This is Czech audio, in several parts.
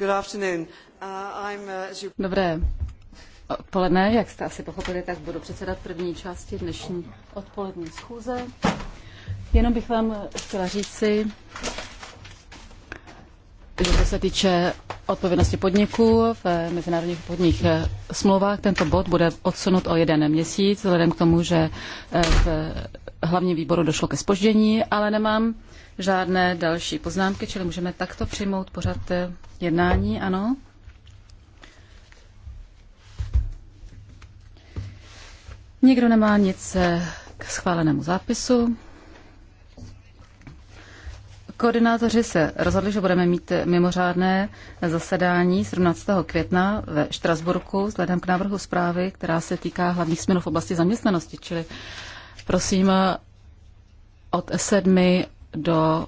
Uh, uh, Dobré odpoledne, jak jste asi pochopili, tak budu předsedat první části dnešní odpolední schůze. Jenom bych vám chtěla říci, že to se týče odpovědnosti podniků v mezinárodních podních eh, smlouvách, tento bod bude odsunut o jeden měsíc, vzhledem k tomu, že eh, v hlavním výboru došlo ke spoždění, ale nemám žádné další poznámky, čili můžeme takto přijmout pořad eh, jednání, ano. Nikdo nemá nic eh, k schválenému zápisu. Koordinátoři se rozhodli, že budeme mít eh, mimořádné zasedání 17. května ve Štrasburku vzhledem k návrhu zprávy, která se týká hlavních směnů v oblasti zaměstnanosti, čili Prosím, eh, od sedmi do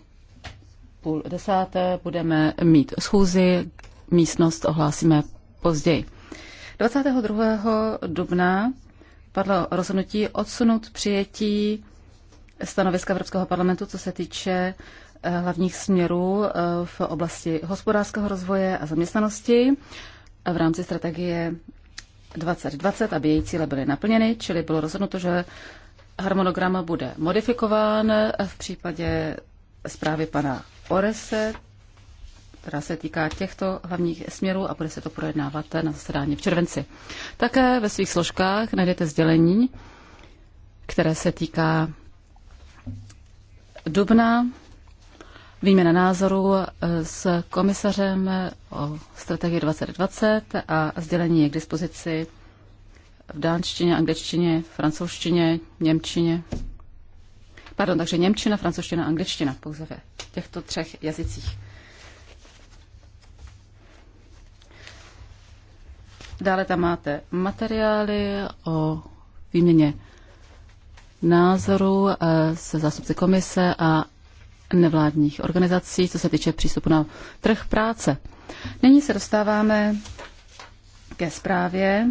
půl desáté budeme mít schůzi, místnost ohlásíme později. 22. dubna padlo rozhodnutí odsunout přijetí stanoviska Evropského parlamentu, co se týče eh, hlavních směrů eh, v oblasti hospodářského rozvoje a zaměstnanosti v rámci strategie 2020, aby její cíle byly naplněny, čili bylo rozhodnuto, že harmonogram bude modifikován v případě zprávy pana Orese, která se týká těchto hlavních směrů a bude se to projednávat na zasedání v červenci. Také ve svých složkách najdete sdělení, které se týká dubna výměna názoru s komisařem o strategii 2020 a sdělení je k dispozici v dánštině, angličtině, francouzštině, němčině. Pardon, takže němčina, francouzština, angličtina pouze ve těchto třech jazycích. Dále tam máte materiály o výměně názorů eh, se zástupci komise a nevládních organizací, co se týče přístupu na trh práce. Nyní se dostáváme ke zprávě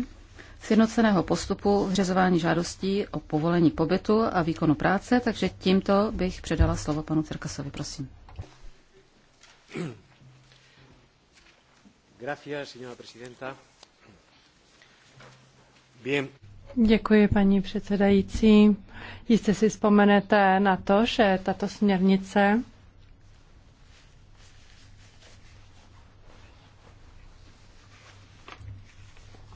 sjednoceného postupu v žádostí o povolení pobytu a výkonu práce, takže tímto bych předala slovo panu Cerkasovi, prosím. Děkuji, paní předsedající. Jistě si vzpomenete na to, že tato směrnice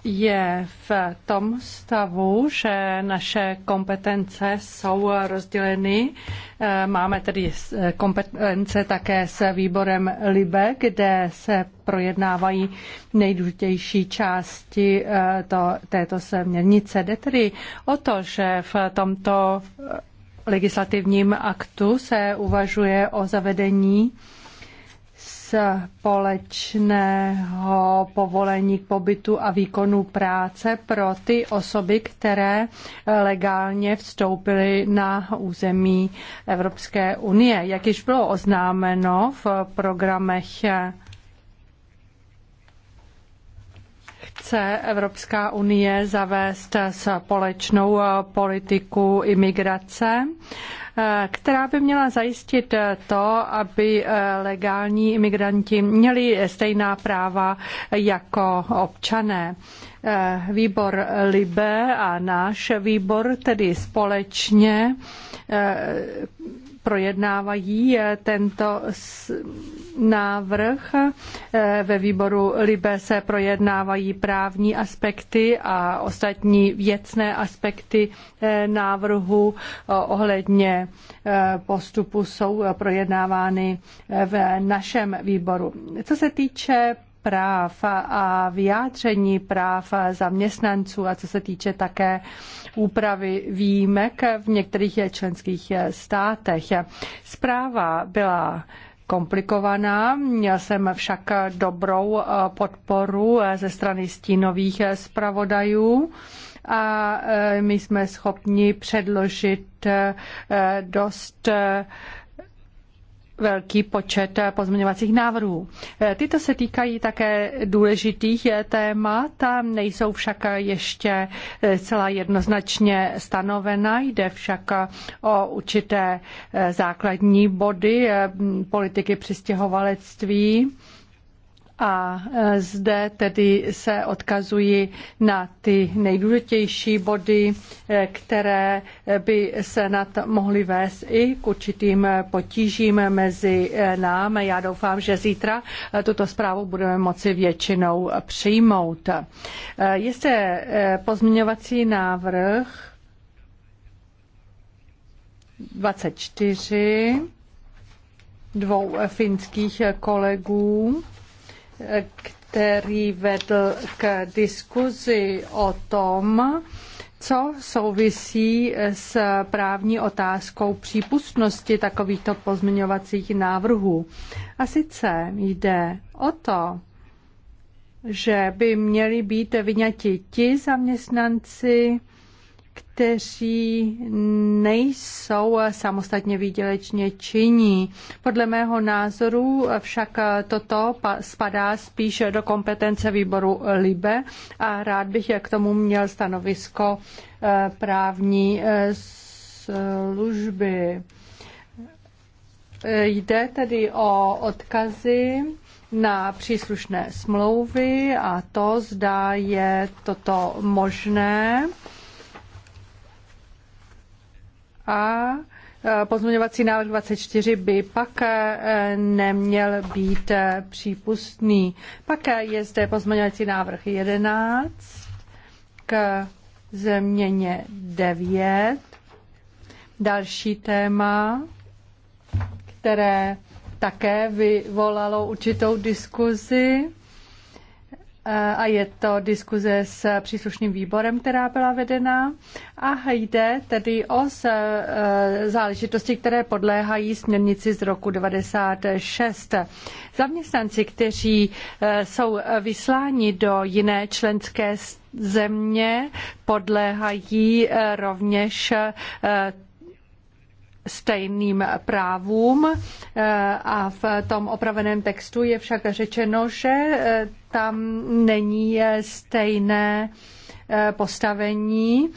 je v tom stavu, že naše kompetence jsou rozděleny. Eh, máme tedy eh, kompetence také s výborem LIBE, kde se projednávají nejdůležitější části eh, to, této směrnice. Jde tedy o to, že v tomto legislativním aktu se uvažuje o zavedení společného povolení k pobytu a výkonu práce pro ty osoby, které legálně vstoupily na území Evropské unie. Jak již bylo oznámeno v programech chce Evropská unie zavést společnou eh, politiku imigrace, eh, která by měla zajistit eh, to, aby legální imigranti měli stejná práva jako občané. Výbor Libe a náš výbor tedy společně projednávají eh, tento návrh. Eh, ve výboru Libe se projednávají právní aspekty a ostatní věcné aspekty eh, návrhu ohledně postupu jsou projednávány v našem výboru. Co se týče práv a vyjádření práv zaměstnanců a co se týče také úpravy výjimek v některých členských státech. Zpráva byla komplikovaná. Měl jsem však dobrou podporu ze strany stínových zpravodajů a eh, my jsme schopni předložit eh, dost eh, velký počet eh, pozměňovacích návrhů. Eh, tyto se týkají také důležitých eh, témat, nejsou však ještě celá jednoznačně stanovena, jde však o určité základní body politiky přistěhovalectví a e, zde tedy se odkazuji na ty nejdůležitější body, e, které by se nad mohly vést i k určitým potížím mezi e, námi. Já doufám, že zítra tuto zprávu budeme moci většinou přijmout. Je zde pozměňovací návrh 24 dvou finských kolegů který vedl k diskuzi o tom, co souvisí s právní otázkou přípustnosti takovýchto pozměňovacích návrhů. A sice jde o to, že by měli být vyňati ti zaměstnanci, kteří nejsou samostatně výdělečně činní. Podle mého názoru však toto spadá spíš do kompetence výboru LIBE a rád bych k tomu měl stanovisko eh, právní eh, služby. Eh, jde tedy o odkazy na příslušné smlouvy a to, zdá je toto možné a e, pozměňovací návrh 24 by pak e, neměl být e, přípustný. Pak je zde pozměňovací návrh 11 k změně 9. Další téma, které také vyvolalo určitou diskuzi. Eh, a je to diskuze s příslušným výborem, která byla vedena a jde tedy o eh, záležitosti, které podléhají směrnici z roku 96. Zaměstnanci, kteří eh, jsou vysláni do jiné členské země, podléhají rovněž stejným právům e, a v tom opraveném textu je však řečeno, že e, tam není stejné e, postavení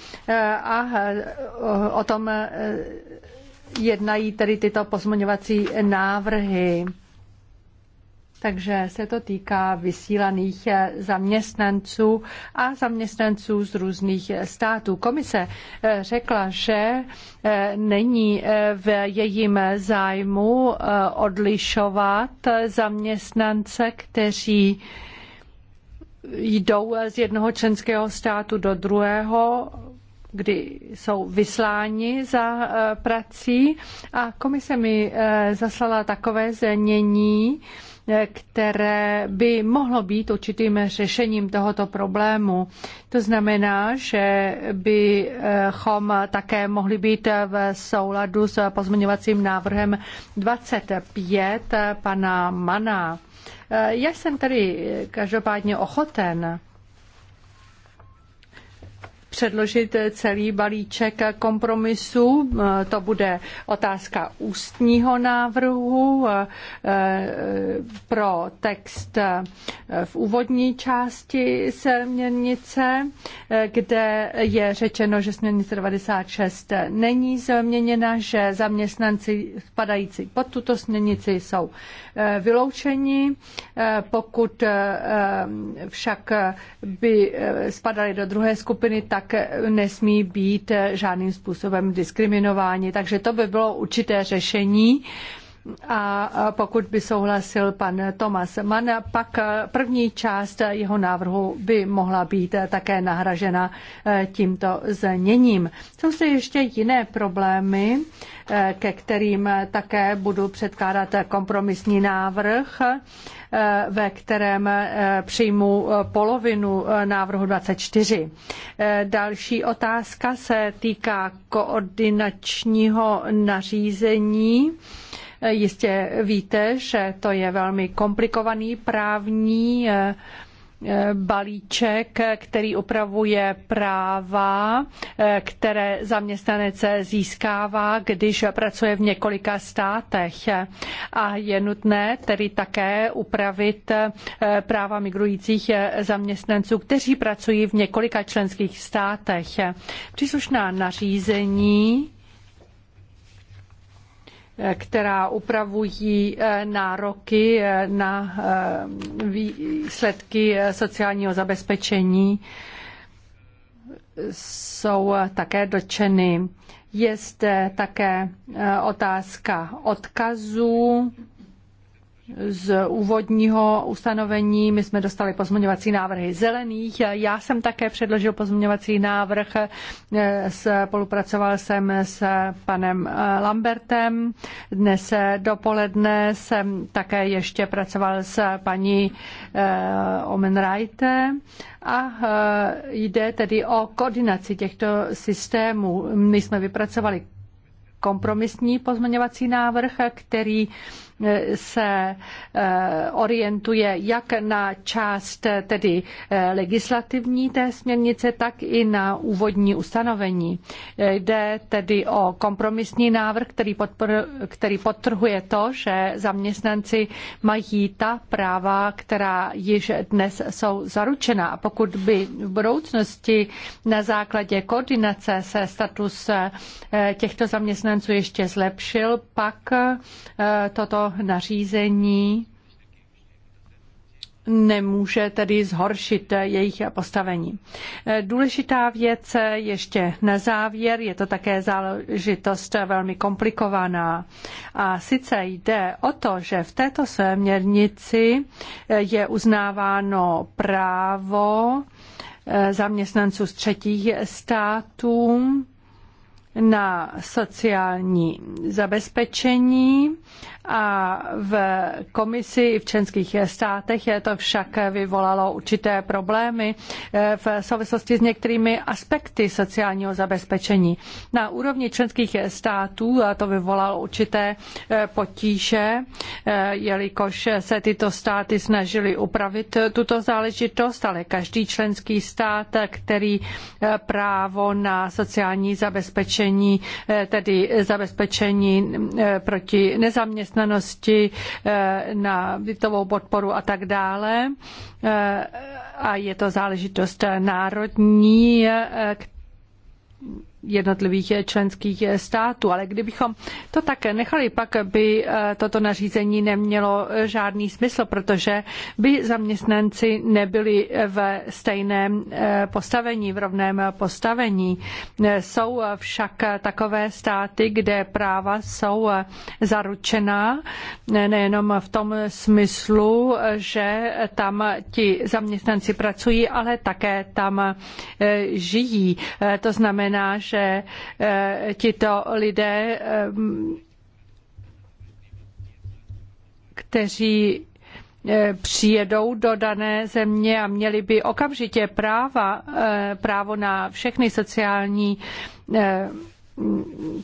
a o tom jednají tedy tyto pozměňovací návrhy takže se to týká vysílaných eh, zaměstnanců a zaměstnanců z různých eh, států. Komise eh, řekla, že není v jejím zájmu odlišovat zaměstnance, kteří jdou z jednoho členského státu do druhého kdy jsou vysláni za prací a komise mi zaslala takové znění, které by mohlo být určitým řešením tohoto problému. To znamená, že bychom také mohli být v souladu s pozměňovacím návrhem 25 pana Mana. Já jsem tady každopádně ochoten předložit celý balíček kompromisů. To bude otázka ústního návrhu eh, eh, pro text eh, v úvodní části směrnice, kde je řečeno, že směrnice 96 není změněna, že zaměstnanci spadající pod tuto směrnici jsou vyloučeni. Pokud však by spadali do druhé skupiny, tak tak nesmí být žádným způsobem diskriminováni. Takže to by bylo určité řešení a pokud by souhlasil pan Thomas Mann, pak první část jeho návrhu by mohla být také nahražena tímto zněním. Jsou zde ještě jiné problémy, ke kterým také budu předkládat kompromisní návrh, ve kterém přijmu polovinu návrhu 24. Další otázka se týká koordinačního nařízení. Jistě víte, že to je velmi komplikovaný právní eh, eh, balíček, který upravuje práva, eh, které zaměstnanec získává, když pracuje v několika státech. A je nutné tedy také upravit práva migrujících zaměstnanců, kteří pracují v několika členských státech. Příslušná nařízení která upravují eh, nároky eh, na eh, výsledky sociálního zabezpečení, jsou také dotčeny. Je zde také otázka odkazů z úvodního ustanovení. My jsme dostali pozměňovací návrhy zelených. Já jsem také předložil pozměňovací návrh. Eh, spolupracoval jsem s panem eh, Lambertem. Dnes eh, dopoledne jsem také ještě pracoval s paní Omenreite a jde tedy o koordinaci těchto systémů. My jsme vypracovali kompromisní pozměňovací návrh, který se eh, orientuje jak na část eh, tedy eh, legislativní té směrnice, tak i na úvodní ustanovení. Jde tedy o kompromisní návrh, který, podpr- který podtrhuje to, že zaměstnanci mají ta práva, která již dnes jsou zaručena. A pokud by v budoucnosti na základě koordinace se status těchto zaměstnanců ještě zlepšil, pak toto nařízení nemůže tedy zhoršit jejich postavení. Důležitá věc ještě na závěr, je to také záležitost velmi komplikovaná. A sice jde o to, že v této směrnici je uznáváno právo eh, zaměstnanců z třetích států na sociální zabezpečení a v komisi i v členských státech je to však vyvolalo určité problémy eh, v souvislosti s některými aspekty sociálního zabezpečení. Na úrovni členských států to vyvolalo určité eh, potíže, eh, jelikož se tyto státy snažily upravit tuto záležitost, ale každý členský stát, který právo na sociální zabezpečení, tedy zabezpečení proti nezaměstnanosti, zaměstnanosti, eh, na bytovou podporu a tak dále. Eh, a je to záležitost národní, eh, jednotlivých členských států. Ale kdybychom to tak nechali, pak by eh, toto nařízení nemělo žádný smysl, protože by zaměstnanci nebyli ve stejném eh, postavení, v rovném postavení. Jsou však takové státy, kde práva jsou zaručená, nejenom v tom smyslu, že tam ti zaměstnanci pracují, ale také tam eh, žijí. To znamená, že že eh, tito lidé, eh, kteří eh, přijedou do dané země a měli by okamžitě práva, právo na všechny sociální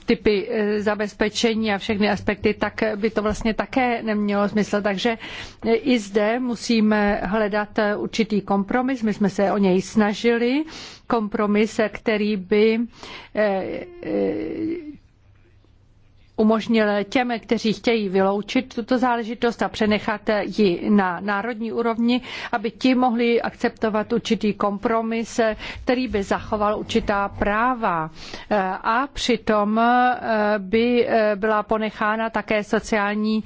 typy eh, zabezpečení a všechny aspekty, tak by to vlastně také nemělo smysl. Takže eh, i zde musíme hledat eh, určitý kompromis. My jsme se o něj snažili. Kompromis, který by umožnil těm, kteří chtějí vyloučit tuto záležitost a přenechat ji na národní úrovni, aby ti mohli akceptovat určitý kompromis, který by zachoval určitá práva a přitom eh, by eh, byla ponechána také sociální,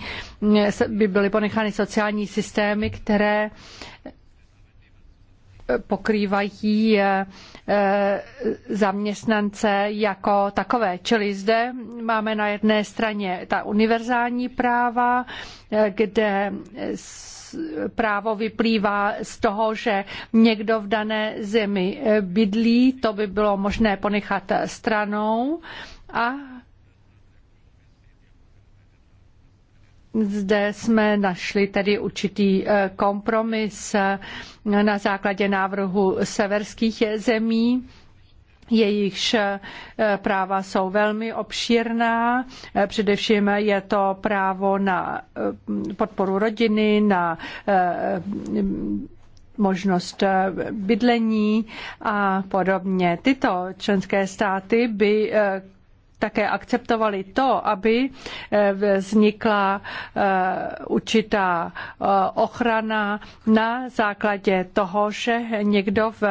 eh, by byly ponechány sociální systémy, které pokrývají eh, eh, zaměstnance jako takové. Čili zde máme na jedné straně ta univerzální práva, eh, kde právo vyplývá z toho, že někdo v dané zemi bydlí, to by bylo možné ponechat stranou a Zde jsme našli tedy určitý eh, kompromis eh, na základě návrhu severských zemí jejichž eh, práva jsou velmi obšírná. Především je to právo na podporu rodiny, na možnost bydlení a podobně. Tyto členské státy by také akceptovali to, aby eh, vznikla eh, určitá eh, ochrana na základě toho, že někdo v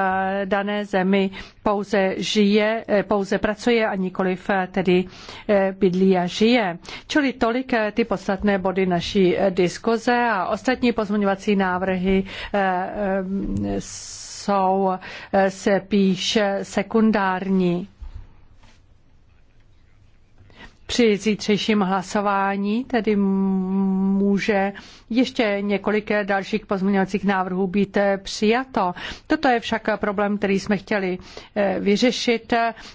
dané zemi pouze žije, pouze pracuje a nikoliv tedy bydlí a žije. Čili tolik ty podstatné body naší diskuze a ostatní pozměňovací návrhy jsou spíš sekundární při zítřejším hlasování tedy může ještě několik dalších pozměňovacích návrhů být přijato. Toto je však problém, který jsme chtěli eh, vyřešit,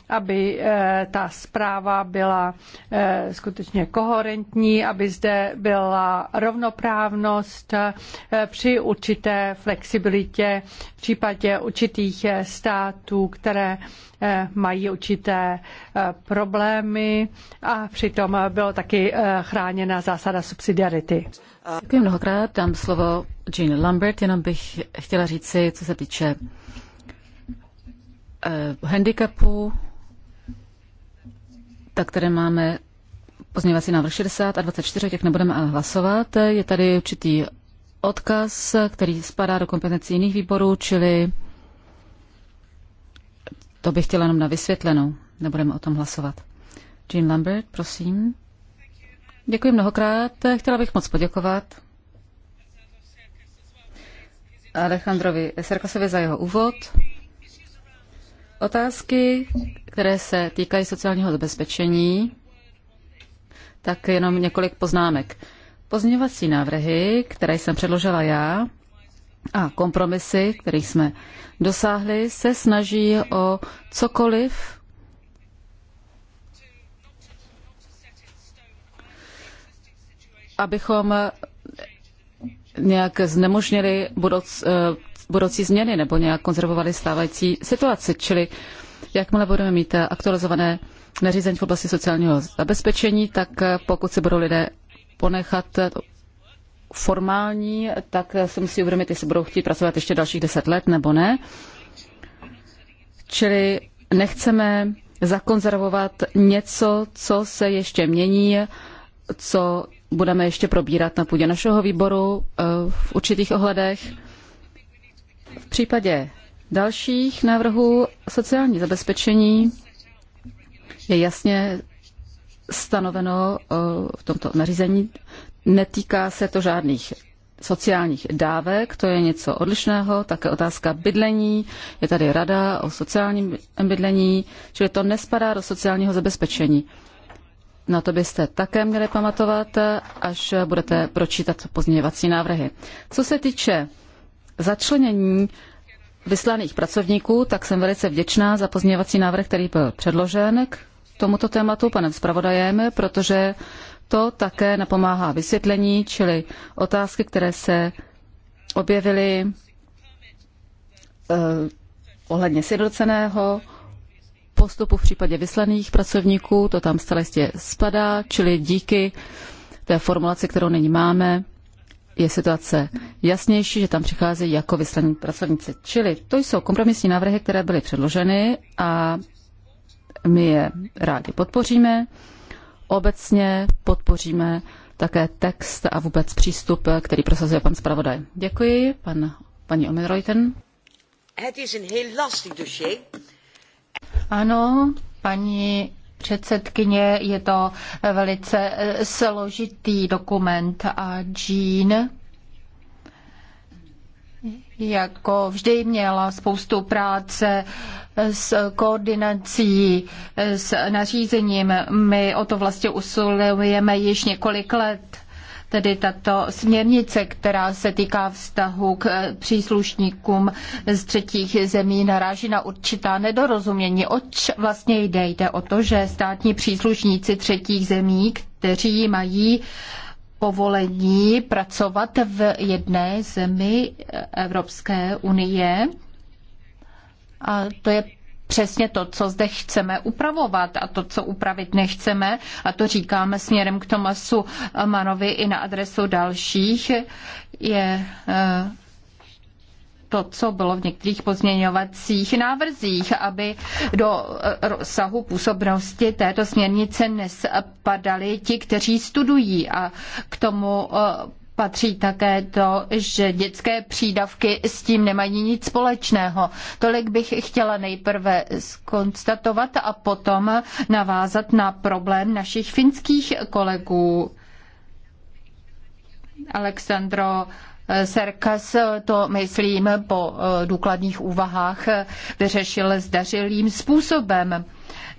aby eh, ta zpráva byla eh, skutečně koherentní, aby zde byla rovnoprávnost při určité flexibilitě v případě určitých států, které mají určité problémy a přitom byla taky chráněna zásada subsidiarity. Děkuji mnohokrát, dám slovo Jean Lambert, jenom bych chtěla říci, co se týče eh, handicapu, tak které máme pozměňovací návrh 60 a 24, těch nebudeme ale hlasovat. Je tady určitý odkaz, který spadá do kompetencí jiných výborů, čili to bych chtěla jenom na vysvětlenou. Nebudeme o tom hlasovat. Jean Lambert, prosím. Děkuji mnohokrát. Chtěla bych moc poděkovat Alejandrovi Serkasovi za jeho úvod. Otázky, které se týkají sociálního zabezpečení, tak jenom několik poznámek. Pozměňovací návrhy, které jsem předložila já, a kompromisy, kterých jsme dosáhli, se snaží o cokoliv, abychom nějak znemožnili budouc, eh, budoucí změny nebo nějak konzervovali stávající situaci. Čili jakmile budeme mít aktualizované nařízení v oblasti sociálního zabezpečení, tak pokud si budou lidé ponechat formální, tak se musí uvědomit, jestli budou chtít pracovat ještě dalších deset let nebo ne. Čili nechceme zakonzervovat něco, co se ještě mění, co budeme ještě probírat na půdě našeho výboru eh, v určitých ohledech. V případě dalších návrhů sociální zabezpečení je jasně stanoveno eh, v tomto nařízení. Netýká se to žádných sociálních dávek, to je něco odlišného, také otázka bydlení, je tady rada o sociálním bydlení, čili to nespadá do sociálního zabezpečení. Na to byste také měli pamatovat, až budete pročítat pozměňovací návrhy. Co se týče začlenění vyslaných pracovníků, tak jsem velice vděčná za pozměňovací návrh, který byl předložen k tomuto tématu panem zpravodajem, protože to také napomáhá vysvětlení, čili otázky, které se objevily eh, ohledně sjednoceného postupu v případě vyslaných pracovníků, to tam stále jistě spadá, čili díky té formulaci, kterou nyní máme, je situace jasnější, že tam přicházejí jako vyslaní pracovníci. Čili to jsou kompromisní návrhy, které byly předloženy a my je rádi podpoříme. Obecně podpoříme také text a vůbec přístup, který prosazuje pan zpravodaj. Děkuji, pan, paní Omenreuten. Het is een heel lastig dossier. Ano, paní předsedkyně, je to velice eh, složitý dokument a Jean jako vždy měla spoustu práce s koordinací, s nařízením. My o to vlastně usilujeme již několik let tedy tato směrnice, která se týká vztahu k eh, příslušníkům z třetích zemí, naráží na určitá nedorozumění. Oč vlastně jde? Jde o to, že státní příslušníci třetích zemí, kteří mají povolení pracovat v jedné zemi Evropské unie, a to je přesně to, co zde chceme upravovat a to, co upravit nechceme, a to říkáme směrem k Tomasu Manovi i na adresu dalších, je eh, to, co bylo v některých pozměňovacích návrzích, aby do eh, rozsahu působnosti této směrnice nespadali ti, kteří studují a k tomu eh, patří také to, že dětské přídavky s tím nemají nic společného. Tolik bych chtěla nejprve skonstatovat a potom navázat na problém našich finských kolegů. Alexandro Serkas to, myslím, po eh, důkladných úvahách vyřešil zdařilým způsobem.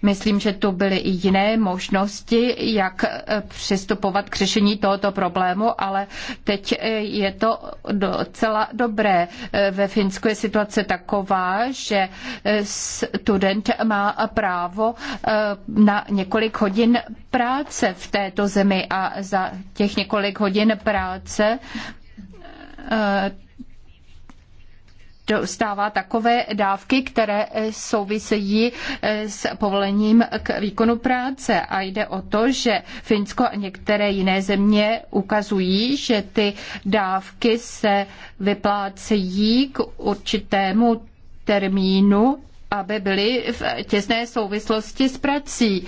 Myslím, že tu byly i jiné možnosti, jak eh, přistupovat k řešení tohoto problému, ale teď eh, je to docela dobré. Eh, ve Finsku je situace taková, že student má právo na několik hodin práce v této zemi a za těch několik hodin práce dostává takové dávky, které souvisejí eh, s povolením k výkonu práce. A jde o to, že Finsko a některé jiné země ukazují, že ty dávky se vyplácejí k určitému termínu, aby byly v těsné souvislosti s prací.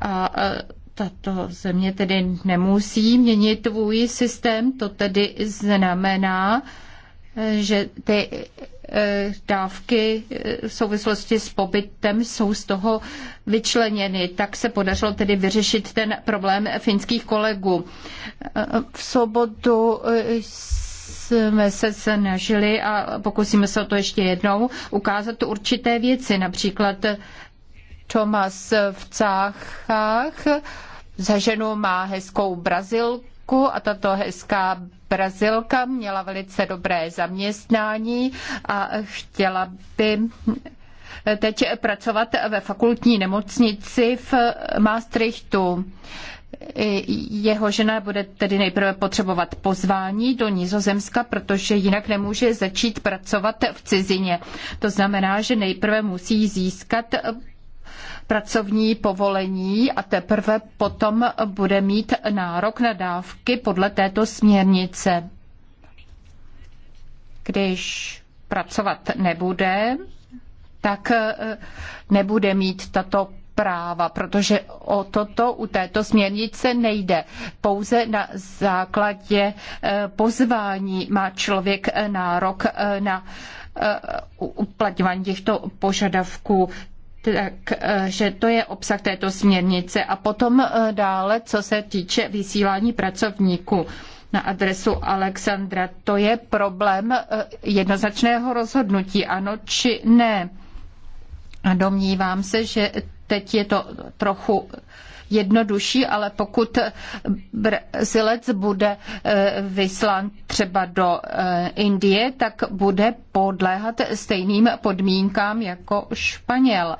A eh, tato země tedy nemusí měnit svůj systém, to tedy znamená, že ty eh, dávky eh, v souvislosti s pobytem jsou z toho vyčleněny. Tak se podařilo tedy vyřešit ten problém finských kolegů. Eh, v sobotu jsme se snažili a pokusíme se o to ještě jednou ukázat určité věci, například Tomas v Cáchách za ženu má hezkou brazilku a tato hezká Brazilka, měla velice dobré zaměstnání a chtěla by teď pracovat ve fakultní nemocnici v Maastrichtu. Jeho žena bude tedy nejprve potřebovat pozvání do Nizozemska, protože jinak nemůže začít pracovat v cizině. To znamená, že nejprve musí získat pracovní povolení a teprve potom bude mít nárok na dávky podle této směrnice. Když pracovat nebude, tak eh, nebude mít tato práva, protože o toto u této směrnice nejde. Pouze na základě eh, pozvání má člověk eh, nárok na uplatňování těchto požadavků. Eh, že to je obsah této směrnice. A potom eh, dále, co se týče vysílání pracovníků na adresu Alexandra, to je problém eh, jednoznačného rozhodnutí, ano či ne. A domnívám se, že teď je to trochu jednodušší, ale pokud Brazilec bude eh, vyslán třeba do eh, Indie, tak bude podléhat stejným podmínkám jako Španěl.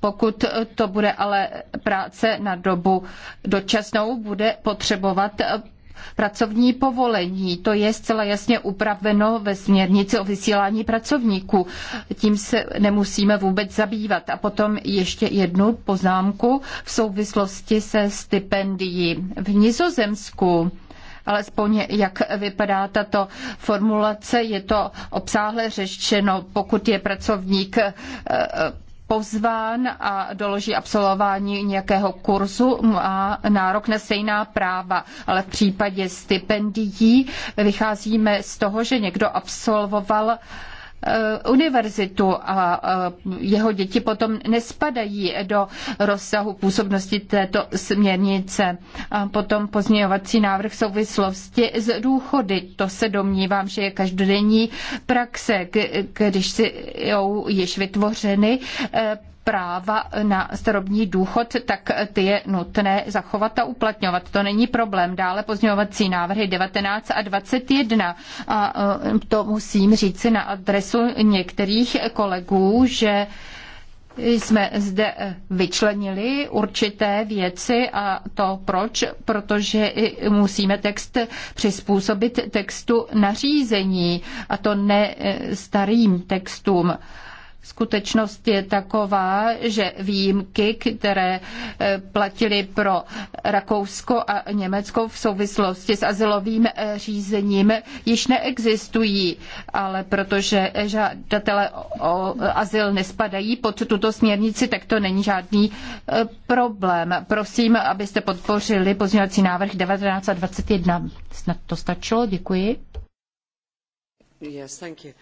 Pokud to bude ale práce na dobu dočasnou, bude potřebovat pracovní povolení. To je zcela jasně upraveno ve směrnici o vysílání pracovníků. Tím se nemusíme vůbec zabývat. A potom ještě jednu poznámku v souvislosti se stipendií. V Nizozemsku alespoň jak vypadá tato formulace, je to obsáhle řešeno, pokud je pracovník eh, eh, pozván a doloží absolvování nějakého kurzu, má nárok na stejná práva. Ale v případě stipendií vycházíme z toho, že někdo absolvoval Eh, univerzitu a eh, jeho děti potom nespadají do rozsahu působnosti této směrnice. A potom pozměňovací návrh v souvislosti s důchody. To se domnívám, že je každodenní praxe, když si jsou již vytvořeny eh, práva na starobní důchod, tak ty je nutné zachovat a uplatňovat. To není problém. Dále pozměňovací návrhy 19 a 21. A e, to musím říci na adresu některých kolegů, že jsme zde vyčlenili určité věci a to proč? Protože musíme text přizpůsobit textu nařízení a to ne e, starým textům. Skutečnost je taková, že výjimky, které eh, platily pro Rakousko a Německo v souvislosti s asilovým eh, řízením, již neexistují, ale protože žadatelé o azyl nespadají pod tuto směrnici, tak to není žádný eh, problém. Prosím, abyste podpořili pozměňovací návrh 1921. Snad to stačilo, děkuji. Yes, thank you.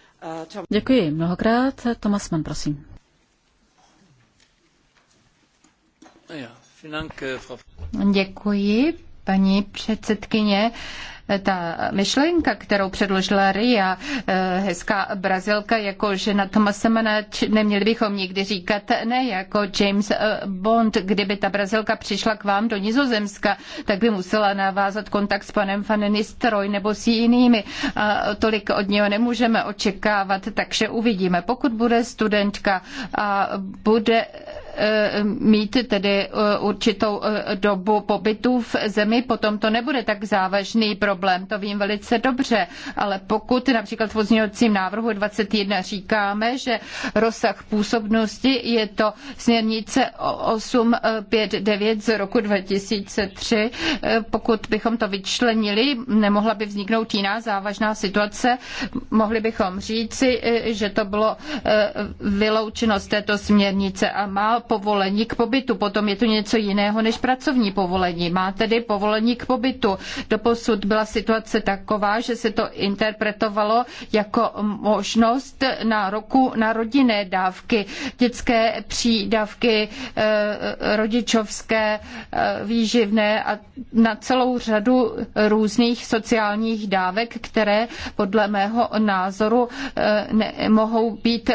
Děkuji mnohokrát. Tomas Mann, prosím. Äh, Děkuji, paní předsedkyně. Ta myšlenka, kterou předložila Ria, eh, hezká brazilka jako žena Tomasa Manač, neměli bychom nikdy říkat ne, jako James eh, Bond. Kdyby ta brazilka přišla k vám do Nizozemska, tak by musela navázat kontakt s panem Fanenistroj nebo s jinými. A tolik od něho nemůžeme očekávat, takže uvidíme. Pokud bude studentka a bude Eh, mít tedy eh, určitou eh, dobu pobytu v zemi, potom to nebude tak závažný problém, to vím velice dobře, ale pokud například v pozměňovacím návrhu 21 říkáme, že rozsah působnosti je to směrnice 859 z roku 2003, pokud bychom to vyčlenili, nemohla by vzniknout jiná závažná situace, mohli bychom říci, že to bylo vyloučeno z této směrnice a má povolení k pobytu, potom je to něco jiného než pracovní povolení. Má tedy povolení k pobytu. Doposud byla situace taková, že se to interpretovalo jako možnost nároku na rodinné dávky, dětské přídavky, eh, rodičovské, eh, výživné a na celou řadu různých sociálních dávek, které podle mého názoru eh, mohou být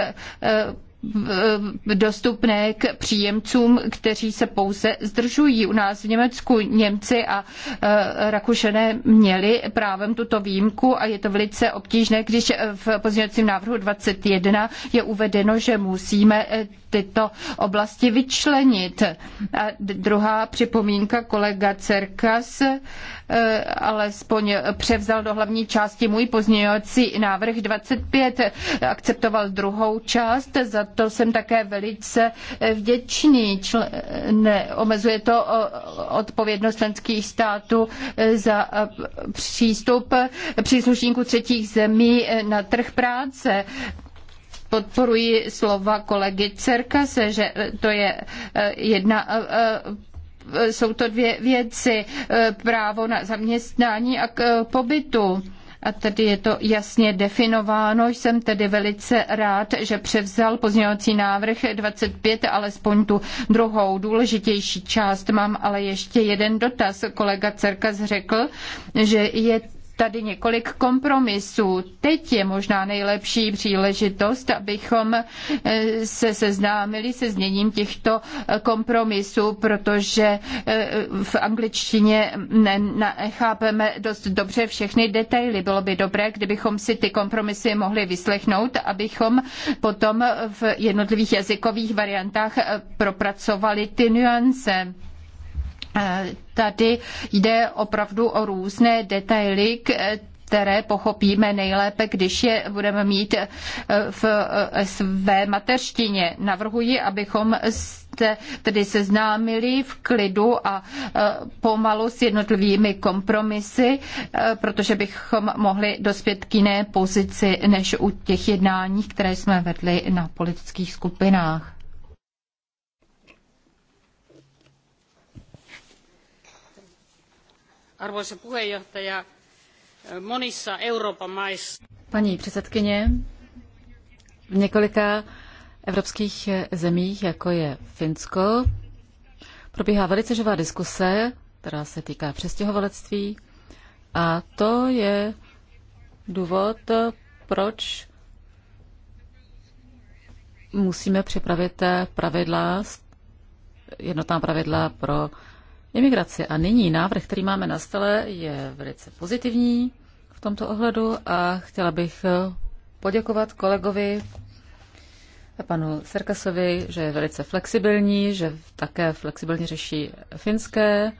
Eh, dostupné k příjemcům, kteří se pouze zdržují. U nás v Německu Němci a eh, Rakušané měli právem tuto výjimku a je to velice obtížné, když v pozměňovacím návrhu 21 je uvedeno, že musíme eh, tyto oblasti vyčlenit. A druhá připomínka kolega Cerkas eh, alespoň převzal do hlavní části můj pozměňovací návrh 25, akceptoval druhou část, za to jsem také velice eh, vděčný. Čl- ne, omezuje to odpovědnost členských států eh, za přístup příslušníků třetích zemí na trh práce podporuji slova kolegy Cerkase, že eh, to je eh, jedna eh, jsou to dvě věci, právo na zaměstnání a k pobytu. A tady je to jasně definováno. Jsem tedy velice rád, že převzal pozměňovací návrh 25, alespoň tu druhou důležitější část. Mám ale ještě jeden dotaz. Kolega Cerkas řekl, že je tady několik kompromisů. Teď je možná nejlepší příležitost, abychom eh, se seznámili se zněním těchto eh, kompromisů, protože eh, v angličtině nechápeme dost dobře všechny detaily. Bylo by dobré, kdybychom si ty kompromisy mohli vyslechnout, abychom potom v jednotlivých jazykových variantách propracovali ty nuance. Eh, tady jde opravdu o různé detaily, eh, které pochopíme nejlépe, když je budeme mít eh, v své mateřštině. Navrhuji, abychom se tedy seznámili v klidu a pomalu s jednotlivými kompromisy, protože bychom mohli dospět k jiné pozici než u těch jednání, které jsme vedli na politických skupinách. Arvoisa puheenjohtaja, monissa Euroopan maissa... Paní předsedkyně, v několika evropských zemích, jako je Finsko, probíhá velice živá diskuse, která se týká přestěhovalectví. A to je důvod, proč musíme připravit pravidla, jednotná pravidla pro imigraci. A nyní návrh, který máme na stole, je velice pozitivní v tomto ohledu a chtěla bych poděkovat kolegovi a panu Serkasovi, že je velice flexibilní, že také flexibilně řeší finské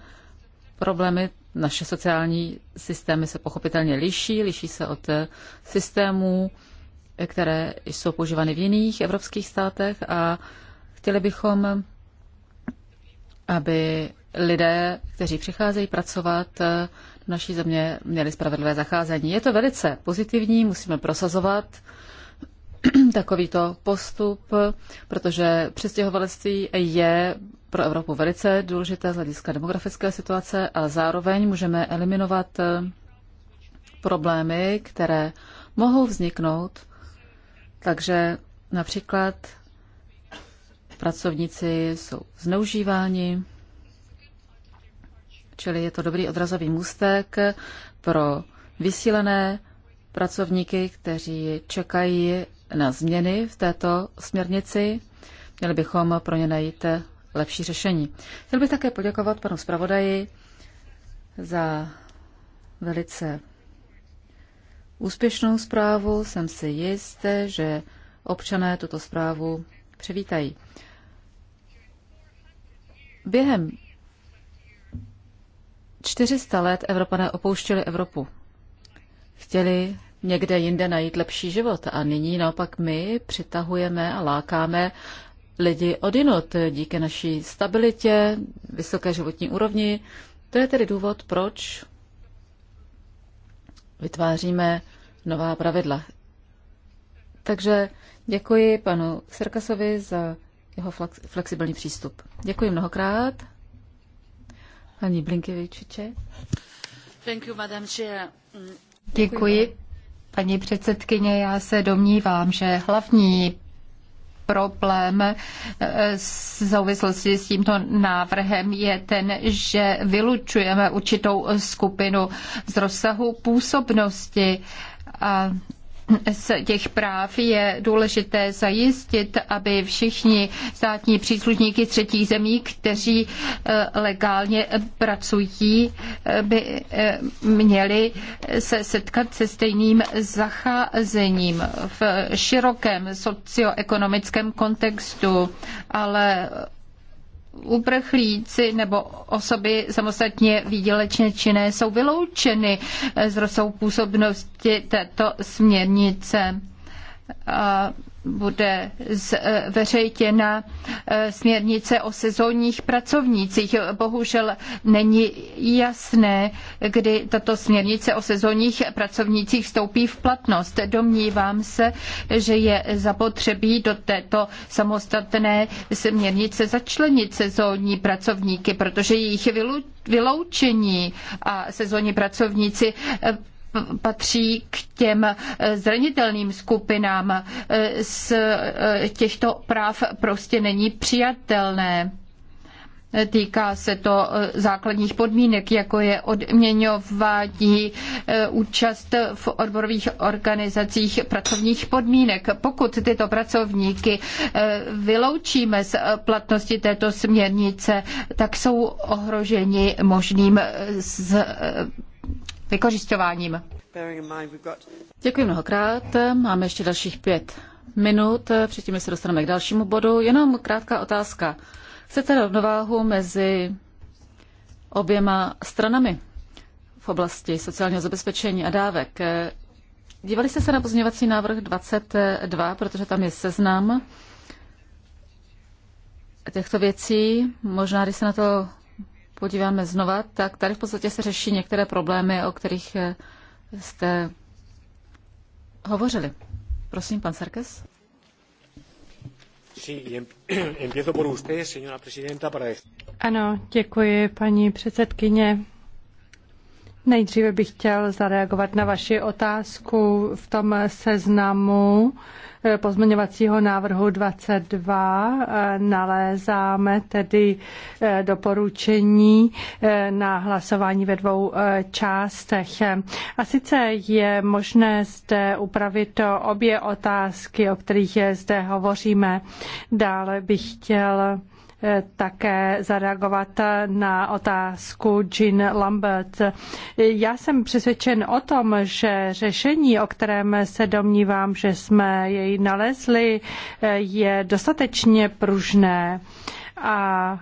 problémy. Naše sociální systémy se pochopitelně liší, liší se od systémů, které jsou používány v jiných evropských státech a chtěli bychom, aby lidé, kteří přicházejí pracovat eh, do naší země, měli spravedlivé zacházení. Je to velice pozitivní, musíme prosazovat takovýto postup, protože přestěhovalectví je pro Evropu velice důležité z hlediska demografické situace, ale zároveň můžeme eliminovat eh, problémy, které mohou vzniknout. Takže například pracovníci jsou zneužíváni, Čili je to dobrý odrazový můstek pro vysílené pracovníky, kteří čekají na změny v této směrnici. Měli bychom pro ně najít lepší řešení. Chtěl bych také poděkovat panu zpravodaji za velice úspěšnou zprávu. Jsem si jist, že občané tuto zprávu přivítají. Během 400 let Evropané opouštěli Evropu. Chtěli někde jinde najít lepší život a nyní naopak my přitahujeme a lákáme lidi jinot díky naší stabilitě, vysoké životní úrovni. To je tedy důvod, proč vytváříme nová pravidla. Takže děkuji panu Serkasovi za jeho flexibilní přístup. Děkuji mnohokrát. Paní Blinkevičiče. Děkuji, paní předsedkyně. Já se domnívám, že hlavní problém v eh, souvislosti s tímto návrhem je ten, že vylučujeme určitou skupinu z rozsahu působnosti a z těch práv je důležité zajistit, aby všichni státní příslušníky třetích zemí, kteří eh, legálně pracují, eh, by eh, měli se setkat se stejným zacházením v širokém socioekonomickém kontextu, ale uprchlíci nebo osoby samostatně výdělečně činné jsou vyloučeny z rozsahu působnosti této směrnice bude zveřejněna eh, směrnice o sezónních pracovnících. Bohužel není jasné, kdy tato směrnice o sezónních pracovnících vstoupí v platnost. Domnívám se, že je zapotřebí do této samostatné směrnice začlenit sezónní pracovníky, protože jejich vyloučení a sezónní pracovníci eh, patří k těm eh, zranitelným skupinám, z eh, eh, těchto práv prostě není přijatelné. Týká se to základních podmínek, jako je odměňování, účast v odborových organizacích pracovních podmínek. Pokud tyto pracovníky vyloučíme z platnosti této směrnice, tak jsou ohroženi možným z vykořišťováním. Děkuji mnohokrát. Máme ještě dalších pět minut, předtím se dostaneme k dalšímu bodu. Jenom krátká otázka. Chcete rovnováhu mezi oběma stranami v oblasti sociálního zabezpečení a dávek? Dívali jste se na pozměňovací návrh 22, protože tam je seznam těchto věcí. Možná, když se na to podíváme znova, tak tady v podstatě se řeší některé problémy, o kterých eh, jste hovořili. Prosím, pan Sarkes. Ano, děkuji, paní předsedkyně. Nejdříve bych chtěl zareagovat na vaši otázku v tom seznamu eh, pozměňovacího návrhu 22 eh, nalézáme tedy eh, doporučení na hlasování ve dvou částech. A sice je možné zde upravit obě otázky, o kterých zde hovoříme. Dále bych chtěl také zareagovat na otázku Jean Lambert. Já jsem přesvědčen o tom, že řešení, o kterém se domnívám, že jsme jej nalezli, je dostatečně pružné a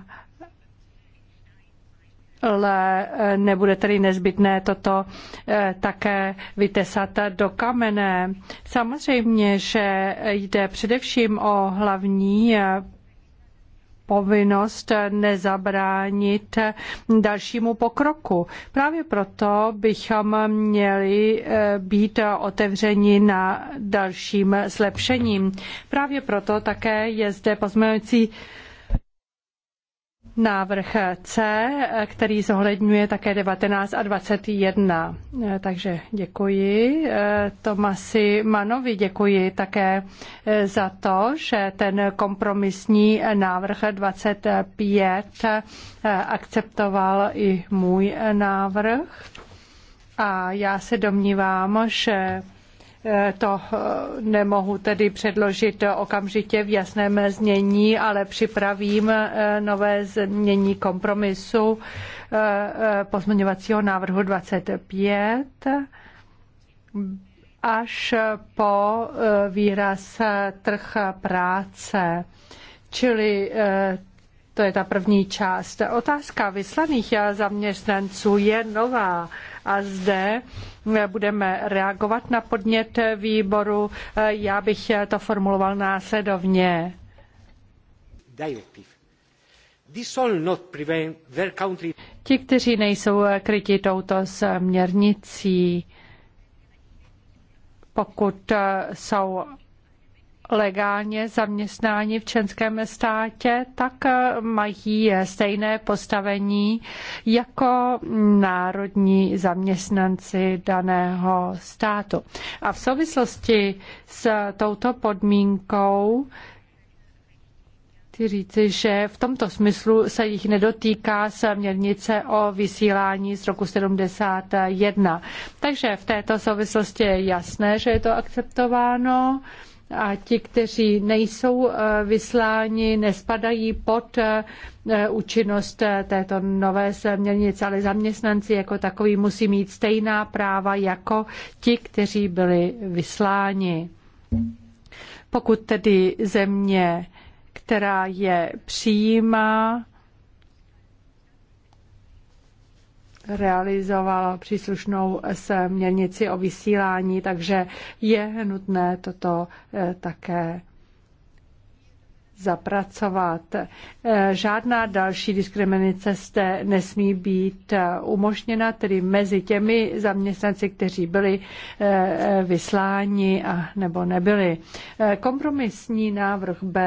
ale nebude tedy nezbytné toto eh, také vytesat do kamene. Samozřejmě, že jde především o hlavní eh, povinnost nezabránit dalšímu pokroku. Právě proto bychom měli eh, být otevřeni na dalším zlepšením. Právě proto také je zde pozměňující návrh C, který zohledňuje také 19 a 21. Takže děkuji eh, Tomasi Manovi, děkuji také eh, za to, že ten kompromisní návrh 25 eh, akceptoval i můj návrh. A já se domnívám, že Eh, to eh, nemohu tedy předložit okamžitě v jasném znění, ale připravím eh, nové znění kompromisu pozměňovacího návrhu 25 až po výraz trh práce. Čili to je ta první část. Otázka vyslaných zaměstnanců je nová a zde eh, budeme reagovat na podnět eh, výboru. Eh, já bych to formuloval následovně. Ti, kteří nejsou kryti touto směrnicí, pokud jsou legálně zaměstnáni v členském státě, tak eh, mají stejné postavení jako národní zaměstnanci daného státu. A v souvislosti s touto podmínkou chci říci, že v tomto smyslu se jich nedotýká směrnice o vysílání z roku 71. Takže v této souvislosti je jasné, že je to akceptováno a ti, kteří nejsou eh, vysláni, nespadají pod eh, účinnost eh, této nové směrnice, ale zaměstnanci jako takový musí mít stejná práva jako ti, kteří byli vysláni. Pokud tedy země, která je přijímá, realizovala příslušnou směrnici o vysílání, takže je nutné toto eh, také zapracovat. Eh, žádná další diskriminace zde nesmí být eh, umožněna, tedy mezi těmi zaměstnanci, kteří byli eh, vysláni a nebo nebyli. Kompromisní návrh B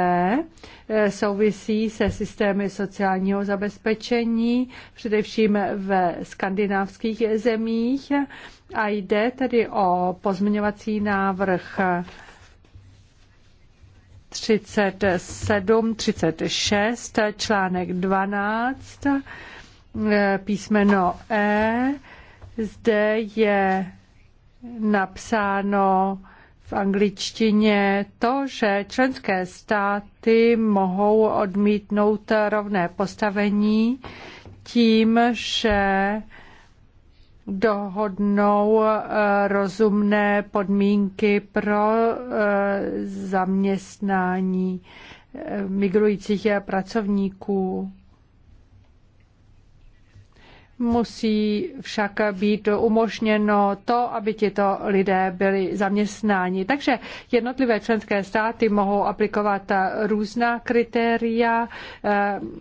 souvisí se systémy sociálního zabezpečení, především ve skandinávských zemích a jde tedy o pozměňovací návrh 37, 36, článek 12, eh, písmeno E. Zde je napsáno v angličtině to, že členské státy mohou odmítnout rovné postavení tím, že dohodnou eh, rozumné podmínky pro eh, zaměstnání eh, migrujících pracovníků. Musí však být umožněno to, aby tito lidé byli zaměstnáni. Takže jednotlivé členské státy mohou aplikovat různá kritéria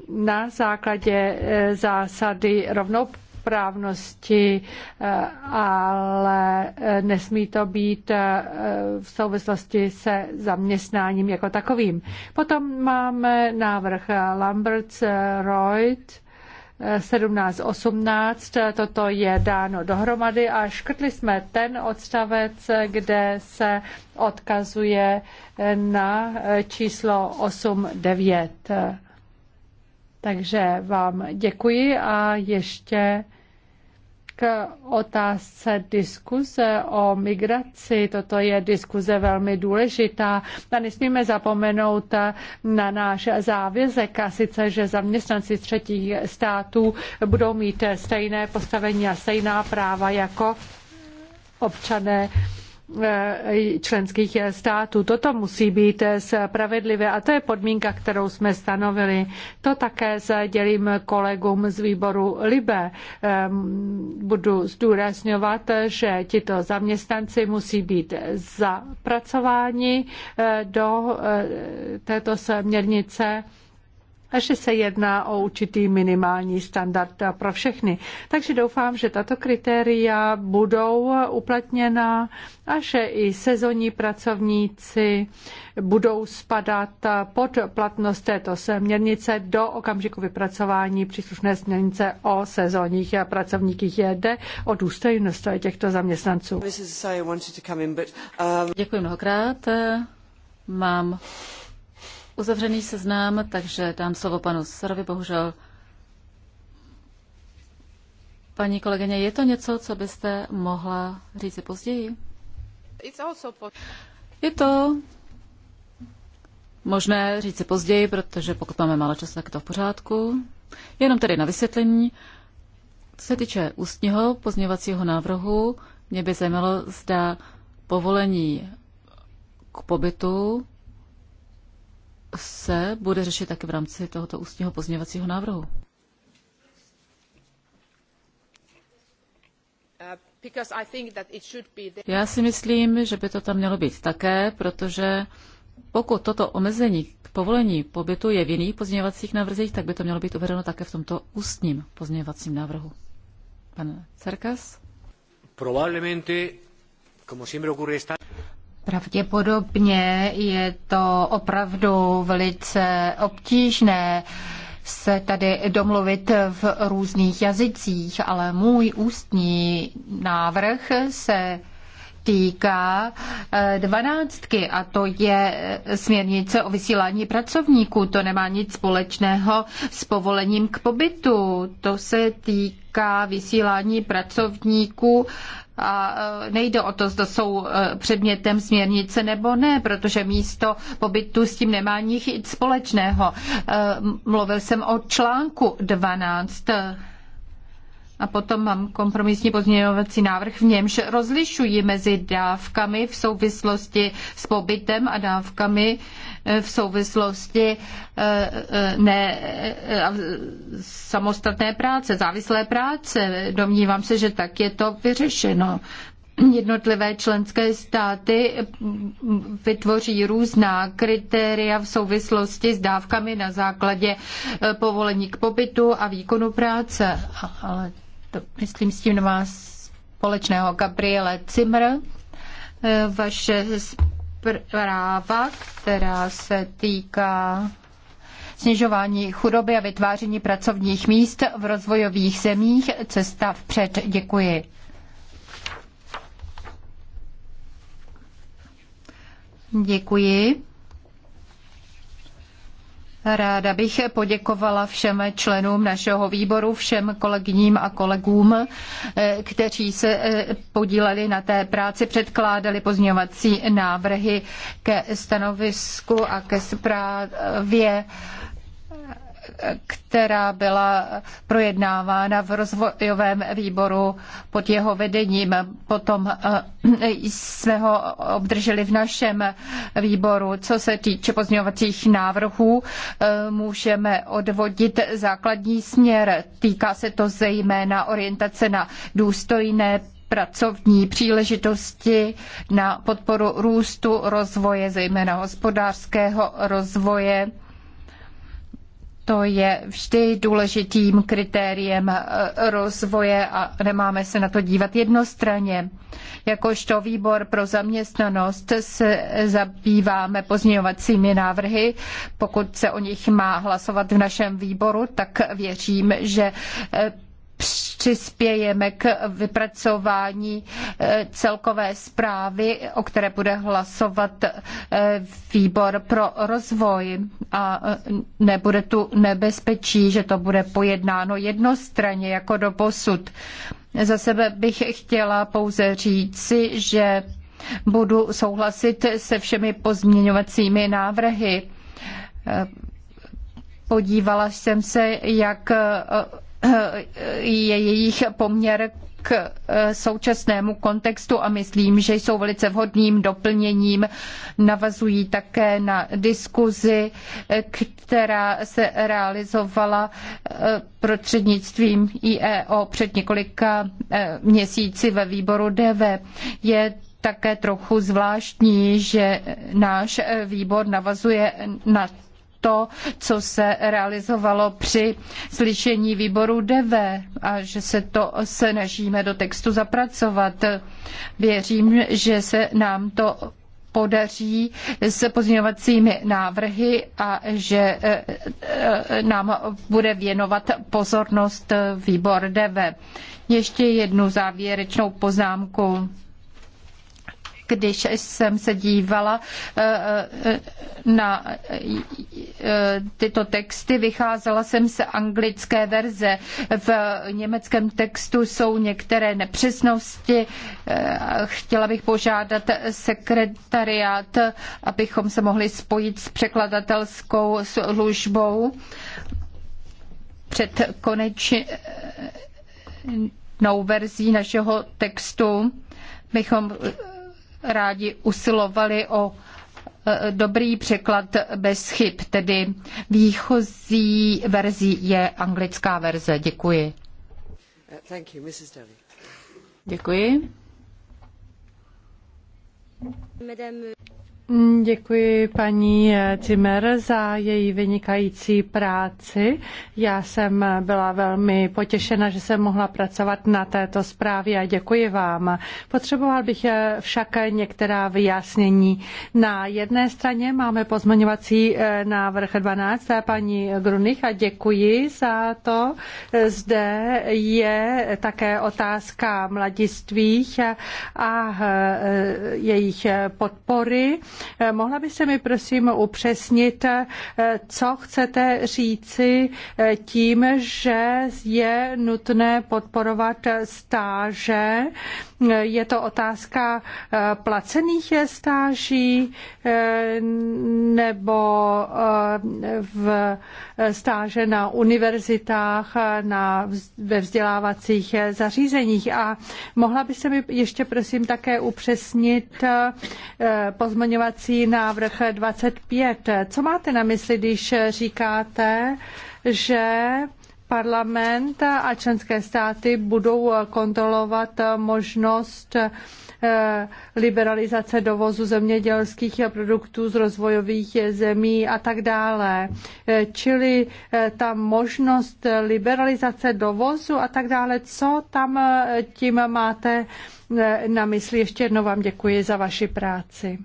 na základě zásady rovnou správnosti, eh, ale eh, nesmí to být eh, v souvislosti se zaměstnáním jako takovým. Potom máme návrh Lamberts Reut 17.18, toto je dáno dohromady a škrtli jsme ten odstavec, kde se odkazuje na číslo 8.9. Takže vám děkuji a ještě k otázce diskuze o migraci. Toto je diskuze velmi důležitá a nesmíme zapomenout na náš závězek a sice, že zaměstnanci třetích států budou mít stejné postavení a stejná práva jako občané členských států. Toto musí být spravedlivé a to je podmínka, kterou jsme stanovili. To také sdělím kolegům z výboru Libe. Ehm, budu zdůrazňovat, že tito zaměstnanci musí být zapracováni eh, do eh, této směrnice a že se jedná o určitý minimální standard pro všechny. Takže doufám, že tato kritéria budou uplatněna a že i sezonní pracovníci budou spadat pod platnost této směrnice do okamžiku vypracování příslušné směrnice o sezónních pracovníkých. Jde o důstojnost těchto zaměstnanců. Um, Děkuji mnohokrát. Mám uzavřený znám, takže dám slovo panu Sarovi, bohužel. Paní kolegyně, je to něco, co byste mohla říct později? Je to možné říct později, protože pokud máme málo času, tak je to v pořádku. Jenom tedy na vysvětlení. Co se týče ústního pozměvacího návrhu, mě by zajímalo, zda povolení k pobytu se bude řešit také v rámci tohoto ústního pozměňovacího návrhu. Já si myslím, že by to tam mělo být také, protože pokud toto omezení k povolení pobytu je v jiných pozměňovacích návrzích, tak by to mělo být uvedeno také v tomto ústním pozměňovacím návrhu. Pan Cerkas? Pravděpodobně je to opravdu velice obtížné se tady domluvit v různých jazycích, ale můj ústní návrh se týká eh, dvanáctky a to je směrnice o vysílání pracovníků. To nemá nic společného s povolením k pobytu. To se týká vysílání pracovníků a e, nejde o to, zda jsou e, předmětem směrnice nebo ne, protože místo pobytu s tím nemá nic společného. E, mluvil jsem o článku 12 a potom mám kompromisní pozměňovací návrh, v němž rozlišují mezi dávkami v souvislosti s pobytem a dávkami eh, v souvislosti eh, eh, ne, samostatné práce, závislé práce. Domnívám se, že tak je to vyřešeno jednotlivé členské státy mm, vytvoří různá kritéria v souvislosti s dávkami na základě povolení k pobytu a výkonu práce. Ale to myslím s tím nemá společného. Gabriele Zimmer, eh, vaše zpráva, která se týká snižování chudoby a vytváření pracovních míst v rozvojových zemích. Cesta vpřed. Děkuji. Děkuji. Ráda bych poděkovala všem členům našeho výboru, všem kolegyním a kolegům, eh, kteří se eh, podíleli na té práci, předkládali pozměňovací návrhy ke stanovisku a ke zprávě která byla projednávána v rozvojovém výboru pod jeho vedením. Potom eh, jsme ho obdrželi v našem výboru. Co se týče pozměňovacích návrhů, eh, můžeme odvodit základní směr. Týká se to zejména orientace na důstojné pracovní příležitosti na podporu růstu, rozvoje, zejména hospodářského rozvoje to je vždy důležitým kritériem eh, rozvoje a nemáme se na to dívat jednostranně. Jakožto výbor pro zaměstnanost se zabýváme pozměňovacími návrhy. Pokud se o nich má hlasovat v našem výboru, tak věřím, že eh, přispějeme k vypracování eh, celkové zprávy, o které bude hlasovat eh, výbor pro rozvoj. A eh, nebude tu nebezpečí, že to bude pojednáno jednostranně jako do posud. Za sebe bych chtěla pouze říci, že budu souhlasit se všemi pozměňovacími návrhy. Podívala jsem se, jak je jejich poměr k eh, současnému kontextu a myslím, že jsou velice vhodným doplněním. Navazují také na diskuzi, eh, která se realizovala eh, prostřednictvím IEO před několika měsíci ve výboru DV. Je také trochu zvláštní, že náš výbor navazuje na to, co se realizovalo při slyšení výboru DV a že se to snažíme do textu zapracovat. Věřím, že se nám to podaří s pozměňovacími návrhy a že eh, eh, nám bude věnovat pozornost výbor DV. Ještě jednu závěrečnou poznámku když jsem se dívala eh, eh, na eh, tyto texty, vycházela jsem se anglické verze. V německém textu jsou některé nepřesnosti. Chtěla bych požádat sekretariát, abychom se mohli spojit s překladatelskou službou před konečnou verzí našeho textu bychom rádi usilovali o e, dobrý překlad bez chyb, tedy výchozí verzí je anglická verze. Děkuji. You, Děkuji. Děkuji paní Cimer za její vynikající práci. Já jsem byla velmi potěšena, že jsem mohla pracovat na této zprávě a děkuji vám. Potřeboval bych však některá vyjasnění. Na jedné straně máme pozmaňovací eh, návrh 12 paní Grunich a děkuji za to. Zde je také otázka mladistvých a eh, jejich podpory Mohla byste mi prosím upřesnit, eh, co chcete říci eh, tím, že je nutné podporovat stáže je to otázka eh, placených stáží eh, nebo eh, v stáže na univerzitách, na, ve vzdělávacích zařízeních. A mohla by se mi ještě prosím také upřesnit pozměňovací návrh 25. Co máte na mysli, když říkáte, že Parlament a členské státy budou kontrolovat možnost eh, liberalizace dovozu zemědělských produktů z rozvojových zemí a tak dále. Eh, čili eh, ta možnost liberalizace dovozu a tak dále, co tam tím máte na mysli? Ještě jednou vám děkuji za vaši práci.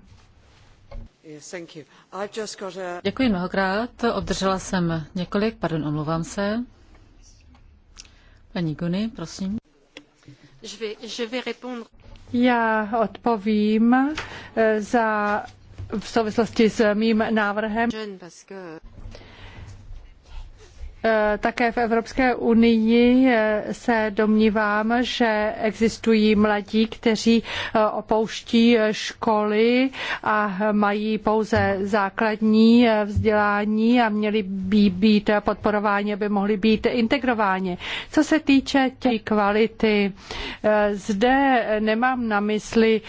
Děkuji mnohokrát. Obdržela jsem několik, pardon, omlouvám se. Paní Guny, prosím. Já odpovím eh, za v souvislosti s mým návrhem. Eh, také v Evropské unii eh, se domnívám, že existují mladí, kteří eh, opouští školy a mají pouze základní vzdělání a měli by být podporováni, aby mohli být integrováni. Co se týče té kvality, zde nemám na mysli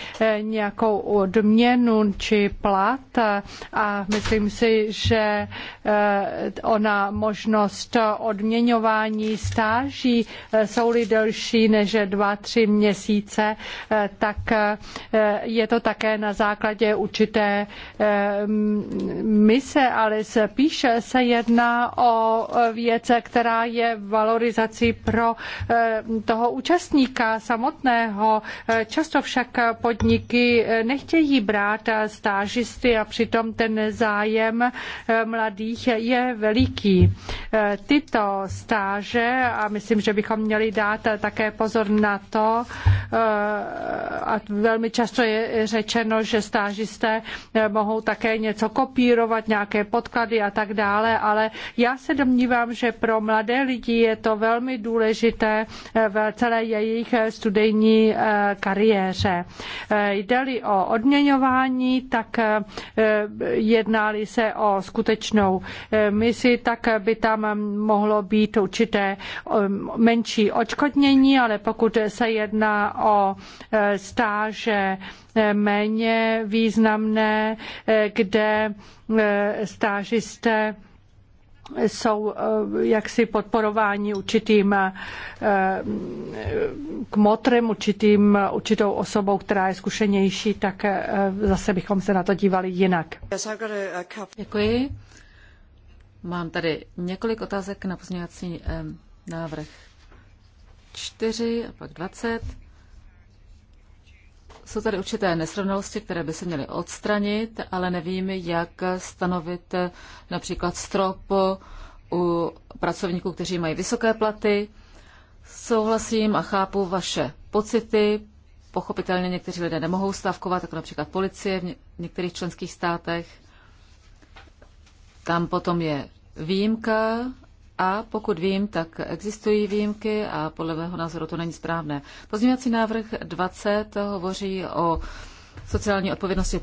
nějakou odměnu či plat a myslím si, že ona možnost možnost odměňování stáží, jsou-li delší než dva, tři měsíce, tak eh, je to také na základě určité eh, mise, ale spíše se jedná o věc, která je valorizací pro eh, toho účastníka samotného. Často však podniky nechtějí brát stážisty a přitom ten zájem mladých je veliký tyto stáže, a myslím, že bychom měli dát také pozor na to, eh, a velmi často je řečeno, že stážisté eh, mohou také něco kopírovat, nějaké podklady a tak dále, ale já se domnívám, že pro mladé lidi je to velmi důležité eh, v celé jejich studijní kariéře. Jde-li o odměňování, tak jednáli se o skutečnou misi, tak by tam mohlo být určité um, menší očkodnění, ale pokud se jedná o eh, stáže eh, méně významné, eh, kde stážisté jsou jaksi podporováni určitým kmotrem, určitým, určitou osobou, která je zkušenější, tak zase bychom se na to dívali jinak. Děkuji. Mám tady několik otázek na pozměňovací návrh 4 a pak 20. Jsou tady určité nesrovnalosti, které by se měly odstranit, ale nevím, jak stanovit eh, například strop eh, u pracovníků, kteří mají vysoké platy. Souhlasím a chápu vaše pocity. Pochopitelně někteří lidé nemohou stávkovat, jako například policie v některých členských státech. Tam potom je výjimka a pokud vím, tak existují výjimky a podle mého názoru to není správné. Pozměňovací návrh 20 hovoří o sociální odpovědnosti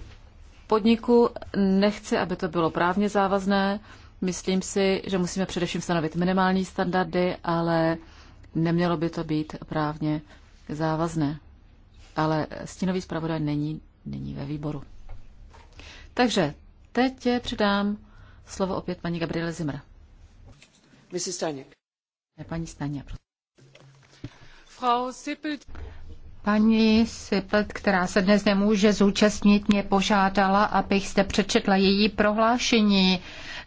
podniku. Nechci, aby to bylo právně závazné. Myslím si, že musíme především stanovit minimální standardy, ale nemělo by to být právně závazné. Ale stínový zpravodaj není, není ve výboru. Takže teď předám Slovo opět paní Gabriele Zimmer. Mrs. Staněk. Ne, paní Staně, Paní Sipelt, která se dnes nemůže zúčastnit, mě požádala, abych zde přečetla její prohlášení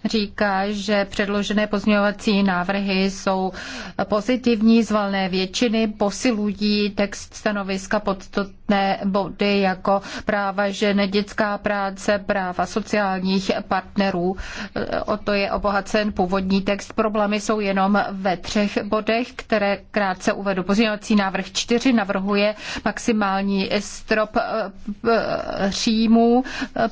říká, že předložené pozměňovací návrhy jsou pozitivní z valné většiny, posilují text stanoviska podstatné body jako práva žen, dětská práce, práva sociálních partnerů. O to je obohacen původní text. Problémy jsou jenom ve třech bodech, které krátce uvedu. Pozměňovací návrh 4 navrhuje maximální strop eh, eh, příjmů.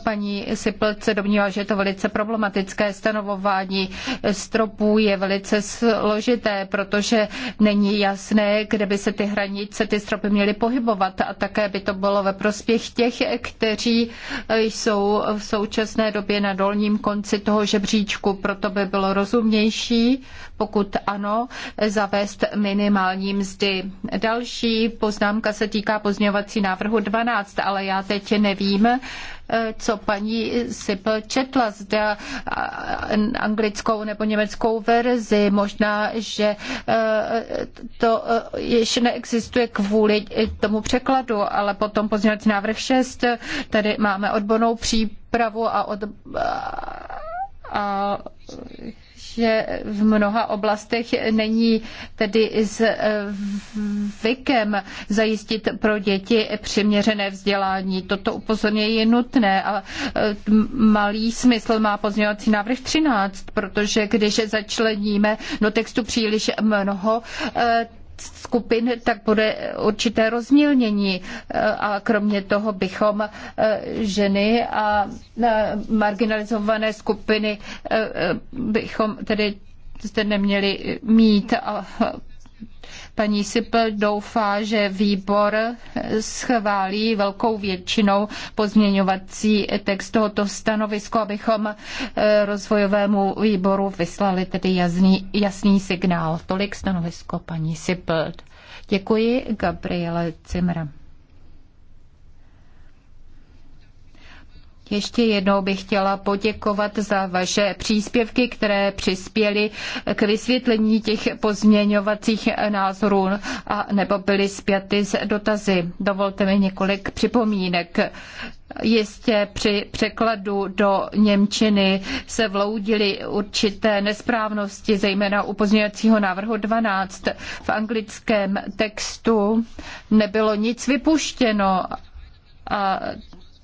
Paní Sipl se domnívá, že je to velice problematické stanovování stropů je velice složité, protože není jasné, kde by se ty hranice, ty stropy měly pohybovat a také by to bylo ve prospěch těch, kteří jsou v současné době na dolním konci toho žebříčku. Proto by bylo rozumnější, pokud ano, zavést minimální mzdy. Další poznámka se týká pozměňovací návrhu 12, ale já teď nevím, co paní Sipel četla, zda anglickou nebo německou verzi. Možná, že eh, to eh, ještě neexistuje kvůli tomu překladu, ale potom pozměňovací návrh 6, tady máme odbornou přípravu a, od, a že v mnoha oblastech není tedy s eh, vykem zajistit pro děti přiměřené vzdělání. Toto upozornění je nutné a eh, malý smysl má pozměňovací návrh 13, protože když začleníme do textu příliš mnoho, eh, skupin, tak bude určité rozmělnění a kromě toho bychom eh, ženy a eh, marginalizované skupiny eh, bychom tedy zde neměli mít a Paní Sipl doufá, že výbor schválí velkou většinou pozměňovací text tohoto stanovisko, abychom eh, rozvojovému výboru vyslali tedy jasný, jasný signál. Tolik stanovisko paní Sipl. Děkuji, Gabriele Cimra. Ještě jednou bych chtěla poděkovat za vaše příspěvky, které přispěly k vysvětlení těch pozměňovacích názorů a nebo byly zpěty s dotazy. Dovolte mi několik připomínek. Jistě při překladu do Němčiny se vloudily určité nesprávnosti, zejména u pozměňovacího návrhu 12. V anglickém textu nebylo nic vypuštěno a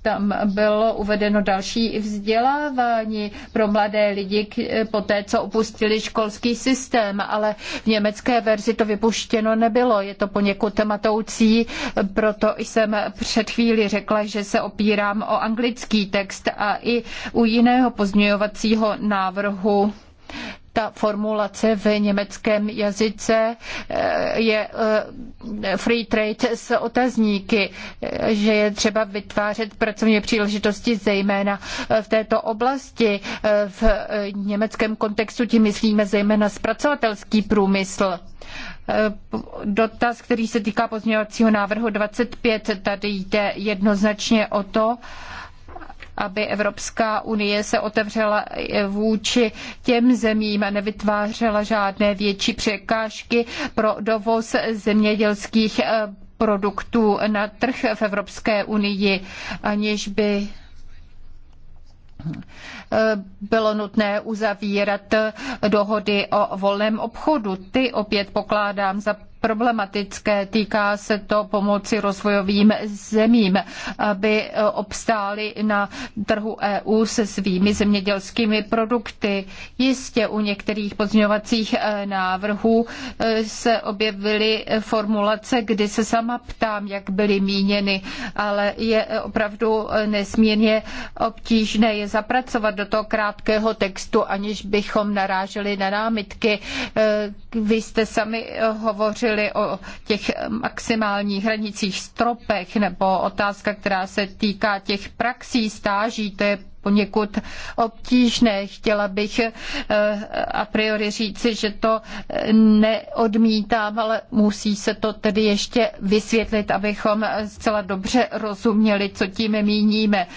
tam bylo uvedeno další vzdělávání pro mladé lidi po té, co opustili školský systém, ale v německé verzi to vypuštěno nebylo. Je to poněkud matoucí, proto jsem před chvíli řekla, že se opírám o anglický text a i u jiného pozměňovacího návrhu ta formulace v německém jazyce eh, je eh, free trade s otazníky, eh, že je třeba vytvářet pracovní příležitosti zejména v této oblasti. V německém kontextu tím myslíme zejména zpracovatelský průmysl. Dotaz, který se týká pozměňovacího návrhu 25, tady jde jednoznačně o to, aby Evropská unie se otevřela vůči těm zemím a nevytvářela žádné větší překážky pro dovoz zemědělských eh, produktů na trh v Evropské unii, aniž by eh, bylo nutné uzavírat eh, dohody o volném obchodu. Ty opět pokládám za problematické. Týká se to pomoci rozvojovým zemím, aby obstály na trhu EU se svými zemědělskými produkty. Jistě u některých pozměňovacích eh, návrhů eh, se objevily formulace, kdy se sama ptám, jak byly míněny, ale je eh, opravdu nesmírně obtížné je zapracovat do toho krátkého textu, aniž bychom naráželi na námitky. Vy jste sami hovořil mluvili o těch maximálních hranicích stropech nebo otázka, která se týká těch praxí stáží, to je poněkud obtížné. Chtěla bych eh, a priori říci, že to neodmítám, ale musí se to tedy ještě vysvětlit, abychom zcela dobře rozuměli, co tím míníme.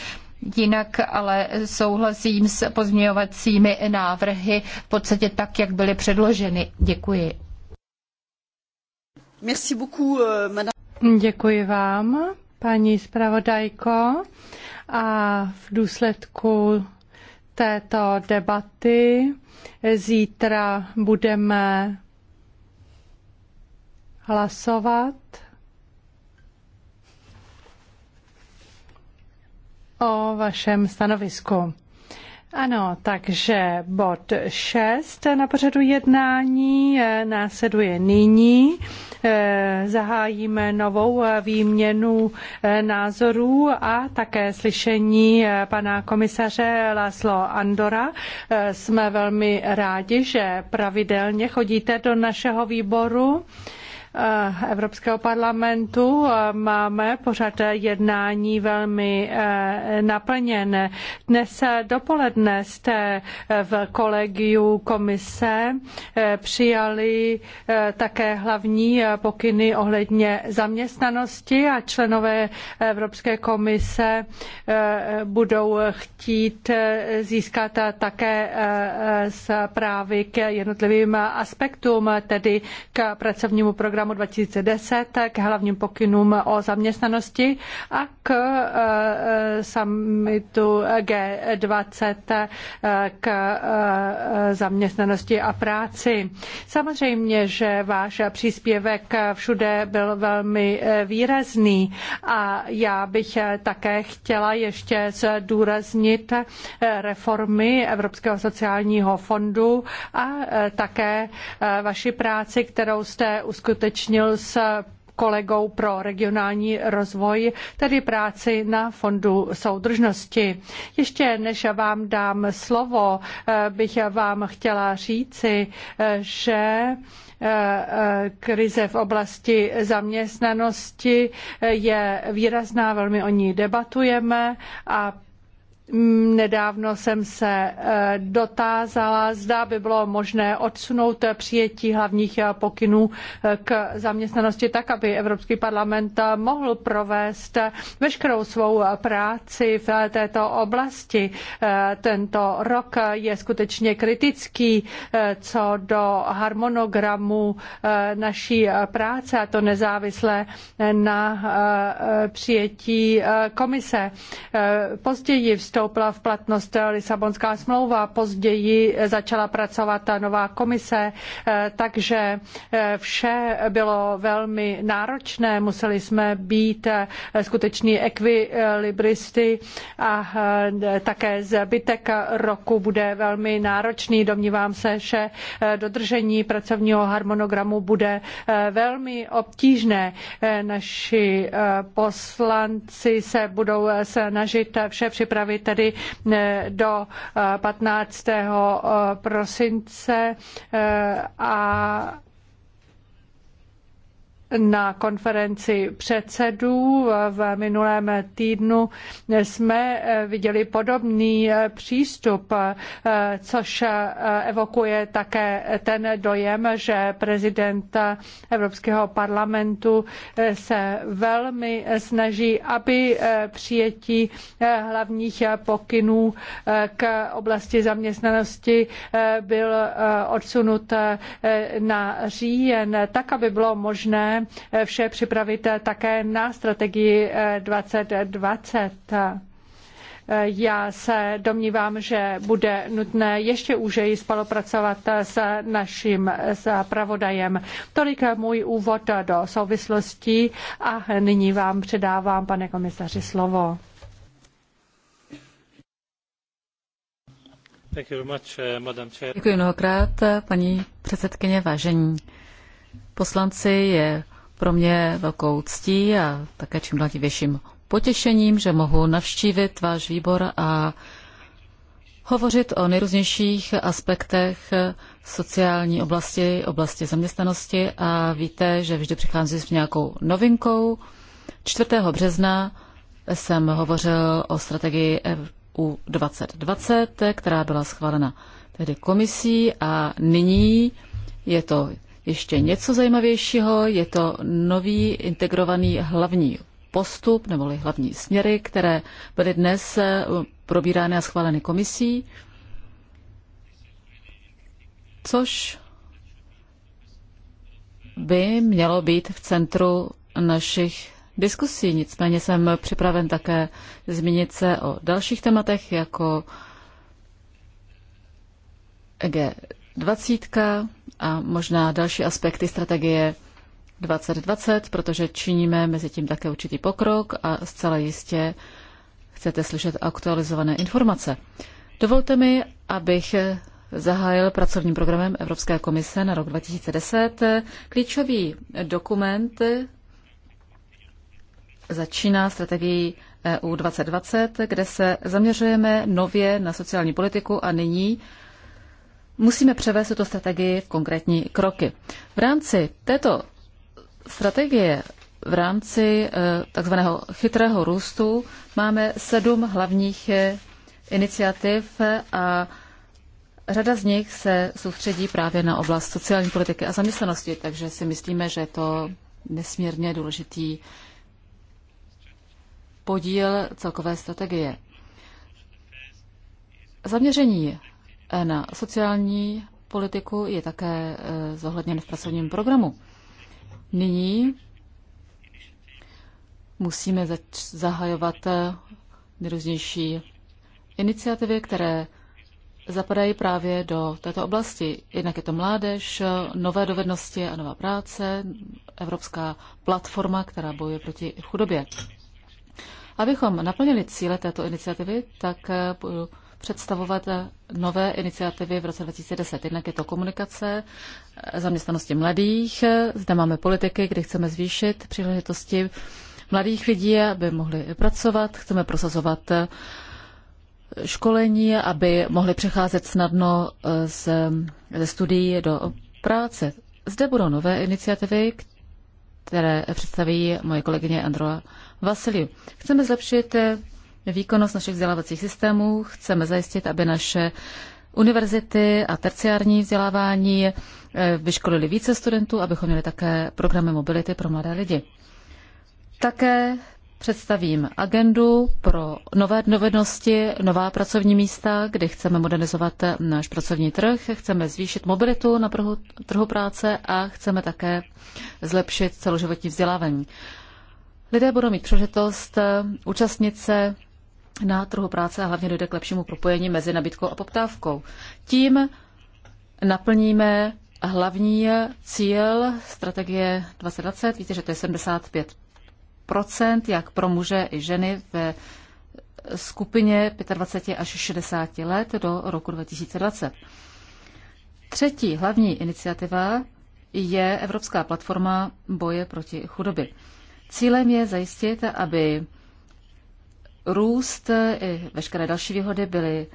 Jinak ale souhlasím s pozměňovacími návrhy v podstatě tak, jak byly předloženy. Děkuji. Euh, Děkuji vám, paní zpravodajko. A v důsledku této debaty zítra budeme hlasovat o vašem stanovisku. Ano, takže bod 6 na pořadu jednání eh, následuje nyní. Eh, zahájíme novou eh, výměnu názorů a také slyšení pana komisaře Laslo Andora. Jsme velmi rádi, že pravidelně chodíte do našeho výboru. Eh, Evropského parlamentu eh, máme pořád jednání velmi eh, naplněné. Dnes dopoledne jste v kolegiu komise přijali také hlavní pokyny ohledně zaměstnanosti a členové Evropské komise budou chtít získat také zprávy k jednotlivým aspektům, tedy k pracovnímu programu programu 2010 k hlavním pokynům o zaměstnanosti a k e, e, summitu G20 e, k zaměstnanosti a práci. Samozřejmě, že váš příspěvek všude byl velmi výrazný a já bych také chtěla ještě zdůraznit reformy Evropského sociálního fondu a také vaši práci, kterou jste uskutečnili uskutečnil s kolegou pro regionální rozvoj, tedy práci na Fondu soudržnosti. Ještě než vám dám slovo, eh, bych vám chtěla říci, eh, že eh, krize v oblasti zaměstnanosti je výrazná, velmi o ní debatujeme a Mm, nedávno jsem se eh, dotázala, zda by bylo možné odsunout přijetí hlavních eh, pokynů eh, k zaměstnanosti tak, aby Evropský parlament mohl provést veškerou svou práci v této oblasti. Tento rok je skutečně kritický co do harmonogramu naší práce, a to nezávisle na přijetí komise. Později vstup vstoupila v platnost Lisabonská smlouva, později začala pracovat ta nová komise, eh, takže eh, vše bylo velmi náročné, museli jsme být eh, skuteční ekvilibristy a také zbytek roku bude velmi náročný. Domnívám se, že dodržení pracovního harmonogramu bude velmi obtížné. Naši poslanci se budou snažit vše připravit tedy eh, do 15. Eh, eh, prosince a na konferenci předsedů v minulém týdnu jsme viděli podobný přístup, což evokuje také ten dojem, že prezident Evropského parlamentu se velmi snaží, aby přijetí hlavních pokynů k oblasti zaměstnanosti byl odsunut na říjen, tak, aby bylo možné vše připravit také na strategii 2020. Eh, Já se domnívám, že bude nutné ještě úžeji spolupracovat s naším zpravodajem. Tolik můj úvod do souvislostí a nyní vám předávám, pane komisaři, slovo. Eh, Děkuji mnohokrát, paní předsedkyně, vážení poslanci. Je pro mě velkou ctí a také čím dál větším potěšením, že mohu navštívit váš výbor a hovořit o nejrůznějších aspektech sociální oblasti, oblasti zaměstnanosti a víte, že vždy přichází s nějakou novinkou. 4. března jsem hovořil o strategii EU 2020, která byla schválena tedy komisí a nyní je to ještě něco zajímavějšího. Je to nový integrovaný hlavní postup neboli hlavní směry, které byly dnes eh, probírány a schváleny komisí, což by mělo být v centru našich diskusí. Nicméně jsem připraven také zmínit se o dalších tématech, jako e dvacítka a možná další aspekty strategie 2020, protože činíme mezi tím také určitý pokrok a zcela jistě chcete slyšet aktualizované informace. Dovolte mi, abych zahájil pracovním programem Evropské komise na rok 2010. Klíčový dokument začíná strategií EU 2020, kde se zaměřujeme nově na sociální politiku a nyní musíme převést tuto strategii v konkrétní kroky. V rámci této strategie, v rámci eh, takzvaného chytrého růstu, máme sedm hlavních eh, iniciativ a Řada z nich se soustředí právě na oblast sociální politiky a zaměstnanosti, takže si myslíme, že je to nesmírně důležitý podíl celkové strategie. Zaměření na sociální politiku je také eh, zohledněn v pracovním programu. Nyní musíme zač- zahajovat eh, nejrůznější iniciativy, které zapadají právě do této oblasti. Jednak je to mládež, nové dovednosti a nová práce, evropská platforma, která bojuje proti chudobě. Abychom naplnili cíle této iniciativy, tak budu eh, představovat nové iniciativy v roce 2010. Jednak je to komunikace, zaměstnanosti mladých, zde máme politiky, kde chceme zvýšit příležitosti mladých lidí, aby mohli pracovat, chceme prosazovat školení, aby mohli přecházet snadno eh, z, ze studií do práce. Zde budou nové iniciativy, které představí moje kolegyně Androa Vasiliu. Chceme zlepšit eh, výkonnost našich vzdělávacích systémů, chceme zajistit, aby naše univerzity a terciární vzdělávání eh, vyškolili více studentů, abychom měli také programy mobility pro mladé lidi. Také představím agendu pro nové dovednosti, nová pracovní místa, kdy chceme modernizovat náš pracovní trh, chceme zvýšit mobilitu na prhu, trhu práce a chceme také zlepšit celoživotní vzdělávání. Lidé budou mít příležitost eh, účastnit se na trhu práce a hlavně dojde k lepšímu propojení mezi nabídkou a poptávkou. Tím naplníme hlavní cíl strategie 2020. Víte, že to je 75 jak pro muže i ženy ve skupině 25 až 60 let do roku 2020. Třetí hlavní iniciativa je Evropská platforma boje proti chudobě. Cílem je zajistit, aby růst i veškeré další výhody byly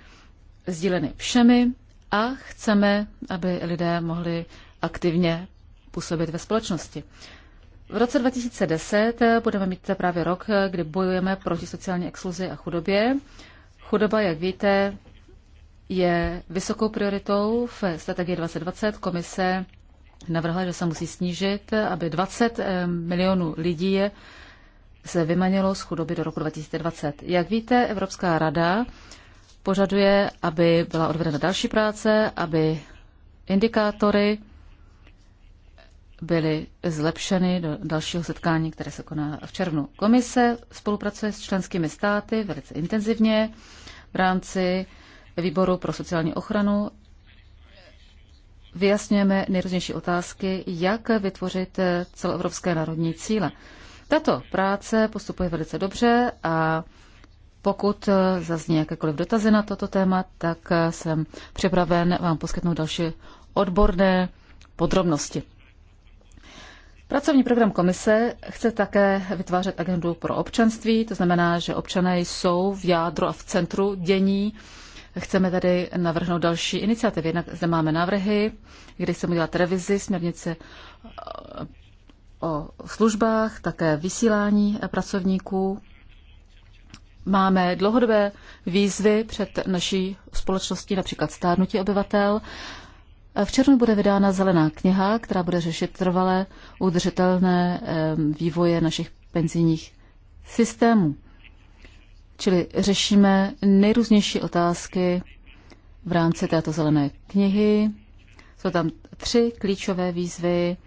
sdíleny všemi a chceme, aby lidé mohli aktivně působit ve společnosti. V roce 2010 budeme mít právě rok, kdy bojujeme proti sociální exkluzi a chudobě. Chudoba, jak víte, je vysokou prioritou v strategii 2020. Komise navrhla, že se musí snížit, aby 20 eh, milionů lidí se vymanilo z chudoby do roku 2020. Jak víte, Evropská rada požaduje, aby byla odvedena další práce, aby indikátory byly zlepšeny do dalšího setkání, které se koná v červnu. Komise spolupracuje s členskými státy velice intenzivně v rámci výboru pro sociální ochranu. Vyjasňujeme nejrůznější otázky, jak vytvořit celoevropské národní cíle. Tato práce postupuje velice dobře a pokud zazní jakékoliv dotazy na toto téma, tak jsem připraven vám poskytnout další odborné podrobnosti. Pracovní program komise chce také vytvářet agendu pro občanství, to znamená, že občané jsou v jádru a v centru dění. Chceme tady navrhnout další iniciativy. Jednak zde máme návrhy, kde chceme udělat revizi směrnice o službách, také vysílání pracovníků. Máme dlouhodobé výzvy před naší společností, například stárnutí obyvatel. V červnu bude vydána zelená kniha, která bude řešit trvalé udržitelné vývoje našich penzijních systémů. Čili řešíme nejrůznější otázky v rámci této zelené knihy. Jsou tam tři klíčové výzvy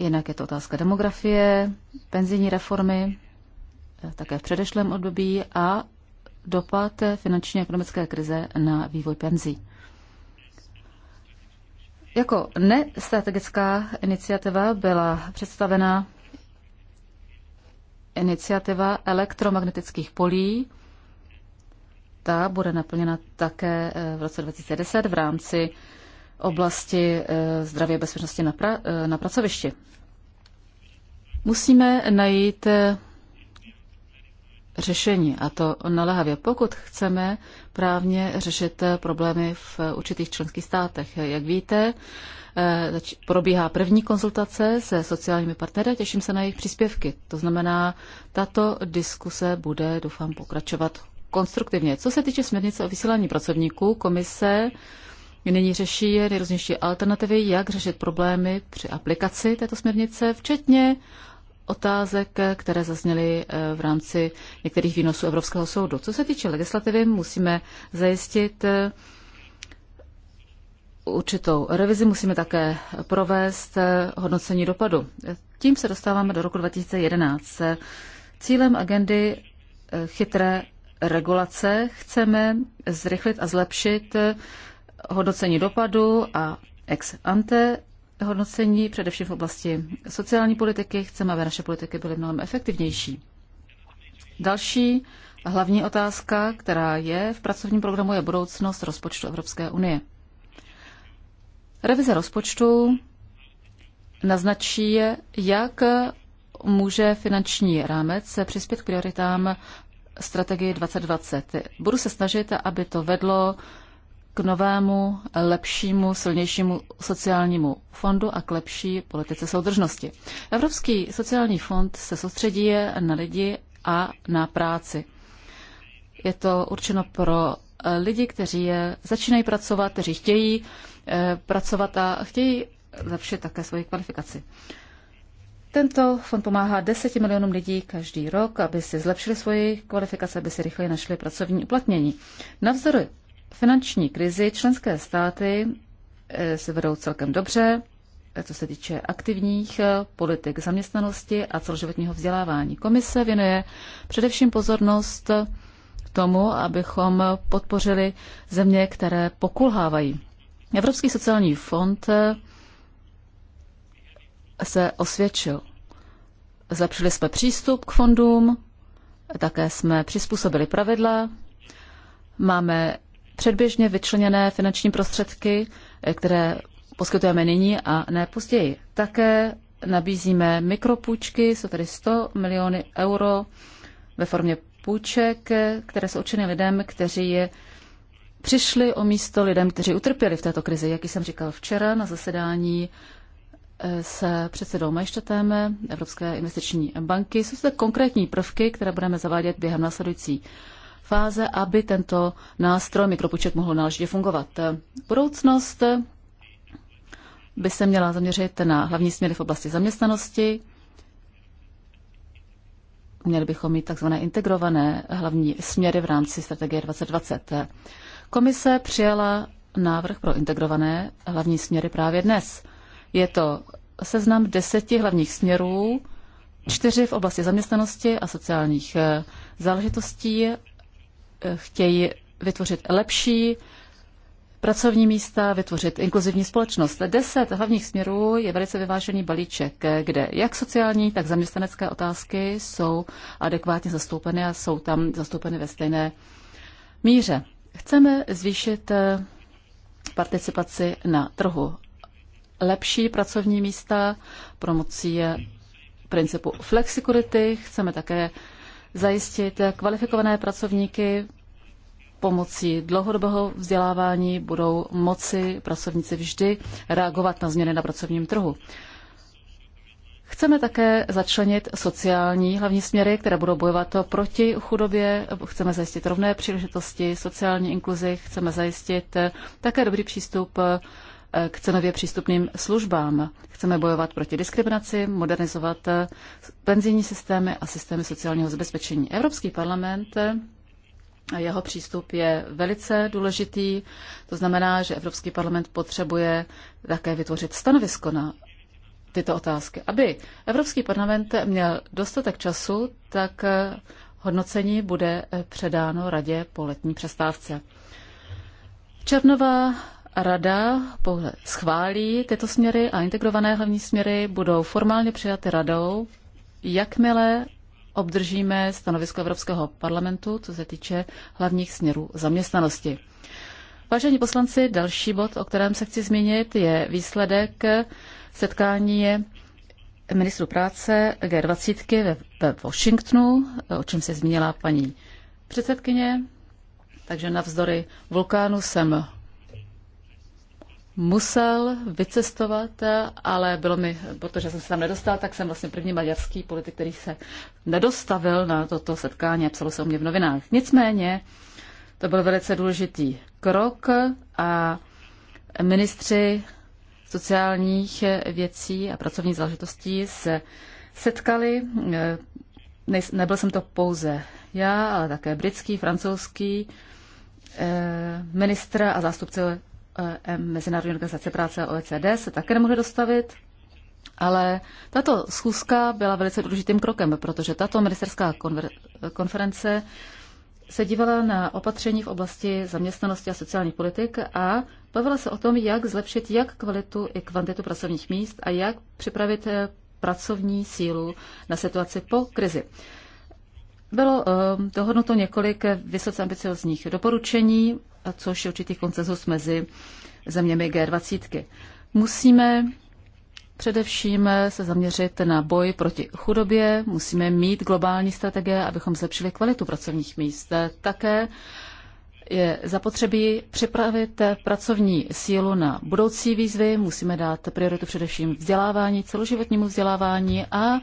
Jinak je to otázka demografie, penzijní reformy, eh, také v předešlém období a dopad finanční a ekonomické krize na vývoj penzí. Jako nestrategická iniciativa byla představena iniciativa elektromagnetických polí. Ta bude naplněna také eh, v roce 2010 v rámci oblasti eh, zdraví a bezpečnosti na, pra, eh, na pracovišti. Musíme najít eh, řešení, a to naléhavě, pokud chceme právně řešit problémy v určitých členských státech. Jak víte, probíhá první konzultace se sociálními partnery a těším se na jejich příspěvky. To znamená, tato diskuse bude, doufám, pokračovat konstruktivně. Co se týče směrnice o vysílání pracovníků, komise nyní řeší nejrůznější alternativy, jak řešit problémy při aplikaci této směrnice, včetně otázek, které zazněly eh, v rámci některých výnosů Evropského soudu. Co se týče legislativy, musíme zajistit eh, určitou revizi, musíme také provést eh, hodnocení dopadu. Tím se dostáváme do roku 2011. Cílem agendy chytré regulace chceme zrychlit a zlepšit hodnocení dopadu a ex ante hodnocení, především v oblasti sociální politiky. Chceme, aby naše politiky byly mnohem efektivnější. Další hlavní otázka, která je v pracovním programu, je budoucnost rozpočtu Evropské unie. Revize rozpočtu naznačí, jak může finanční rámec přispět k prioritám strategii 2020. Budu se snažit, aby to vedlo k novému, lepšímu, silnějšímu sociálnímu fondu a k lepší politice soudržnosti. Evropský sociální fond se soustředí na lidi a na práci. Je to určeno pro eh, lidi, kteří začínají pracovat, kteří chtějí eh, pracovat a chtějí zlepšit také svoji kvalifikaci. Tento fond pomáhá 10 milionům lidí každý rok, aby si zlepšili svoji kvalifikace, aby si rychleji našli pracovní uplatnění. Navzdory finanční krizi členské státy eh, se vedou celkem dobře, eh, co se týče aktivních eh, politik zaměstnanosti a celoživotního vzdělávání. Komise věnuje především pozornost tomu, abychom podpořili země, které pokulhávají. Evropský sociální fond se osvědčil. Zlepšili jsme přístup k fondům, také jsme přizpůsobili pravidla, máme předběžně vyčleněné finanční prostředky, eh, které poskytujeme nyní a ne později. Také nabízíme mikropůjčky, jsou tady 100 miliony euro ve formě půjček, eh, které jsou určeny lidem, kteří je přišli o místo lidem, kteří utrpěli v této krizi. Jak jsem říkal včera na zasedání eh, se předsedou Majštatem Evropské investiční banky, jsou zde konkrétní prvky, které budeme zavádět během následující fáze, aby tento nástroj mikropočet mohl náležitě fungovat. Budoucnost by se měla zaměřit na hlavní směry v oblasti zaměstnanosti. Měli bychom mít takzvané integrované hlavní směry v rámci strategie 2020. Komise přijala návrh pro integrované hlavní směry právě dnes. Je to seznam deseti hlavních směrů, čtyři v oblasti zaměstnanosti a sociálních eh, záležitostí chtějí vytvořit lepší pracovní místa, vytvořit inkluzivní společnost. Deset hlavních směrů je velice vyvážený balíček, kde jak sociální, tak zaměstnanecké otázky jsou adekvátně zastoupeny a jsou tam zastoupeny ve stejné míře. Chceme zvýšit eh, participaci na trhu. Lepší pracovní místa, promocí eh, principu flexikurity, chceme také zajistit kvalifikované pracovníky pomocí dlouhodobého vzdělávání budou moci pracovníci vždy reagovat na změny na pracovním trhu. Chceme také začlenit sociální hlavní směry, které budou bojovat proti chudobě, chceme zajistit rovné příležitosti, sociální inkluzi, chceme zajistit také dobrý přístup k cenově přístupným službám. Chceme bojovat proti diskriminaci, modernizovat penzijní systémy a systémy sociálního zabezpečení. Evropský parlament jeho přístup je velice důležitý. To znamená, že Evropský parlament potřebuje také vytvořit stanovisko na tyto otázky. Aby Evropský parlament měl dostatek času, tak hodnocení bude předáno radě po letní přestávce. Černová rada schválí tyto směry a integrované hlavní směry budou formálně přijaty radou, jakmile obdržíme stanovisko Evropského parlamentu, co se týče hlavních směrů zaměstnanosti. Vážení poslanci, další bod, o kterém se chci zmínit, je výsledek setkání ministru práce G20 ve, ve Washingtonu, o čem se zmínila paní předsedkyně. Takže navzdory vulkánu jsem musel vycestovat, ale bylo mi, protože jsem se tam nedostal, tak jsem vlastně první maďarský politik, který se nedostavil na toto setkání a psalo se o mě v novinách. Nicméně to byl velice důležitý krok a ministři sociálních věcí a pracovních záležitostí se setkali. Nebyl jsem to pouze já, ale také britský, francouzský eh, ministr a zástupce E Mezinárodní organizace práce a OECD se také nemohly dostavit, ale tato schůzka byla velice důležitým krokem, protože tato ministerská konference se dívala na opatření v oblasti zaměstnanosti a sociálních politik a bavila se o tom, jak zlepšit jak kvalitu i kvantitu pracovních míst a jak připravit e, pracovní sílu na situaci po krizi. Bylo e, dohodnuto několik vysoce ambiciozních doporučení což je určitý koncenzus mezi zeměmi G20. Musíme především se zaměřit na boj proti chudobě, musíme mít globální strategie, abychom zlepšili kvalitu pracovních míst. Také je zapotřebí připravit pracovní sílu na budoucí výzvy, musíme dát prioritu především vzdělávání, celoživotnímu vzdělávání a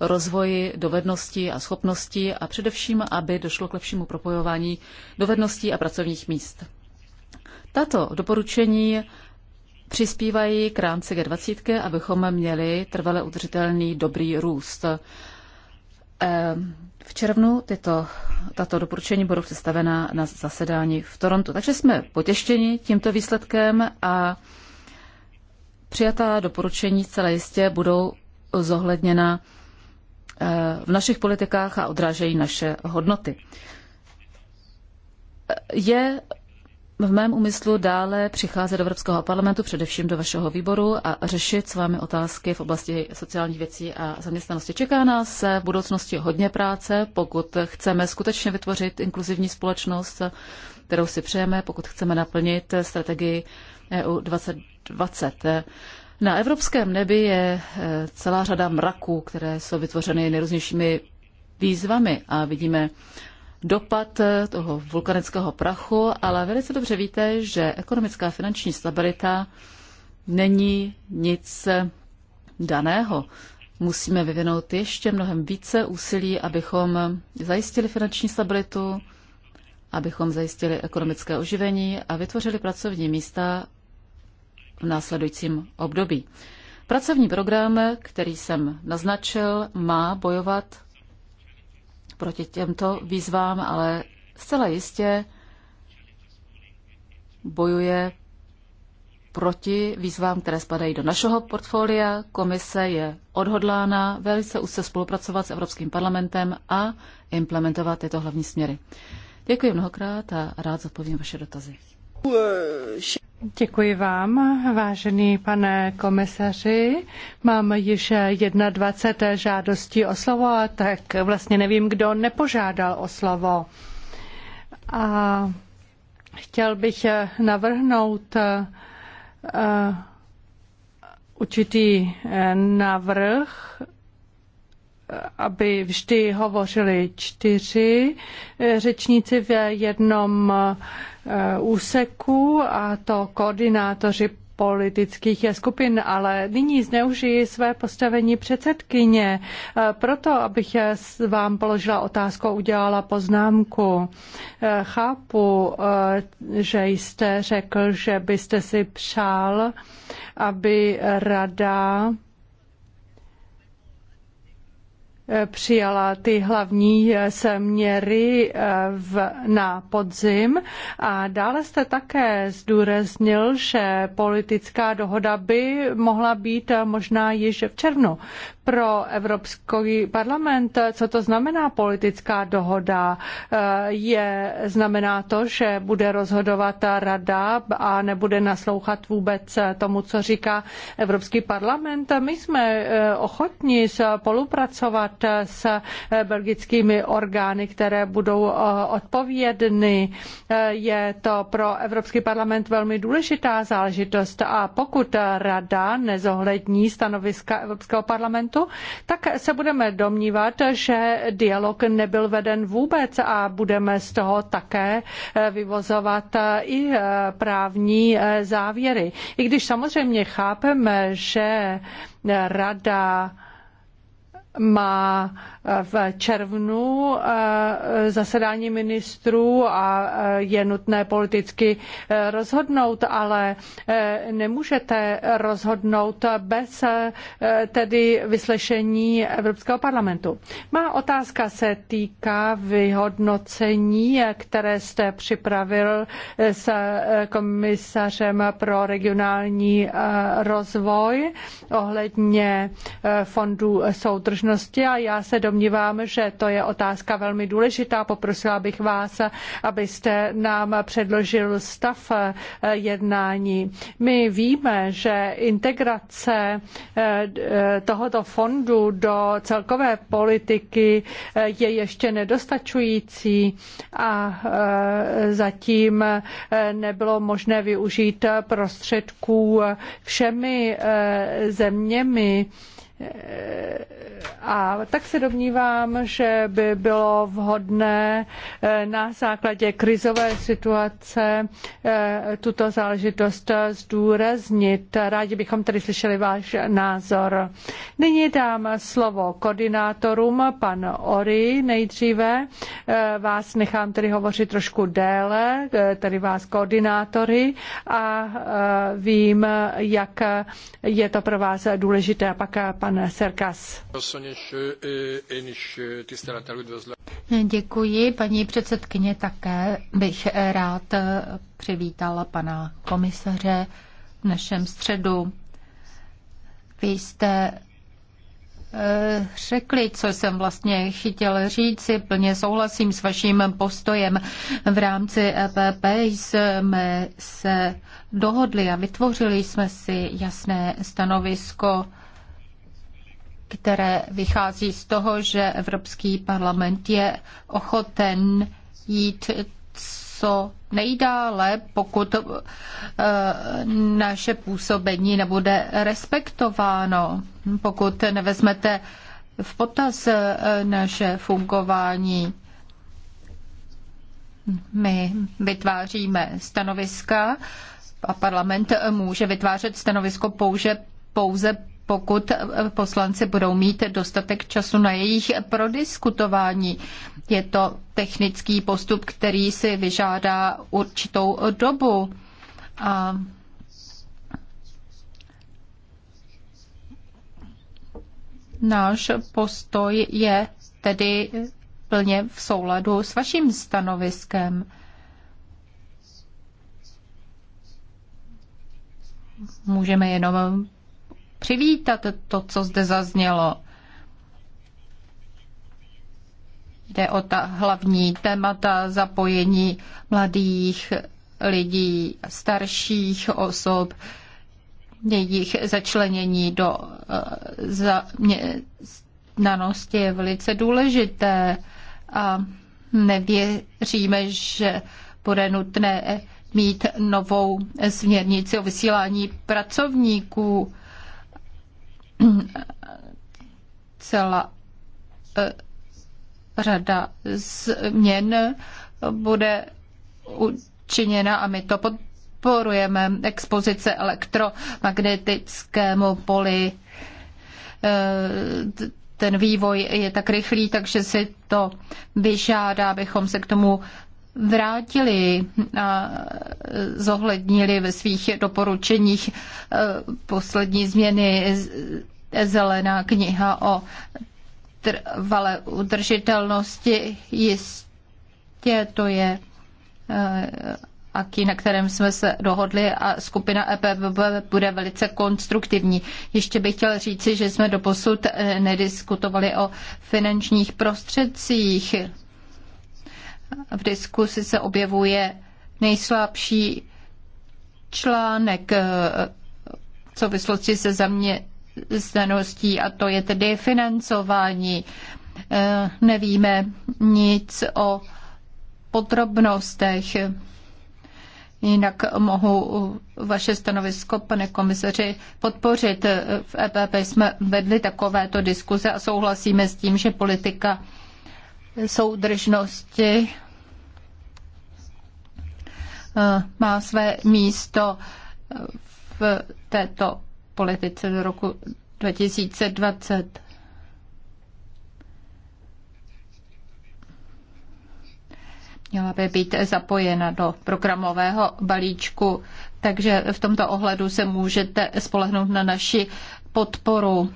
rozvoji dovedností a schopností a především, aby došlo k lepšímu propojování dovedností a pracovních míst. Tato doporučení přispívají k rámci G20, abychom měli trvale udržitelný dobrý růst. Eh, v červnu tyto, tato doporučení budou představena na zasedání v Torontu. Takže jsme potěštěni tímto výsledkem a přijatá doporučení celé jistě budou zohledněna v našich politikách a odrážejí naše hodnoty. Je v mém úmyslu dále přicházet do Evropského parlamentu, především do vašeho výboru a řešit s vámi otázky v oblasti sociálních věcí a zaměstnanosti. Čeká nás v budoucnosti hodně práce, pokud chceme skutečně vytvořit inkluzivní společnost, kterou si přejeme, pokud chceme naplnit strategii EU 2020. Na evropském nebi je eh, celá řada mraků, které jsou vytvořeny nejrůznějšími výzvami a vidíme dopad eh, toho vulkanického prachu, ale velice dobře víte, že ekonomická a finanční stabilita není nic eh, daného. Musíme vyvinout ještě mnohem více úsilí, abychom zajistili finanční stabilitu, abychom zajistili ekonomické oživení a vytvořili pracovní místa v následujícím období. Pracovní program, který jsem naznačil, má bojovat proti těmto výzvám, ale zcela jistě bojuje proti výzvám, které spadají do našeho portfolia. Komise je odhodlána velice úzce spolupracovat s Evropským parlamentem a implementovat tyto hlavní směry. Děkuji mnohokrát a rád zodpovím vaše dotazy. Děkuji vám, vážený pane komisaři. Mám již 21 žádostí o slovo, tak vlastně nevím, kdo nepožádal o slovo. A chtěl bych navrhnout eh, určitý eh, návrh aby vždy hovořili čtyři eh, řečníci v jednom eh, úseku a to koordinátoři politických skupin, ale nyní zneužiji své postavení předsedkyně. Eh, proto, abych vám položila otázku, udělala poznámku. Chápu, že jste řekl, že byste si přál, aby rada přijala ty hlavní eh, směry eh, v, na podzim a dále jste také zdůraznil, že politická dohoda by mohla být eh, možná již v červnu. Pro Evropský parlament, co to znamená politická dohoda? Je, znamená to, že bude rozhodovat rada a nebude naslouchat vůbec tomu, co říká Evropský parlament? My jsme ochotni spolupracovat jednat s belgickými orgány, které budou eh, odpovědny. Eh, je to pro Evropský parlament velmi důležitá záležitost a pokud rada nezohlední stanoviska Evropského parlamentu, tak se budeme domnívat, že dialog nebyl veden vůbec a budeme z toho také eh, vyvozovat i právní závěry. I když samozřejmě chápeme, že rada má v červnu eh, zasedání ministrů a eh, je nutné politicky eh, rozhodnout, ale nemůžete rozhodnout bez tedy vyslyšení Evropského parlamentu. Má otázka se týká vyhodnocení, které jste připravil s komisařem pro regionální rozvoj ohledně fondů soudržnosti a já se do domnívám, že to je otázka velmi důležitá. Poprosila bych vás, abyste nám předložil stav eh, jednání. My víme, že integrace eh, tohoto fondu do celkové politiky eh, je ještě nedostačující a zatím nebylo možné využít prostředků všemi zeměmi, a tak se domnívám, že by bylo vhodné eh, na základě krizové situace eh, tuto záležitost zdůraznit. Rádi bychom tedy slyšeli váš názor. Nyní dám slovo koordinátorům, pan Ori nejdříve. Eh, vás nechám tedy hovořit trošku déle, tedy vás koordinátory a vím, jak je to pro vás důležité. A pak pan pan Serkas. Děkuji, paní předsedkyně, také bych rád přivítala pana komisaře v našem středu. Vy jste eh, řekli, co jsem vlastně chtěl říci. Plně souhlasím s vaším postojem. V rámci EPP jsme se dohodli a vytvořili jsme si jasné stanovisko které vychází z toho, že Evropský parlament je ochoten jít co nejdále, pokud eh, naše působení nebude respektováno, pokud nevezmete v potaz eh, naše fungování. My vytváříme stanoviska a parlament může vytvářet stanovisko pouze, pouze pokud poslanci budou mít dostatek času na jejich prodiskutování. Je to technický postup, který si vyžádá určitou dobu. A náš postoj je tedy plně v souladu s vaším stanoviskem. Můžeme jenom přivítat to, co zde zaznělo. Jde o ta hlavní témata zapojení mladých lidí, starších osob, jejich začlenění do eh, zaměstnanosti je velice důležité a nevěříme, že bude nutné mít novou směrnici o vysílání pracovníků. celá e, řada změn bude učiněna a my to podporujeme. Expozice elektromagnetickému poli. E, ten vývoj je tak rychlý, takže si to vyžádá, abychom se k tomu vrátili a zohlednili ve svých doporučeních e, poslední změny zelená kniha o trvalé udržitelnosti. Jistě to je e, aký, na kterém jsme se dohodli a skupina EPBB bude velice konstruktivní. Ještě bych chtěl říci, že jsme doposud e, nediskutovali o finančních prostředcích v diskusi se objevuje nejslabší článek eh, v souvislosti se zaměstnaností a to je tedy financování. Eh, nevíme nic o podrobnostech. Jinak mohu vaše stanovisko, pane komisaři, podpořit. V EPP jsme vedli takovéto diskuze a souhlasíme s tím, že politika soudržnosti eh, má své místo eh, v této politice do roku 2020. Měla by být zapojena do programového balíčku, takže v tomto ohledu se můžete spolehnout na naši podporu.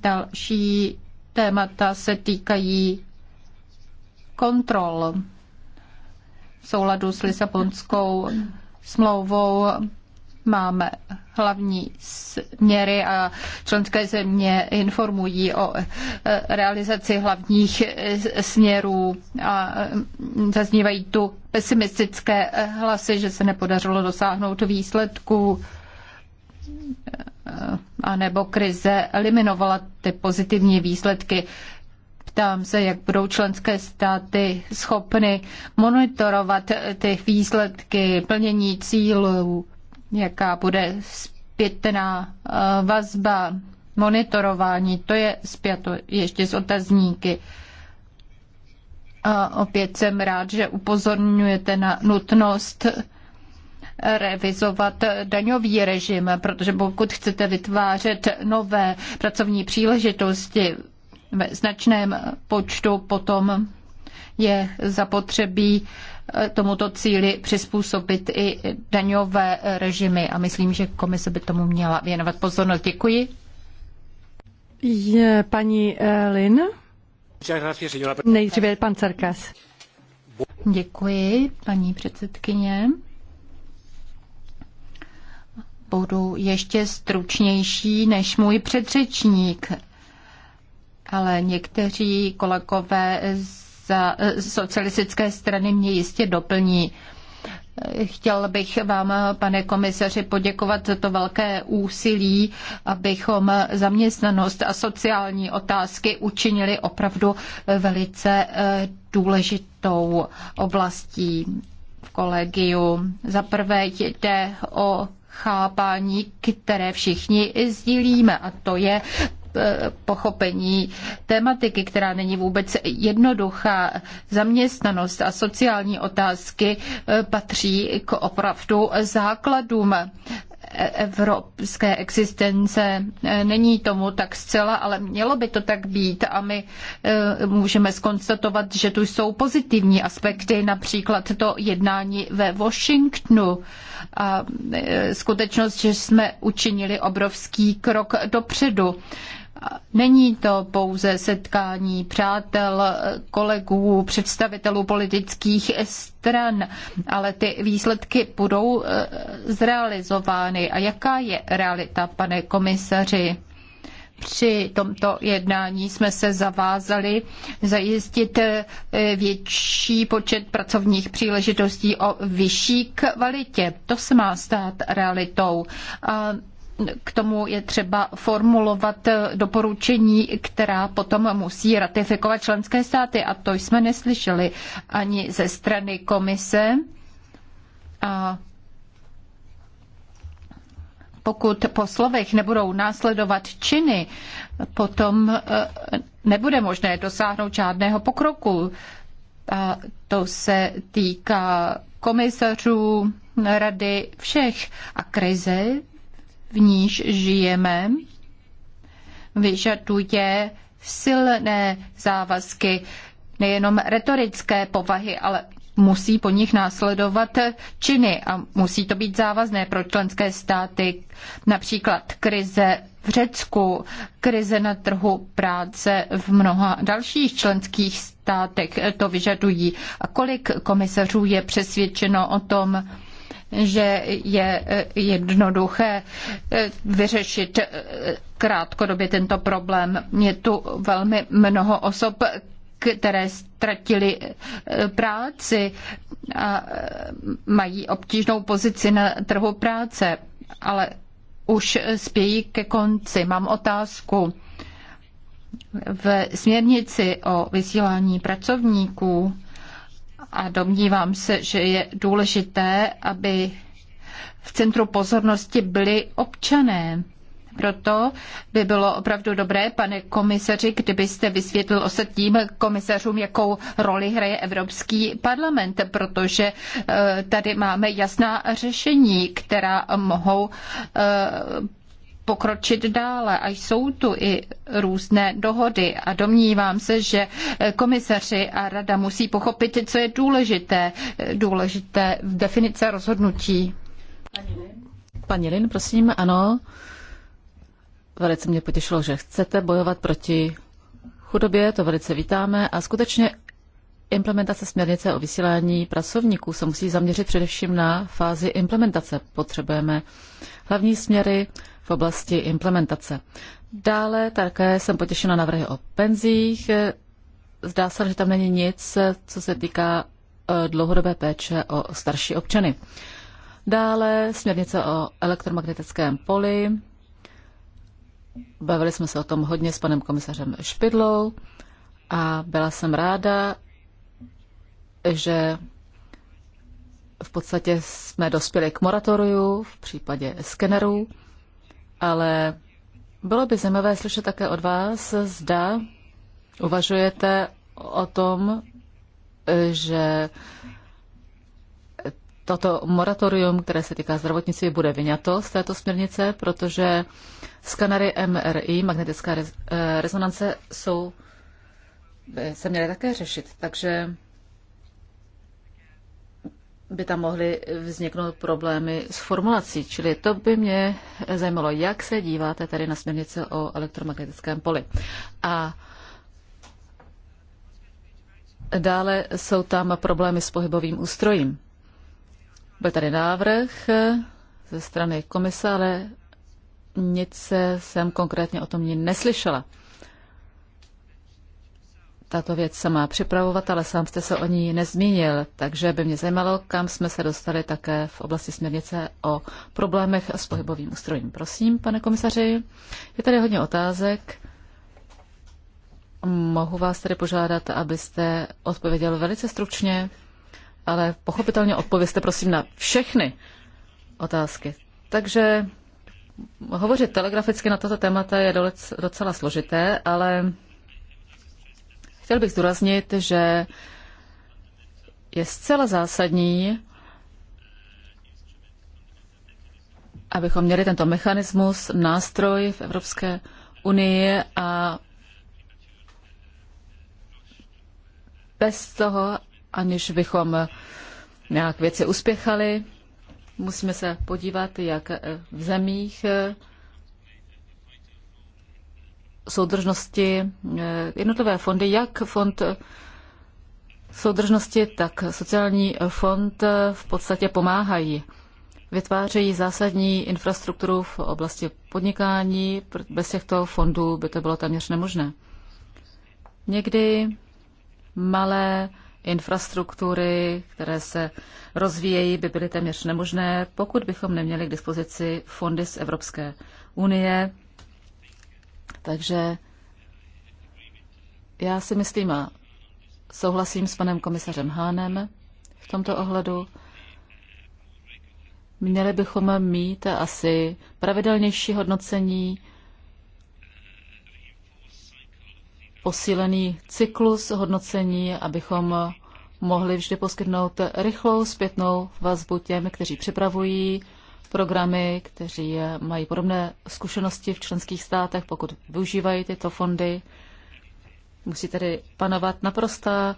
Další témata se týkají kontrol v souladu s Lisabonskou smlouvou máme hlavní směry a členské země informují o eh, realizaci hlavních eh, směrů a mm, zaznívají tu pesimistické eh, hlasy, že se nepodařilo dosáhnout výsledků a nebo krize eliminovala ty pozitivní výsledky. Ptám se, jak budou členské státy schopny monitorovat ty výsledky plnění cílů, jaká bude zpětná eh, vazba, monitorování, to je zpěto ještě z otazníky. A opět jsem rád, že upozorňujete na nutnost revizovat daňový režim, protože pokud chcete vytvářet nové pracovní příležitosti ve značném počtu, potom je zapotřebí eh, tomuto cíli přizpůsobit i daňové režimy a myslím, že komise by tomu měla věnovat pozornost. Děkuji. Je paní eh, Lin. Nejdříve pan Cerkas. Děkuji, paní předsedkyně budu ještě stručnější než můj předřečník, ale někteří kolegové z socialistické strany mě jistě doplní. Chtěl bych vám, pane komisaři, poděkovat za to velké úsilí, abychom zaměstnanost a sociální otázky učinili opravdu velice eh, důležitou oblastí v kolegiu. Za prvé jde o chápání, které všichni sdílíme, a to je eh, pochopení tematiky, která není vůbec jednoduchá. Zaměstnanost a sociální otázky eh, patří k opravdu základům evropské existence. Eh, není tomu tak zcela, ale mělo by to tak být a my eh, můžeme skonstatovat, že tu jsou pozitivní aspekty, například to jednání ve Washingtonu a eh, skutečnost, že jsme učinili obrovský krok dopředu. Není to pouze setkání přátel, kolegů, představitelů politických stran, ale ty výsledky budou eh, zrealizovány. A jaká je realita, pane komisaři? Při tomto jednání jsme se zavázali zajistit eh, větší počet pracovních příležitostí o vyšší kvalitě. To se má stát realitou. A k tomu je třeba formulovat doporučení, která potom musí ratifikovat členské státy. A to jsme neslyšeli ani ze strany komise. A pokud po slovech nebudou následovat činy, potom e, nebude možné dosáhnout žádného pokroku. A to se týká komisařů, rady, všech. A krize v níž žijeme, vyžaduje silné závazky, nejenom retorické povahy, ale musí po nich následovat činy a musí to být závazné pro členské státy, například krize v Řecku, krize na trhu práce v mnoha dalších členských státech to vyžadují. A kolik komisařů je přesvědčeno o tom, že je eh, jednoduché eh, vyřešit eh, krátkodobě tento problém. Je tu velmi mnoho osob, které ztratili práci a mají obtížnou pozici na trhu práce, ale už spějí ke konci. Mám otázku. V směrnici o vysílání pracovníků a domnívám se, že je důležité, aby v centru pozornosti byli občané. Proto by bylo opravdu dobré, pane komisaři, kdybyste vysvětlil ostatním komisařům, jakou roli hraje Evropský parlament, protože eh, tady máme jasná řešení, která mohou eh, pokročit dále a jsou tu i různé dohody a domnívám se, že komisaři a rada musí pochopit, co je důležité, důležité v definice rozhodnutí. Paní Lin, prosím, ano. Velice mě potěšilo, že chcete bojovat proti chudobě, to velice vítáme a skutečně implementace směrnice o vysílání pracovníků se musí zaměřit především na fázi implementace. Potřebujeme hlavní směry, v oblasti implementace. Dále také jsem potěšena navrhy o penzích. Zdá se, že tam není nic, co se týká e, dlouhodobé péče o starší občany. Dále směrnice o elektromagnetickém poli. Bavili jsme se o tom hodně s panem komisařem Špidlou a byla jsem ráda, že v podstatě jsme dospěli k moratoriu v případě skenerů ale bylo by zajímavé slyšet také od vás, zda uvažujete o tom, že toto moratorium, které se týká zdravotnictví, bude vyňato z této směrnice, protože skanery MRI, magnetická eh, rezonance, jsou, se měly také řešit. Takže by tam mohly vzniknout problémy s formulací. Čili to by mě zajímalo, jak se díváte tady na směrnice o elektromagnetickém poli. A dále jsou tam problémy s pohybovým ústrojím. Byl tady návrh ze strany komise, ale nic jsem konkrétně o tom ní neslyšela tato věc se má připravovat, ale sám jste se o ní nezmínil, takže by mě zajímalo, kam jsme se dostali také v oblasti směrnice o problémech s pohybovým ústrojím. Prosím, pane komisaři, je tady hodně otázek. Mohu vás tedy požádat, abyste odpověděl velice stručně, ale pochopitelně odpověste prosím na všechny otázky. Takže hovořit telegraficky na toto témata je docela složité, ale Chtěl bych zdůraznit, že je zcela zásadní, abychom měli tento mechanismus, nástroj v Evropské unii a bez toho, aniž bychom nějak věci uspěchali, musíme se podívat, jak v zemích soudržnosti, eh, jednotlivé fondy, jak fond soudržnosti, tak sociální fond eh, v podstatě pomáhají. Vytvářejí zásadní infrastrukturu v oblasti podnikání. Bez těchto fondů by to bylo téměř nemožné. Někdy malé infrastruktury, které se rozvíjejí, by byly téměř nemožné, pokud bychom neměli k dispozici fondy z Evropské unie, takže já si myslím a souhlasím s panem komisařem Hánem v tomto ohledu. Měli bychom mít asi pravidelnější hodnocení, posílený cyklus hodnocení, abychom mohli vždy poskytnout rychlou zpětnou vazbu těm, kteří připravují programy, kteří mají podobné zkušenosti v členských státech, pokud využívají tyto fondy. Musí tedy panovat naprostá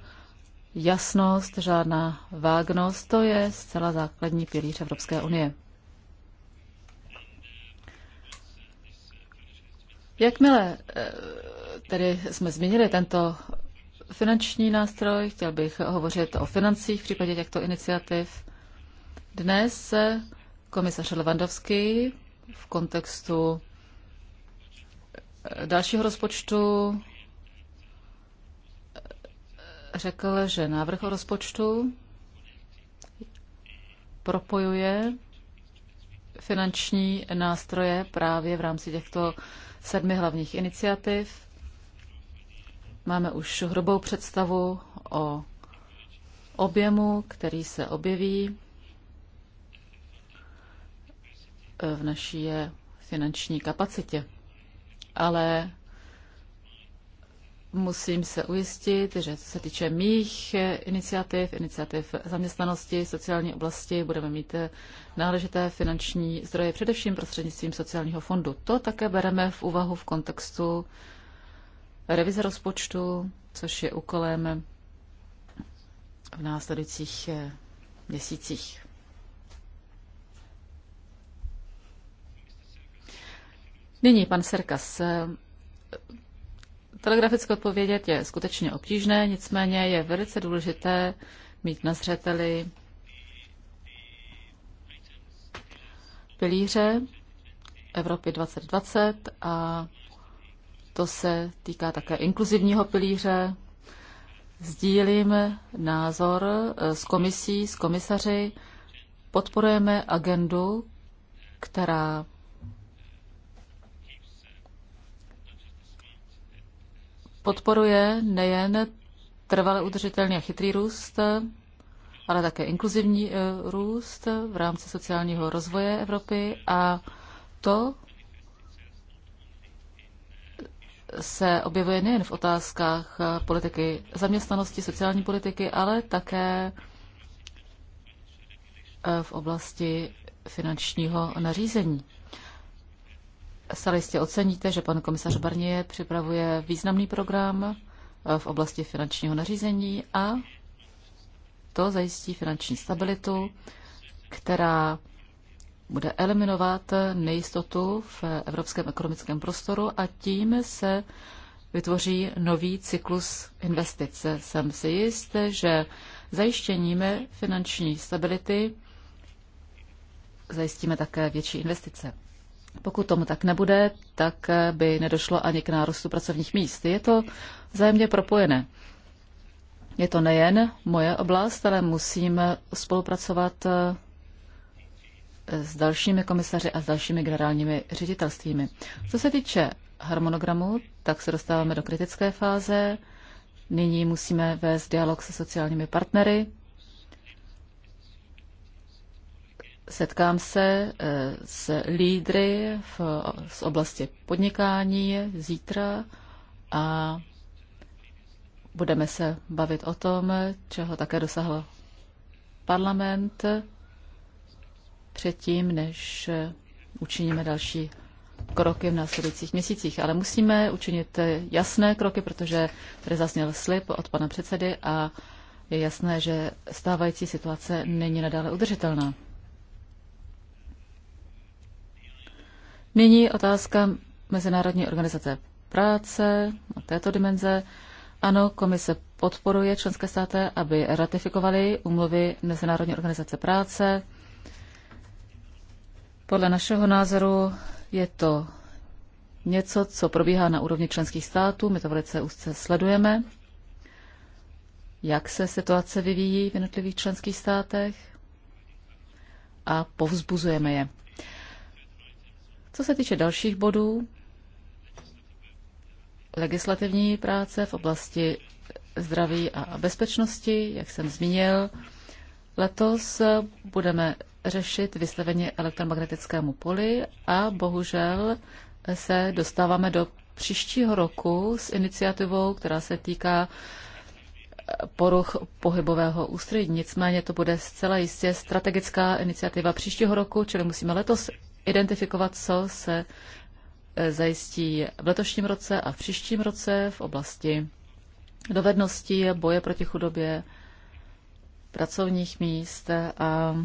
jasnost, žádná vágnost. To je zcela základní pilíř Evropské unie. Jakmile eh, tedy jsme změnili tento finanční nástroj, chtěl bych hovořit o financích v případě těchto iniciativ. Dnes eh, komisař Levandovský v kontextu eh, dalšího rozpočtu eh, řekl, že návrh o rozpočtu propojuje finanční nástroje právě v rámci těchto sedmi hlavních iniciativ. Máme už hrubou představu o objemu, který se objeví v naší finanční kapacitě. Ale musím se ujistit, že co se týče mých iniciativ, iniciativ zaměstnanosti, sociální oblasti, budeme mít náležité finanční zdroje především prostřednictvím sociálního fondu. To také bereme v úvahu v kontextu revize rozpočtu, což je úkolem v následujících eh, měsících. Nyní, pan Serkas, telegraficky odpovědět je skutečně obtížné, nicméně je velice důležité mít na zřeteli pilíře Evropy 2020 a to se týká také inkluzivního pilíře. Sdílím názor eh, s komisí, s komisaři. Podporujeme agendu, která podporuje nejen trvale udržitelný a chytrý růst, ale také inkluzivní e, růst v rámci sociálního rozvoje Evropy a to se objevuje nejen v otázkách politiky zaměstnanosti, sociální politiky, ale také e, v oblasti finančního nařízení. Stále jistě oceníte, že pan komisař Barnier připravuje významný program eh, v oblasti finančního nařízení a to zajistí finanční stabilitu, která bude eliminovat nejistotu v evropském ekonomickém prostoru a tím se vytvoří nový cyklus investice. Jsem si jist, že zajištěním finanční stability zajistíme také větší investice. Pokud tomu tak nebude, tak eh, by nedošlo ani k nárostu pracovních míst. Je to vzájemně propojené. Je to nejen moje oblast, ale musíme spolupracovat eh, s dalšími komisaři a s dalšími generálními ředitelstvími. Co se týče harmonogramu, tak se dostáváme do kritické fáze. Nyní musíme vést dialog se sociálními partnery, Setkám se eh, s lídry v, z oblasti podnikání zítra a budeme se bavit o tom, čeho také dosahl parlament předtím, než učiníme další kroky v následujících měsících. Ale musíme učinit jasné kroky, protože tady zazněl slib od pana předsedy a je jasné, že stávající situace není nadále udržitelná. Nyní otázka Mezinárodní organizace práce na této dimenze. Ano, komise podporuje členské státy, aby ratifikovali umluvy Mezinárodní organizace práce. Podle našeho názoru je to něco, co probíhá na úrovni členských států. My to velice úzce sledujeme, jak se situace vyvíjí v jednotlivých členských státech a povzbuzujeme je. Co se týče dalších bodů, legislativní práce v oblasti zdraví a bezpečnosti, jak jsem zmínil, letos budeme řešit vystavení elektromagnetickému poli a bohužel se dostáváme do příštího roku s iniciativou, která se týká poruch pohybového ústředí. Nicméně to bude zcela jistě strategická iniciativa příštího roku, čili musíme letos identifikovat, co se eh, zajistí v letošním roce a v příštím roce v oblasti dovedností, boje proti chudobě, pracovních míst a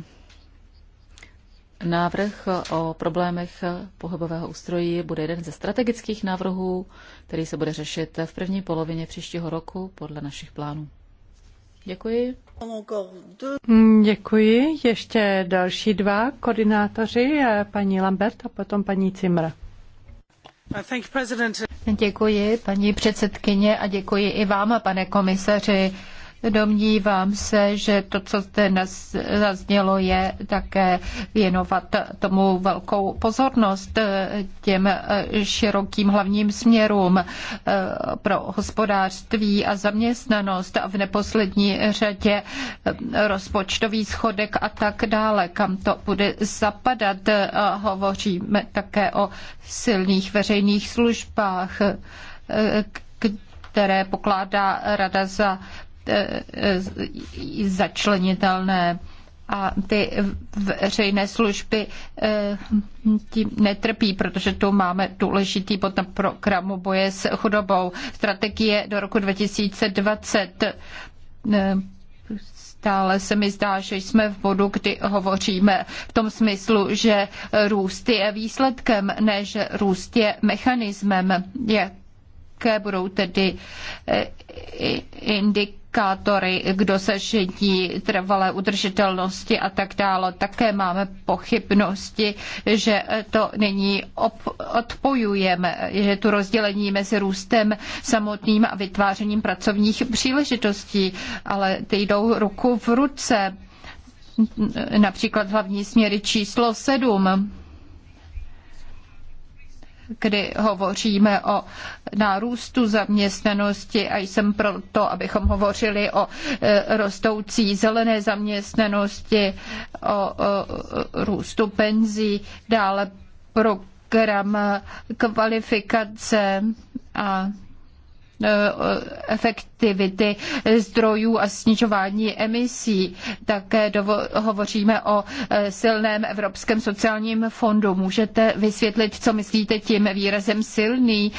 návrh o problémech pohybového ústrojí bude jeden ze strategických návrhů, který se bude řešit v první polovině příštího roku podle našich plánů. Děkuji. Děkuji. Ještě další dva koordinátoři, eh, paní Lambert a potom paní Cimr. Děkuji, paní předsedkyně, a děkuji i vám, pane komisaři. Domnívám se, že to, co zde zaznělo, je také věnovat tomu velkou pozornost eh, těm eh, širokým hlavním směrům eh, pro hospodářství a zaměstnanost a v neposlední řadě rozpočtový schodek a tak dále, kam to bude zapadat. Hovoříme také o silných veřejných službách, které pokládá Rada za E, e, začlenitelné a ty veřejné služby e, tím netrpí, protože tu máme důležitý bod na programu boje s chudobou. Strategie do roku 2020 Stále se mi zdá, že jsme v bodu, kdy hovoříme v tom smyslu, že růst je výsledkem, ne že růst je mechanismem. Jaké budou tedy indik indikátory k dosažení trvalé udržitelnosti a tak dále. Také máme pochybnosti, že to není odpojujeme, že tu rozdělení mezi růstem samotným a vytvářením pracovních příležitostí, ale ty jdou ruku v ruce. Například hlavní směry číslo 7 kdy hovoříme o nárůstu zaměstnanosti a jsem pro to, abychom hovořili o e, rostoucí zelené zaměstnanosti, o růstu penzí, dále program kvalifikace a Eh, efektivity zdrojů a snižování emisí. Také hovoříme o eh, silném Evropském sociálním fondu. Můžete vysvětlit, co myslíte tím výrazem silný,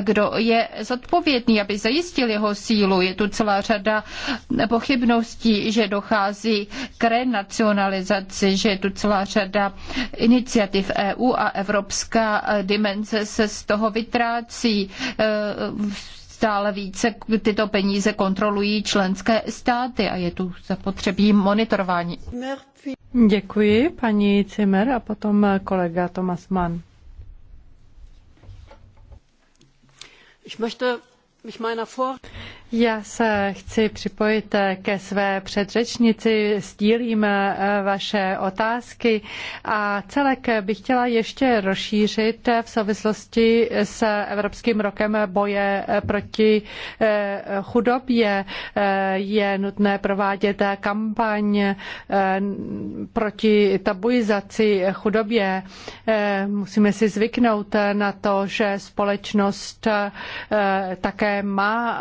kdo je zodpovědný, aby zajistil jeho sílu. Je tu celá řada pochybností, že dochází k renacionalizaci, že je tu celá řada iniciativ EU a evropská dimenze se z toho vytrácí. Eh, v stále více tyto peníze kontrolují členské státy a je tu zapotřebí monitorování. Děkuji, paní Cimer a potom kolega Thomas Mann. Ich möchte mich meiner Vor já se chci připojit ke své předřečnici, sdílím eh, vaše otázky a celek bych chtěla ještě rozšířit v souvislosti s Evropským rokem boje eh, proti eh, chudobě. Je nutné provádět kampaň proti tabuizaci chudobě. Musíme si zvyknout na to, že společnost také má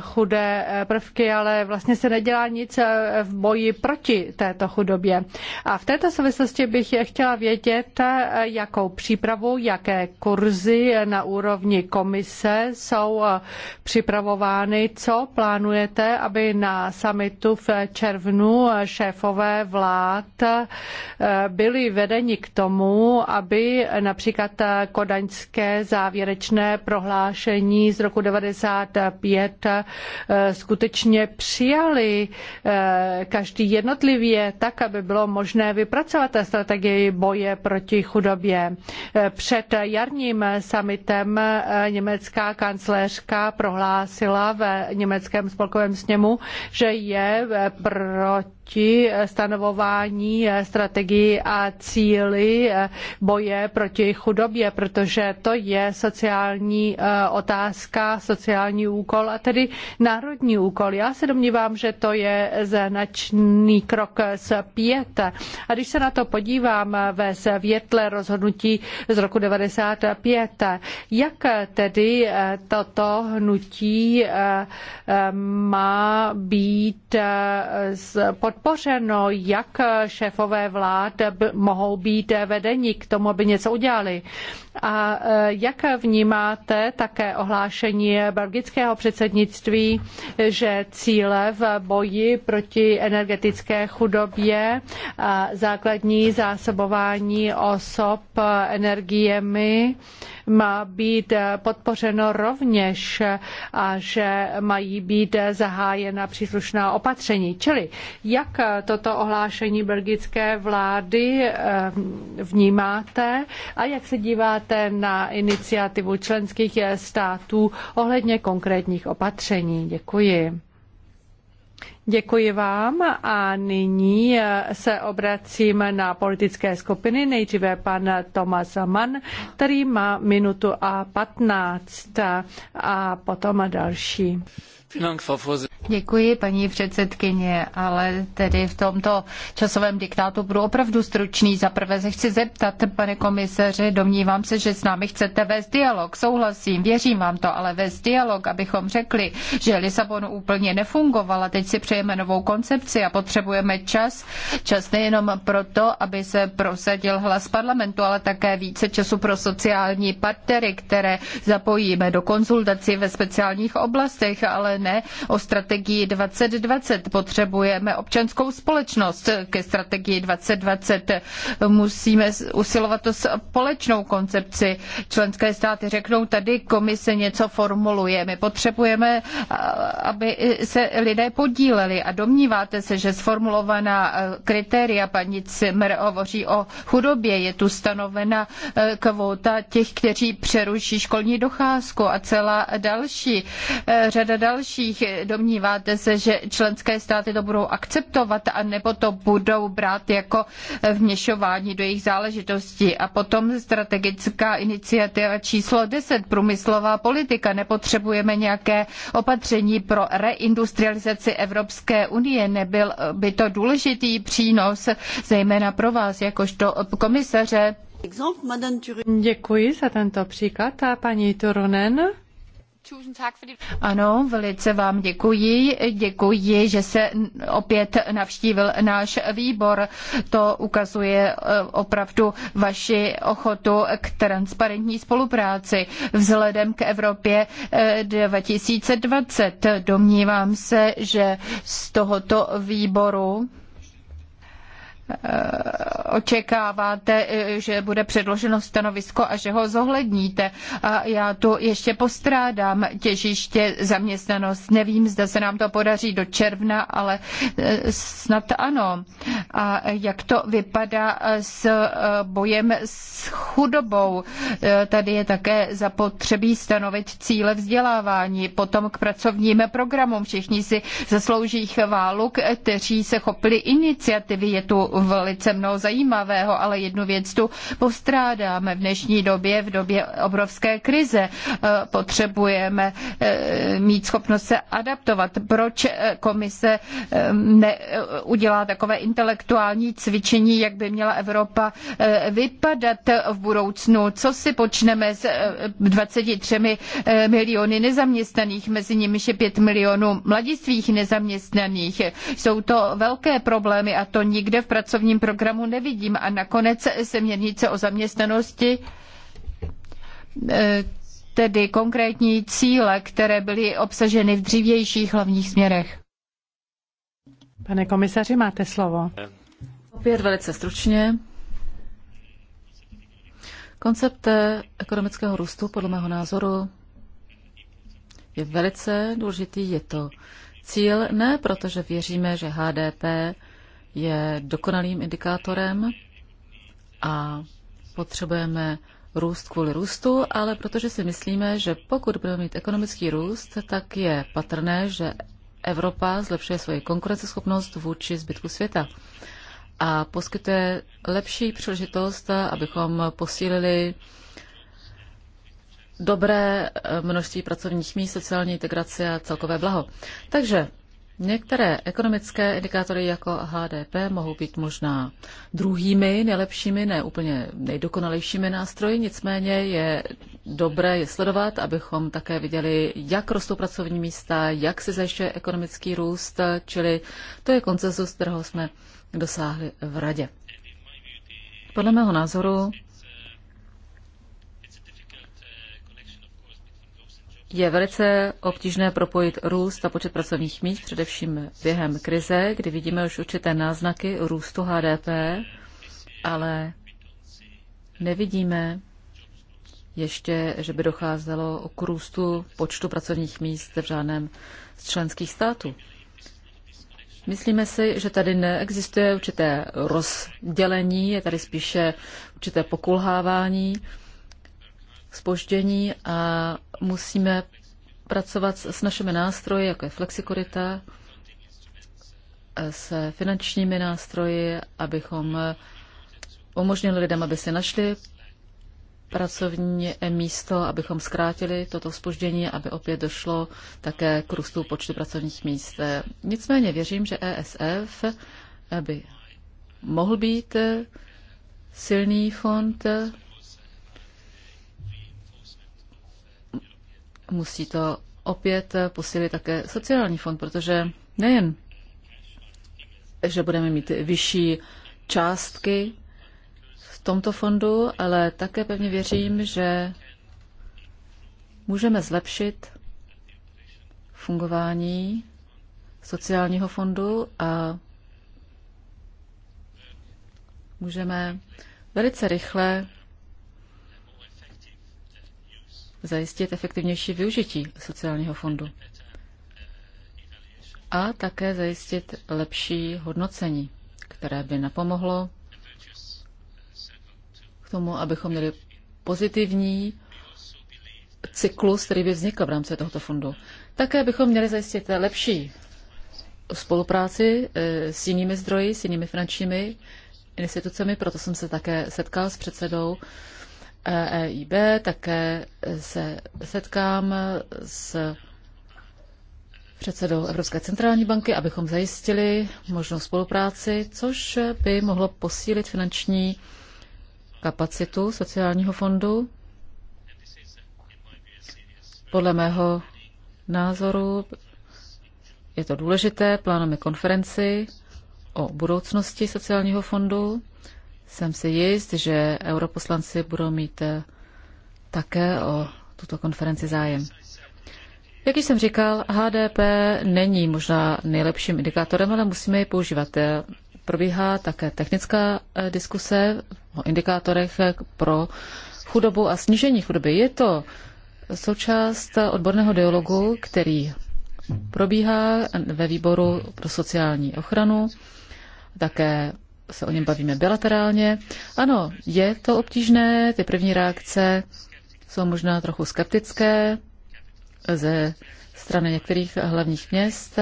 chudé prvky, ale vlastně se nedělá nic eh, v boji proti této chudobě. A v této souvislosti bych je chtěla vědět, eh, jakou přípravu, jaké kurzy na úrovni komise jsou eh, připravovány, co plánujete, aby na samitu v červnu šéfové vlád byli vedeni k tomu, aby například kodaňské závěrečné prohlášení z roku 95 Eh, skutečně přijali eh, každý jednotlivě tak, aby bylo možné vypracovat strategii boje proti chudobě. Eh, před jarním summitem německá kancléřka prohlásila ve německém spolkovém sněmu, že je proti proti stanovování strategií a cíly boje proti chudobě, protože to je sociální eh, otázka, sociální úkol a tedy národní úkol. Já se domnívám, že to je značný krok zpět. A když se na to podívám ve světle rozhodnutí z roku 95, jak tedy eh, toto hnutí eh, má být pod podpořeno, jak šéfové vlád mohou být vedeni k tomu, aby něco udělali. A eh, jak vnímáte také ohlášení belgického předsednictví, že cíle v boji proti energetické chudobě a základní zásobování osob energiemi má být podpořeno rovněž a že mají být zahájena příslušná opatření. Čili jak toto ohlášení belgické vlády eh, vnímáte a jak se díváte na iniciativu členských států ohledně konkrétních opatření? Děkuji. Děkuji vám a nyní eh, se obracím na politické skupiny. Nejdříve pan Tomas Mann, který má minutu a patnáct eh, a potom další. Děkuji, paní předsedkyně, ale tedy v tomto časovém diktátu budu opravdu stručný. Za prvé se chci zeptat, pane komisaři, domnívám se, že s námi chcete vést dialog. Souhlasím, věřím vám to, ale vést dialog, abychom řekli, že Lisabon úplně nefungovala. Teď si přejeme novou koncepci a potřebujeme čas. Čas nejenom proto, aby se prosadil hlas parlamentu, ale také více času pro sociální partnery, které zapojíme do konzultací ve speciálních oblastech, ale ne o strategii 2020. Potřebujeme občanskou společnost ke strategii 2020. Musíme usilovat o společnou koncepci. Členské státy řeknou, tady komise něco formuluje. My potřebujeme, aby se lidé podíleli. A domníváte se, že sformulovaná e, kritéria, paní Cimer hovoří o chudobě, je tu stanovena e, kvóta těch, kteří přeruší školní docházku a celá další e, řada dalších dalších. Domníváte se, že členské státy to budou akceptovat, anebo to budou brát jako vměšování do jejich záležitostí. A potom strategická iniciativa číslo 10, průmyslová politika. Nepotřebujeme nějaké opatření pro reindustrializaci Evropské unie. Nebyl by to důležitý přínos, zejména pro vás, jakožto komisaře. Děkuji za tento příklad a paní Turunen. Ano, velice vám děkuji. Děkuji, že se opět navštívil náš výbor. To ukazuje eh, opravdu vaši ochotu k transparentní spolupráci vzhledem k Evropě 2020. Eh, Domnívám se, že z tohoto výboru Eh, očekáváte, eh, že bude předloženo stanovisko a že ho zohledníte. A já tu ještě postrádám těžiště zaměstnanost. Nevím, zda se nám to podaří do června, ale eh, snad ano. A jak to vypadá s bojem s chudobou? Tady je také zapotřebí stanovit cíle vzdělávání, potom k pracovním programům. Všichni si zaslouží chválu, kteří se chopili iniciativy. Je tu velice mnoho zajímavého, ale jednu věc tu postrádáme v dnešní době, v době obrovské krize. Eh, potřebujeme eh, mít schopnost se adaptovat. Proč eh, komise neudělá takové intelektuální cvičení, jak by měla Evropa vypadat v budoucnu? Co si počneme s 23 miliony nezaměstnaných, mezi nimiž je 5 milionů mladistvých nezaměstnaných? Jsou to velké problémy a to nikde v pracovní pracovním programu nevidím. A nakonec směrnice o zaměstnanosti eh, tedy konkrétní cíle, které byly obsaženy v dřívějších hlavních směrech. Pane komisaři, máte slovo. Opět velice stručně. Koncept eh, ekonomického růstu, podle mého názoru, je velice důležitý. Je to cíl ne proto, že věříme, že HDP je dokonalým indikátorem a potřebujeme růst kvůli růstu, ale protože si myslíme, že pokud budeme mít ekonomický růst, tak je patrné, že Evropa zlepšuje svoji konkurenceschopnost vůči zbytku světa a poskytuje lepší příležitost, abychom posílili dobré množství pracovních míst, sociální integrace a celkové blaho. Takže Některé ekonomické indikátory jako HDP mohou být možná druhými nejlepšími, ne úplně nejdokonalejšími nástroji, nicméně je dobré je sledovat, abychom také viděli, jak rostou pracovní místa, jak se zajišťuje ekonomický růst, čili to je koncesus, kterého jsme dosáhli v Radě. Podle mého názoru je velice obtížné propojit růst a počet pracovních míst, především během krize, kdy vidíme už určité náznaky růstu HDP, ale nevidíme ještě, že by docházelo k růstu počtu pracovních míst v žádném z členských států. Myslíme si, že tady neexistuje určité rozdělení, je tady spíše určité pokulhávání spoždění a musíme pracovat s našimi nástroji, jako je flexikorita, s finančními nástroji, abychom umožnili lidem, aby si našli pracovní místo, abychom zkrátili toto spoždění, aby opět došlo také k růstu počtu pracovních míst. Nicméně věřím, že ESF by mohl být silný fond, Musí to opět posílit také sociální fond, protože nejen, že budeme mít vyšší částky v tomto fondu, ale také pevně věřím, že můžeme zlepšit fungování sociálního fondu a můžeme velice rychle zajistit efektivnější využití sociálního fondu a také zajistit lepší hodnocení, které by napomohlo k tomu, abychom měli pozitivní cyklus, který by vznikl v rámci tohoto fondu. Také bychom měli zajistit lepší spolupráci eh, s jinými zdroji, s jinými finančními institucemi, proto jsem se také setkal s předsedou EIB, e také se setkám s předsedou Evropské centrální banky, abychom zajistili možnou spolupráci, což by mohlo posílit finanční kapacitu sociálního fondu. Podle mého názoru je to důležité, plánujeme konferenci o budoucnosti sociálního fondu. Jsem si jist, že europoslanci budou mít eh, také o tuto konferenci zájem. Jak již jsem říkal, HDP není možná nejlepším indikátorem, ale musíme ji používat. Eh, probíhá také technická eh, diskuse o indikátorech pro chudobu a snížení chudoby. Je to součást odborného dialogu, který probíhá ve výboru pro sociální ochranu. Také se o něm bavíme bilaterálně. Ano, je to obtížné, ty první reakce jsou možná trochu skeptické ze strany některých hlavních měst.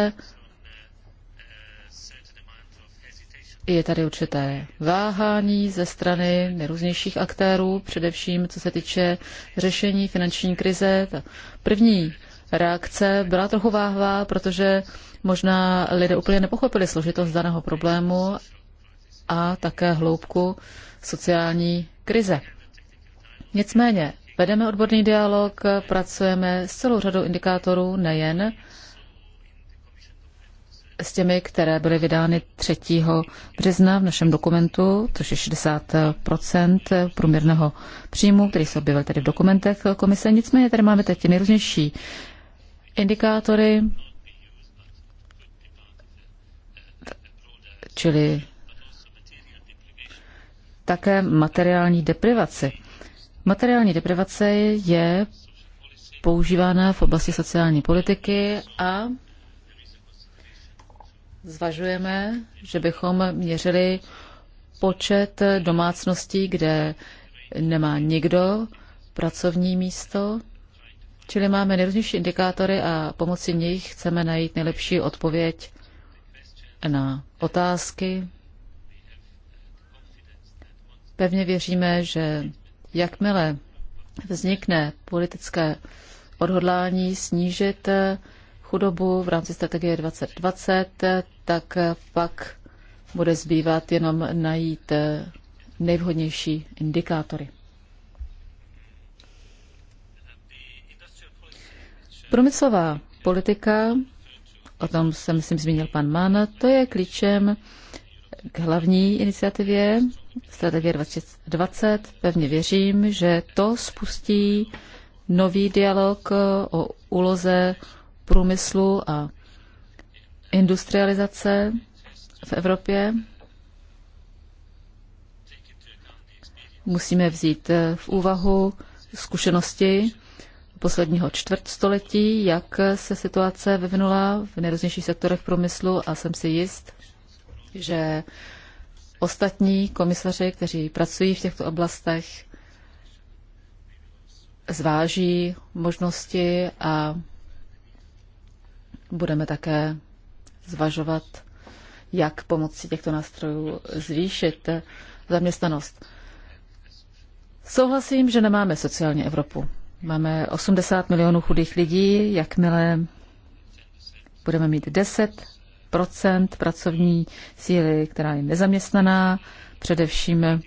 Je tady určité váhání ze strany nejrůznějších aktérů, především co se týče řešení finanční krize. Ta první reakce byla trochu váhavá, protože možná lidé úplně nepochopili složitost daného problému a také hloubku sociální krize. Nicméně vedeme odborný dialog, pracujeme s celou řadou indikátorů, nejen s těmi, které byly vydány 3. března v našem dokumentu, což je 60 průměrného příjmu, který se objevil tady v dokumentech komise. Nicméně tady máme teď nejrůznější indikátory, čili také materiální deprivaci. Materiální deprivace je používána v oblasti sociální politiky a zvažujeme, že bychom měřili počet domácností, kde nemá nikdo pracovní místo, čili máme nejrůznější indikátory a pomocí nich chceme najít nejlepší odpověď na otázky, Pevně věříme, že jakmile vznikne politické odhodlání snížit eh, chudobu v rámci strategie 2020, eh, tak eh, pak bude zbývat jenom najít nejvhodnější indikátory. Promyslová politika, o tom jsem myslím zmínil pan Mann, to je klíčem k hlavní iniciativě strategie 2020. Pevně věřím, že to spustí nový dialog o úloze průmyslu a industrializace v Evropě. Musíme vzít v úvahu zkušenosti posledního čtvrtstoletí, jak se situace vyvinula v nejrůznějších sektorech průmyslu a jsem si jist, že ostatní komisaři, kteří pracují v těchto oblastech, zváží možnosti a budeme také zvažovat, jak pomocí těchto nástrojů zvýšit zaměstnanost. Souhlasím, že nemáme sociální Evropu. Máme 80 milionů chudých lidí. Jakmile budeme mít 10 procent pracovní síly, která je nezaměstnaná, především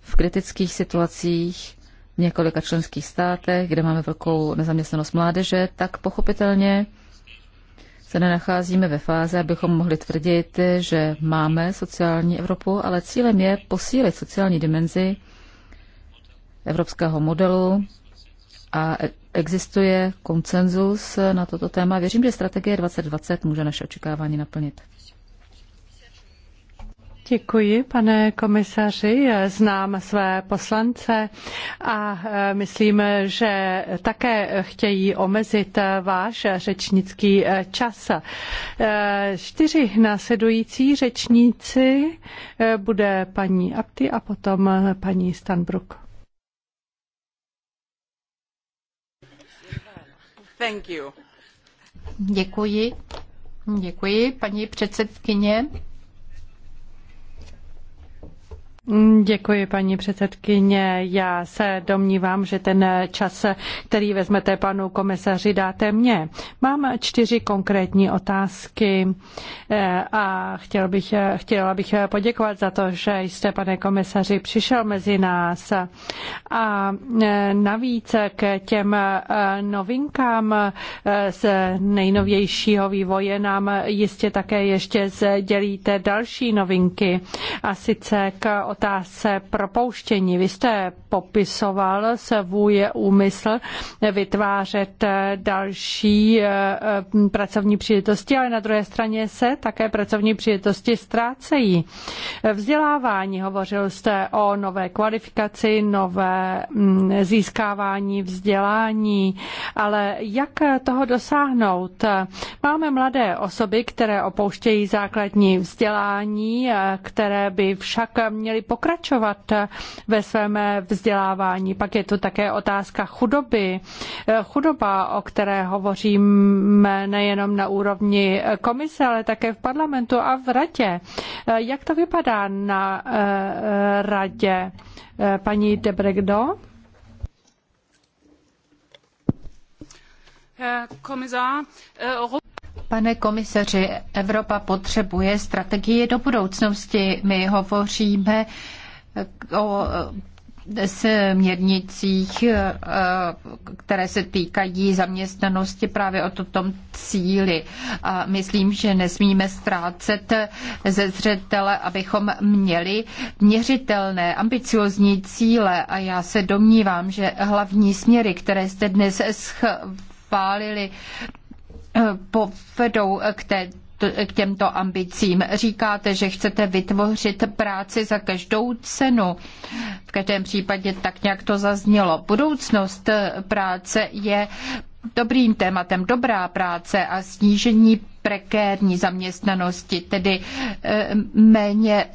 v kritických situacích v několika členských státech, kde máme velkou nezaměstnanost mládeže, tak pochopitelně se nenacházíme ve fázi, abychom mohli tvrdit, že máme sociální Evropu, ale cílem je posílit sociální dimenzi evropského modelu a existuje koncenzus na toto téma. Věřím, že strategie 2020 může naše očekávání naplnit. Děkuji, pane komisaři. Znám své poslance a e, myslím, že také chtějí omezit váš řečnický e, čas. E, čtyři následující řečníci bude paní Apty a potom paní Stanbrook. Děkuji. Děkuji, paní předsedkyně. Děkuji, paní předsedkyně. Já se domnívám, že ten čas, který vezmete panu komisaři, dáte mně. Mám čtyři konkrétní otázky eh, a chtěl bych, chtěla bych poděkovat za to, že jste, pane komisaři, přišel mezi nás. A eh, navíc k těm eh, novinkám z nejnovějšího vývoje nám jistě také ještě sdělíte další novinky a sice k otázce propouštění. Vy jste popisoval svůj úmysl vytvářet další eh, eh, pracovní příležitosti, ale na druhé straně se také pracovní příležitosti ztrácejí. Vzdělávání, hovořil jste o nové kvalifikaci, nové mm, získávání vzdělání, ale jak toho dosáhnout? Máme mladé osoby, které opouštějí základní vzdělání, eh, které by však měly pokračovat ve svém vzdělávání. Pak je tu také otázka chudoby. Chudoba, o které hovoříme nejenom na úrovni komise, ale také v parlamentu a v radě. Jak to vypadá na eh, radě? Eh, paní Debregdo? Herr Kommissar, eh, Pane komisaři, Evropa potřebuje strategii do budoucnosti. My hovoříme o směrnicích, eh, které se týkají zaměstnanosti právě o tom cíli. A myslím, že nesmíme ztrácet ze zřetele, abychom měli měřitelné, ambiciozní cíle. A já se domnívám, že hlavní směry, které jste dnes schválili, Eh, povedou k té k těmto ambicím. Říkáte, že chcete vytvořit práci za každou cenu. V každém případě tak nějak to zaznělo. Budoucnost eh, práce je dobrým tématem dobrá práce a snížení prekérní zaměstnanosti, tedy eh, méně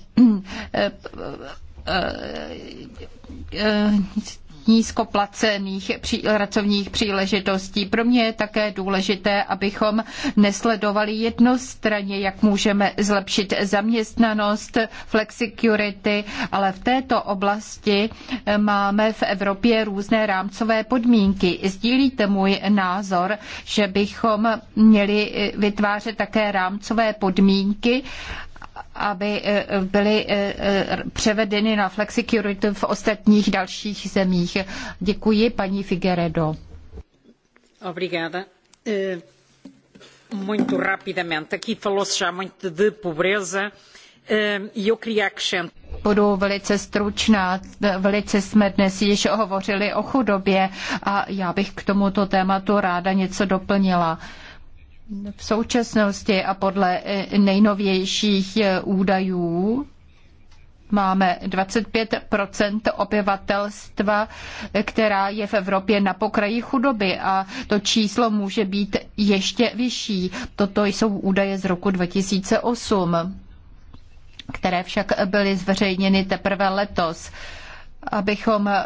nízkoplacených pracovních příležitostí. Pro mě je také důležité, abychom nesledovali jednostranně, jak můžeme zlepšit zaměstnanost, flexicurity, ale v této oblasti eh, máme v Evropě různé rámcové podmínky. Sdílíte můj názor, že bychom měli eh, vytvářet také rámcové podmínky, aby eh, byly eh, eh, převedeny na flexicurity v ostatních dalších zemích. Děkuji, paní Figueredo. Obrigada. Muito rapidamente. Aqui falou-se já muito de pobreza eu queria acrescentar budu velice stručná. Velice jsme dnes již hovořili o chudobě a já bych k tomuto tématu ráda něco doplnila. Uh, v současnosti a podle eh, nejnovějších eh, údajů máme 25 obyvatelstva, která je v Evropě na pokraji chudoby a to číslo může být ještě vyšší. Toto jsou údaje z roku 2008, které však byly zveřejněny teprve letos. Abychom eh,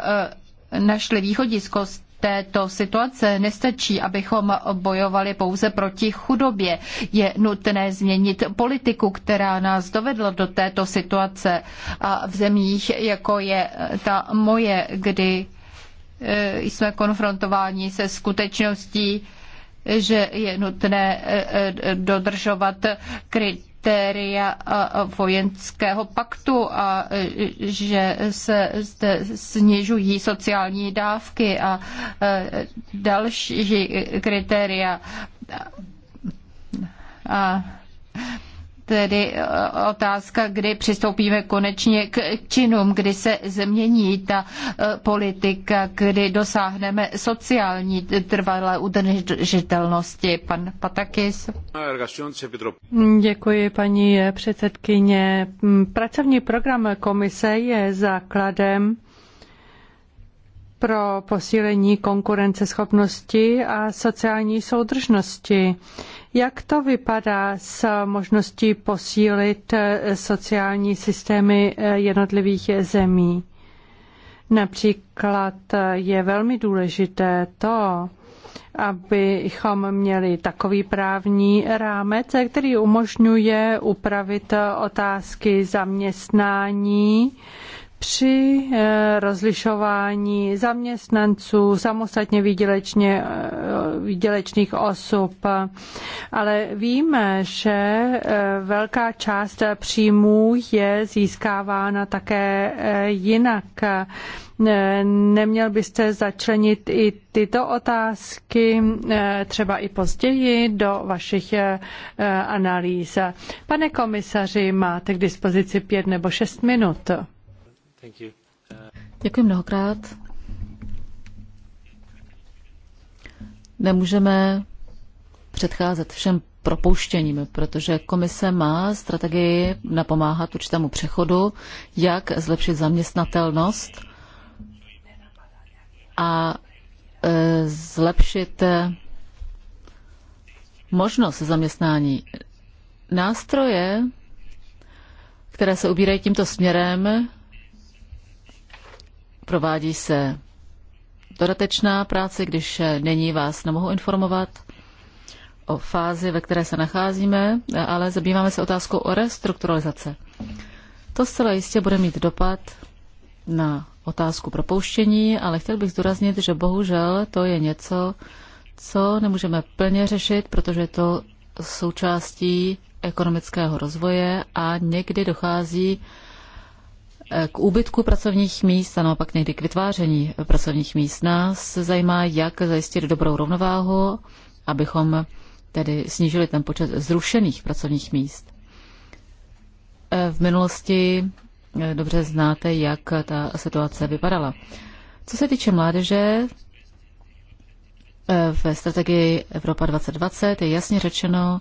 našli východisko z této situace nestačí, abychom bojovali pouze proti chudobě. Je nutné změnit politiku, která nás dovedla do této situace. A v zemích, jako je ta moje, kdy eh, jsme konfrontováni se skutečností, že je nutné eh, eh, dodržovat kritérium kritéria vojenského paktu a že se zde snižují sociální dávky a další kritéria. A tedy e, otázka, kdy přistoupíme konečně k činům, kdy se změní ta e, politika, kdy dosáhneme sociální trvalé udržitelnosti. Pan Patakis. Děkuji, paní předsedkyně. Pracovní program komise je základem pro posílení konkurenceschopnosti a sociální soudržnosti. Jak to vypadá s možností posílit eh, sociální systémy eh, jednotlivých zemí? Například eh, je velmi důležité to, abychom měli takový právní rámec, který umožňuje upravit otázky zaměstnání, při eh, rozlišování zaměstnanců, samostatně výdělečně, eh, výdělečných osob. Ale víme, že eh, velká část příjmů je získávána také jinak. Neměl byste začlenit i tyto otázky třeba i později do vašich analýz. Pane komisaři, máte k dispozici pět nebo šest minut. Uh, Děkuji mnohokrát. Nemůžeme předcházet všem propouštěním, protože komise má strategii napomáhat určitému přechodu, jak zlepšit zaměstnatelnost a e, zlepšit možnost zaměstnání. Nástroje, které se ubírají tímto směrem, Provádí se dodatečná práce, když není vás nemohu informovat o fázi, ve které se nacházíme, ale zabýváme se otázkou o restrukturalizace. To zcela jistě bude mít dopad na otázku propouštění, ale chtěl bych zdůraznit, že bohužel to je něco, co nemůžeme plně řešit, protože je to součástí ekonomického rozvoje a někdy dochází k úbytku pracovních míst a naopak někdy k vytváření pracovních míst. Nás zajímá, jak zajistit dobrou rovnováhu, abychom tedy snížili ten počet zrušených pracovních míst. V minulosti eh, dobře znáte, jak ta situace vypadala. Co se týče mládeže, eh, v strategii Evropa 2020 je jasně řečeno,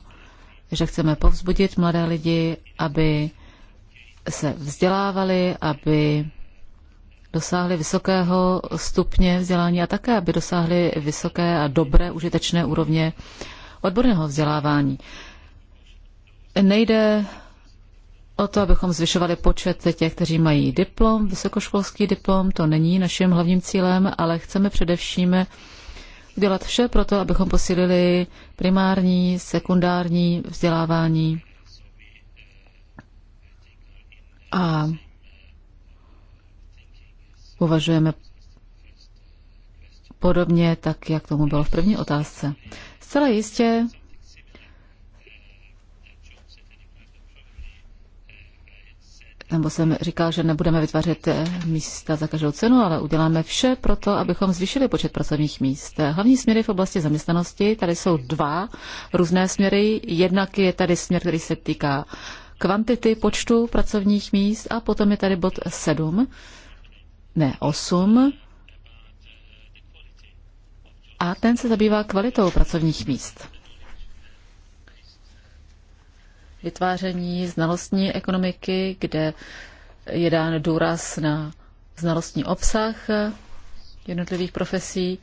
že chceme povzbudit mladé lidi, aby se vzdělávali, aby dosáhli vysokého stupně vzdělání a také, aby dosáhli vysoké a dobré užitečné úrovně odborného vzdělávání. Nejde o to, abychom zvyšovali počet těch, kteří mají diplom, vysokoškolský diplom, to není naším hlavním cílem, ale chceme především udělat vše pro to, abychom posílili primární, sekundární vzdělávání a uvažujeme podobně tak, jak tomu bylo v první otázce. Zcela jistě nebo jsem říkal, že nebudeme vytvářet místa za každou cenu, ale uděláme vše pro to, abychom zvýšili počet pracovních míst. Hlavní směry v oblasti zaměstnanosti, tady jsou dva různé směry. Jednak je tady směr, který se týká uh, kvantity počtu pracovních míst a potom je tady bod 7, ne 8, a ten se zabývá kvalitou pracovních míst. Vytváření znalostní ekonomiky, kde je dán důraz na znalostní obsah jednotlivých profesí,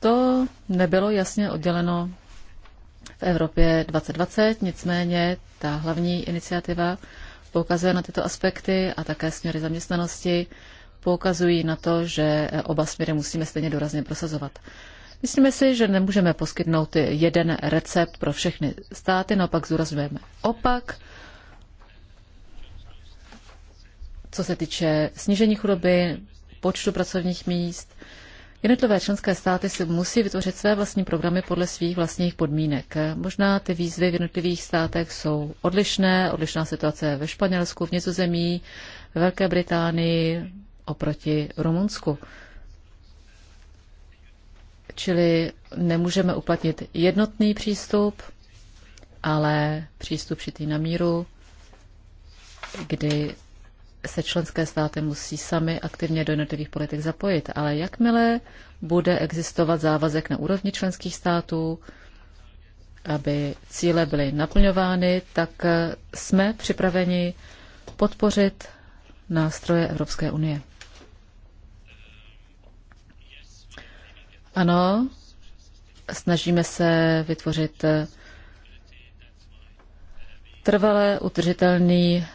to nebylo jasně odděleno v Evropě 2020, nicméně ta hlavní iniciativa poukazuje na tyto aspekty a také směry zaměstnanosti poukazují na to, že oba směry musíme stejně důrazně prosazovat. Myslíme si, že nemůžeme poskytnout jeden recept pro všechny státy, naopak zúrazňujeme opak. Co se týče snížení chudoby, počtu pracovních míst, Jednotlivé členské státy si musí vytvořit své vlastní programy podle svých vlastních podmínek. Možná ty výzvy v jednotlivých státech jsou odlišné, odlišná situace ve Španělsku, v Nizozemí, ve Velké Británii oproti Rumunsku. Čili nemůžeme uplatnit jednotný přístup, ale přístup šitý na míru, kdy se členské státy musí sami aktivně do jednotlivých politik zapojit, ale jakmile bude existovat závazek na úrovni členských států, aby cíle byly naplňovány, tak eh, jsme připraveni podpořit nástroje Evropské unie. Ano, snažíme se vytvořit eh, trvalé, udržitelný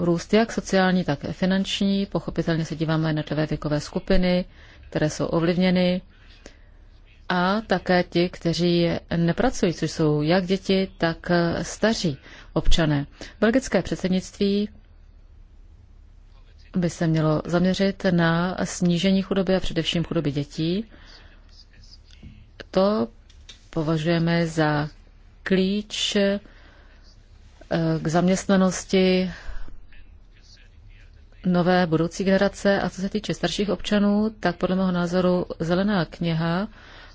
růst jak sociální, tak finanční. Pochopitelně se díváme na jednotlivé věkové skupiny, které jsou ovlivněny a také ti, kteří nepracují, což jsou jak děti, tak staří občané. Belgické předsednictví by se mělo zaměřit na snížení chudoby a především chudoby dětí. To považujeme za klíč eh, k zaměstnanosti, nové budoucí generace. A co se týče starších občanů, tak podle mého názoru zelená kniha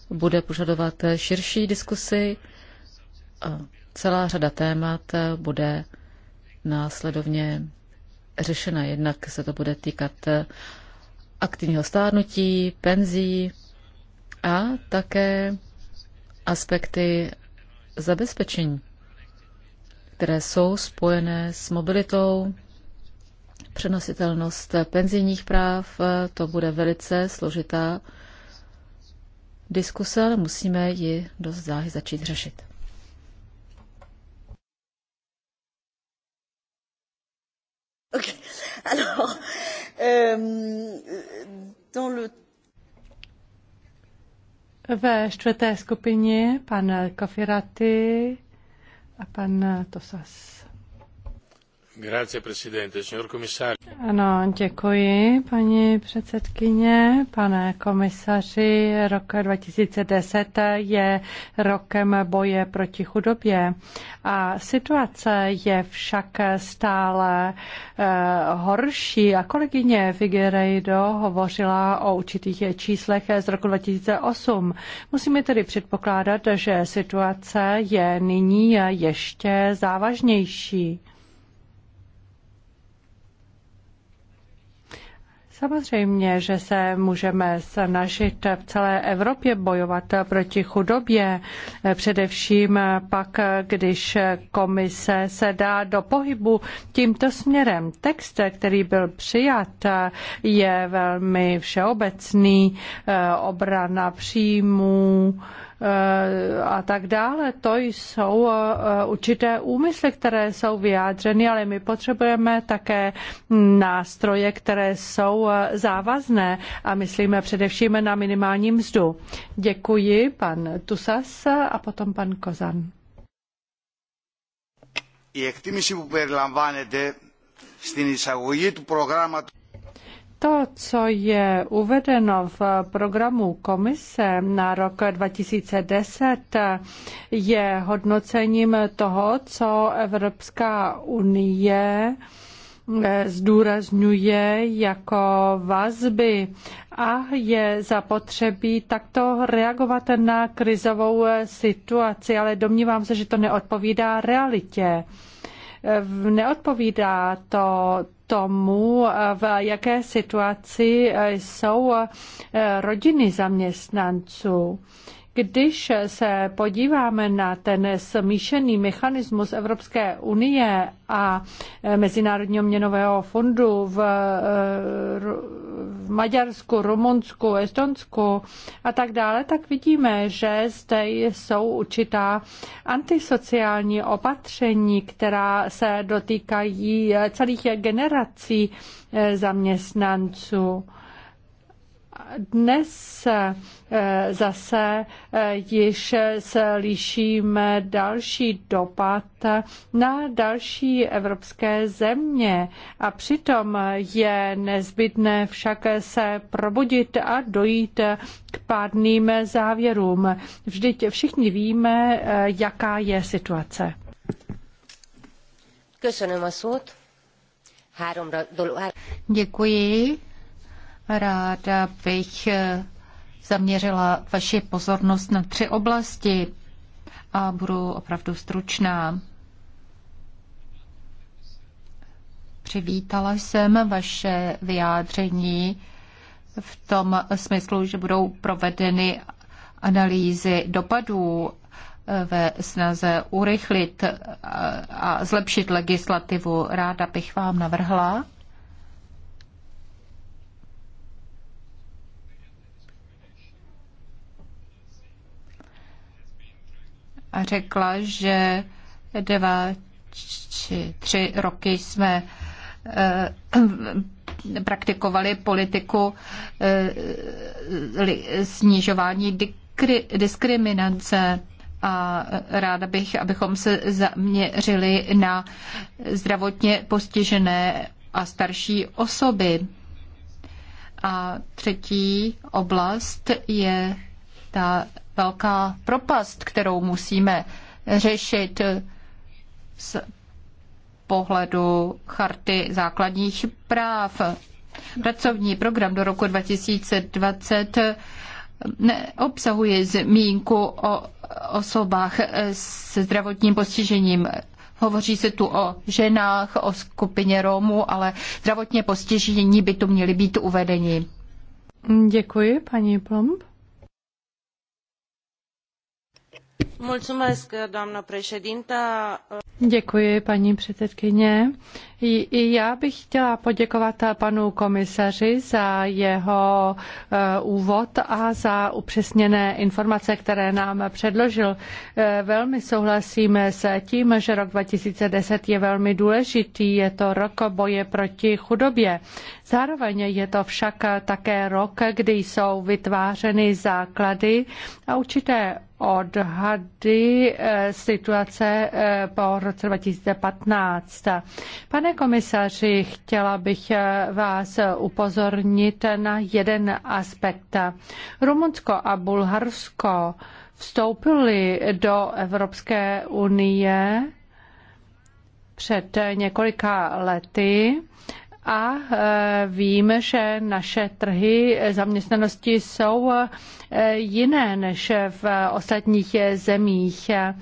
bude požadovat širší diskusy. Celá řada témat bude následovně řešena. Jednak se to bude týkat aktivního stárnutí, penzí a také aspekty zabezpečení, které jsou spojené s mobilitou, přenositelnost penzijních práv, to bude velice složitá diskuse, ale musíme ji dost záhy začít řešit. Okay. Alors, euh, le... Ve čtvrté skupině pan Kofirati a pan Tosas. Ano, děkuji, paní předsedkyně. Pane komisaři, rok 2010 je rokem boje proti chudobě a situace je však stále eh, horší. A kolegyně Figueiredo hovořila o určitých číslech z roku 2008. Musíme tedy předpokládat, že situace je nyní ještě závažnější. Samozřejmě, že se můžeme snažit v celé Evropě bojovat proti chudobě, především pak, když komise se dá do pohybu tímto směrem. Text, který byl přijat, je velmi všeobecný, obrana příjmů, Eh, a tak dále. To jsou eh, určité úmysly, které jsou vyjádřeny, ale my potřebujeme také nástroje, které jsou eh, závazné a myslíme především na minimální mzdu. Děkuji, pan Tusas a potom pan Kozan. Η εκτίμηση που περιλαμβάνεται στην εισαγωγή του προγράμματος to, co je uvedeno v programu komise na rok 2010, je hodnocením toho, co Evropská unie eh, zdůrazňuje jako vazby a je zapotřebí takto reagovat na krizovou eh, situaci, ale domnívám se, že to neodpovídá realitě eh, neodpovídá to tomu, eh, v jaké situaci eh, jsou eh, rodiny zaměstnanců. Když se podíváme na ten smíšený mechanismus Evropské unie a Mezinárodního měnového fondu v, eh, v Maďarsku, Rumunsku, Estonsku a tak dále, tak vidíme, že zde jsou určitá antisociální opatření, která se dotýkají celých generací eh, zaměstnanců dnes eh, zase eh, již slyšíme další dopad na další evropské země a přitom je nezbytné však se probudit a dojít k pádným závěrům. Vždyť všichni víme, eh, jaká je situace. Děkuji. Ráda bych eh, zaměřila vaši pozornost na tři oblasti a budu opravdu stručná. Přivítala jsem vaše vyjádření v tom smyslu, že budou provedeny analýzy dopadů eh, ve snaze urychlit eh, a zlepšit legislativu. Ráda bych vám navrhla, a řekla, že dva či tři roky jsme eh, praktikovali politiku eh, snižování diskriminace a ráda bych, abychom se zaměřili na zdravotně postižené a starší osoby. A třetí oblast je ta velká propast, kterou musíme řešit z pohledu charty základních práv. Pracovní program do roku 2020 neobsahuje zmínku o osobách se zdravotním postižením. Hovoří se tu o ženách, o skupině Romů, ale zdravotně postižení by tu měly být uvedeni. Děkuji, paní Plomb. Děkuji, paní předsedkyně. I já bych chtěla poděkovat panu komisaři za jeho eh, úvod a za upřesněné informace, které nám předložil. Eh, velmi souhlasíme s tím, že rok 2010 je velmi důležitý. Je to rok boje proti chudobě. Zároveň je to však také rok, kdy jsou vytvářeny základy a určité odhady eh, situace eh, po roce 2015. Pane komisaři, chtěla bych eh, vás upozornit na jeden aspekt. Rumunsko a Bulharsko vstoupili do Evropské unie před několika lety a e, vím, že naše trhy zaměstnanosti jsou e, jiné než v ostatních zemích. E,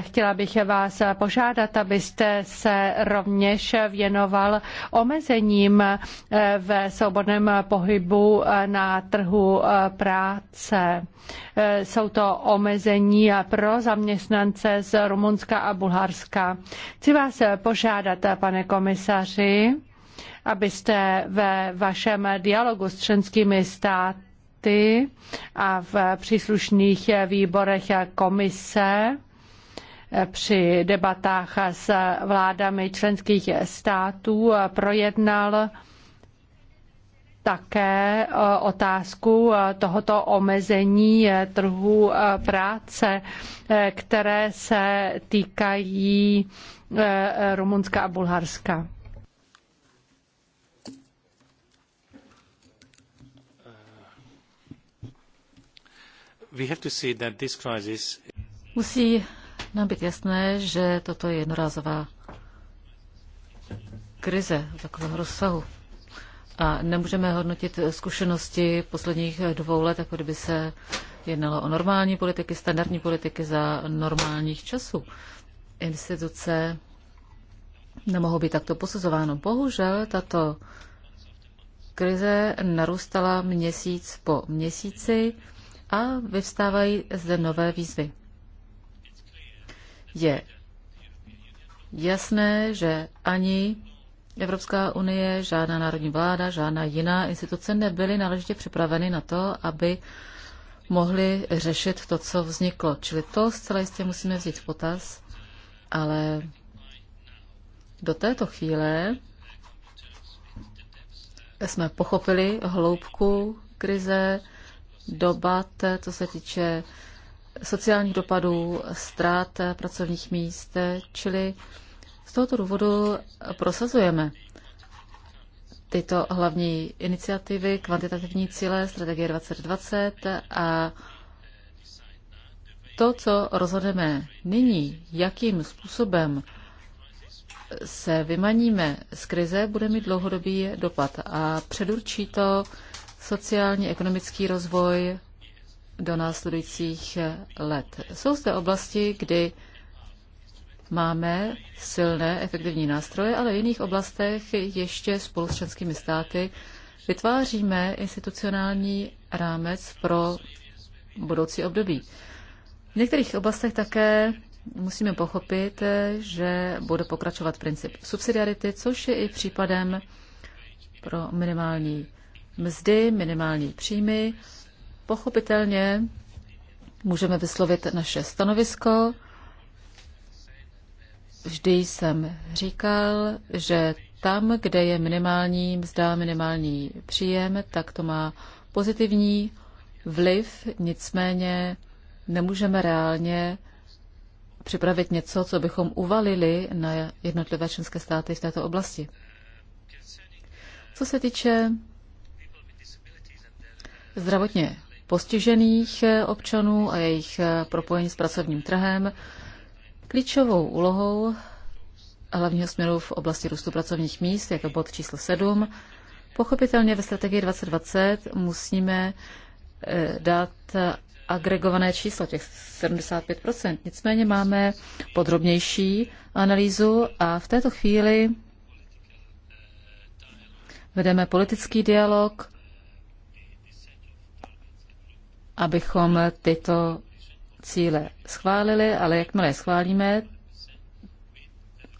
chtěla bych vás požádat, abyste se rovněž věnoval omezením v svobodném pohybu na trhu práce. Jsou to omezení pro zaměstnance z Rumunska a Bulharska. Chci vás požádat, pane komisaři, abyste ve vašem dialogu s členskými státy a v příslušných výborech komise při debatách s vládami členských států projednal také otázku tohoto omezení trhu práce, které se týkají Rumunska a Bulharska. Musí nám být jasné, že toto je jednorázová krize takového rozsahu. A nemůžeme hodnotit zkušenosti posledních dvou let, jako kdyby se jednalo o normální politiky, standardní politiky za normálních časů. Instituce nemohou být takto posuzováno. Bohužel tato krize narůstala měsíc po měsíci a vyvstávají zde nové výzvy. Je jasné, že ani Evropská unie, žádná národní vláda, žádná jiná instituce nebyly náležitě připraveny na to, aby mohli řešit to, co vzniklo. Čili to zcela jistě musíme vzít v potaz, ale do této chvíle jsme pochopili hloubku krize, dobat, co se týče sociálních dopadů, ztrát pracovních míst, čili z tohoto důvodu prosazujeme tyto hlavní iniciativy, kvantitativní cíle, strategie 2020 a to, co rozhodneme nyní, jakým způsobem se vymaníme z krize, bude mít dlouhodobý dopad a předurčí to sociální, ekonomický rozvoj do následujících let. Jsou zde oblasti, kdy máme silné efektivní nástroje, ale v jiných oblastech ještě spolu s členskými státy vytváříme institucionální rámec pro budoucí období. V některých oblastech také musíme pochopit, že bude pokračovat princip subsidiarity, což je i případem pro minimální mzdy, minimální příjmy. Pochopitelně můžeme vyslovit naše stanovisko. Vždy jsem říkal, že tam, kde je minimální mzda, minimální příjem, tak to má pozitivní vliv, nicméně nemůžeme reálně připravit něco, co bychom uvalili na jednotlivé členské státy v této oblasti. Co se týče zdravotně postižených eh, občanů a jejich eh, propojení s pracovním trhem. Klíčovou úlohou hlavního směru v oblasti růstu pracovních míst, jako bod číslo 7, pochopitelně ve strategii 2020 musíme eh, dát agregované číslo, těch 75%. Nicméně máme podrobnější analýzu a v této chvíli vedeme politický dialog abychom tyto cíle schválili, ale jakmile je schválíme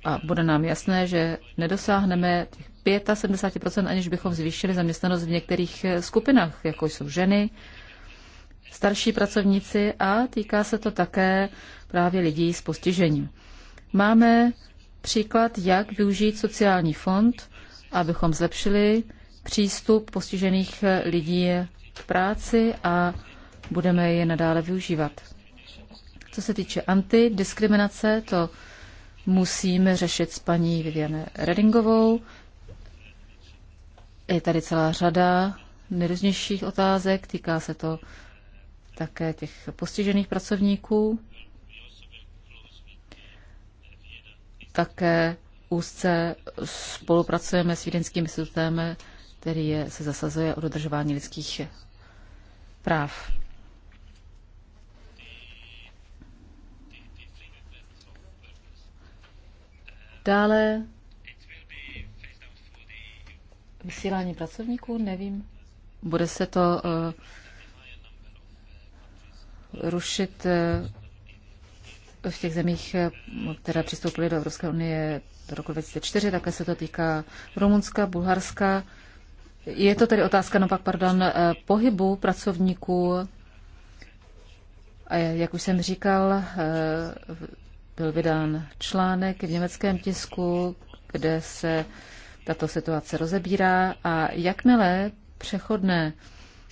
a bude nám jasné, že nedosáhneme těch 75%, aniž bychom zvýšili zaměstnanost v některých skupinách, jako jsou ženy, starší pracovníci a týká se to také právě lidí s postižením. Máme příklad, jak využít sociální fond, abychom zlepšili přístup postižených lidí k práci a budeme je nadále využívat. Co se týče antidiskriminace, to musíme řešit s paní Viviane Redingovou. Je tady celá řada nejrůznějších otázek, týká se to také těch postižených pracovníků. Také úzce spolupracujeme s Vídeňským institutem, který je, se zasazuje o dodržování lidských práv. Dále vysílání pracovníků, nevím, bude se to uh, rušit uh, v těch zemích, eh, které přistoupily do Evropské unie do roku 2004, také se to týká Rumunska, Bulharska. Je to tedy otázka, no pak, pardon, pohybu pracovníků. A jak už jsem říkal, byl vydán článek v německém tisku, kde se tato situace rozebírá a jakmile přechodné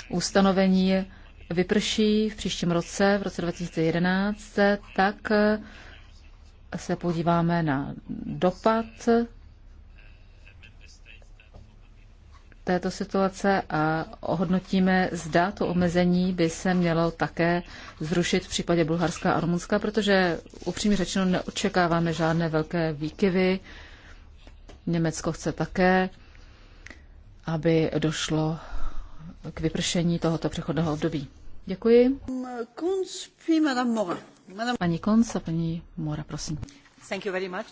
ustanovení vyprší v příštím roce, v roce 2011, tak se podíváme na dopad této situace a ohodnotíme, zda to omezení by se mělo také zrušit v případě Bulharska a Rumunska, protože upřímně řečeno neočekáváme žádné velké výkyvy. Německo chce také, aby došlo k vypršení tohoto přechodného období. Děkuji. Paní Konc a paní Mora, prosím. Thank you very much.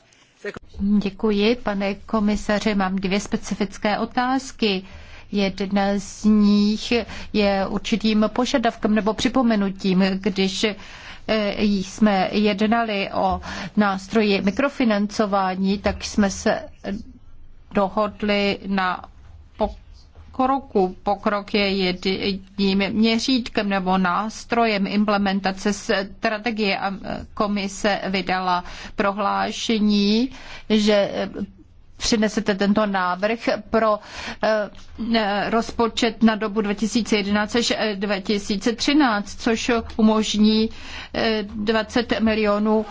Děkuji, pane komisaři. Mám dvě specifické otázky. Jedna z nich je určitým požadavkem nebo připomenutím, když eh, jsme jednali o nástroji mikrofinancování, tak jsme se dohodli na po Pokrok je jedním měřítkem nebo nástrojem implementace strategie a komise vydala prohlášení, že eh, přinesete tento návrh pro eh, eh, rozpočet na dobu 2011 až 2013, což umožní 20 milionů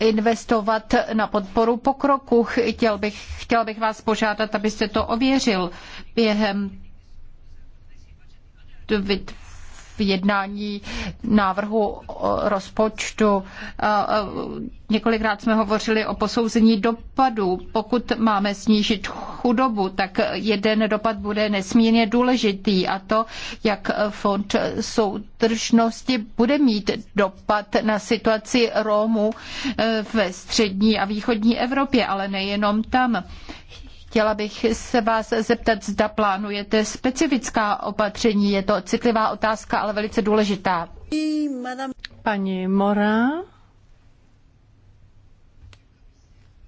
investovat na podporu pokroku. Chtěl bych, chtěl bych vás požádat, abyste to ověřil během v jednání návrhu rozpočtu. Několikrát jsme hovořili o posouzení dopadů. Pokud máme snížit chudobu, tak jeden dopad bude nesmírně důležitý a to, jak fond soudržnosti bude mít dopad na situaci Rómů e, ve střední a východní Evropě, ale nejenom tam. Chtěla bych se vás zeptat, zda plánujete specifická opatření. Je to citlivá otázka, ale velice důležitá. Paní Mora.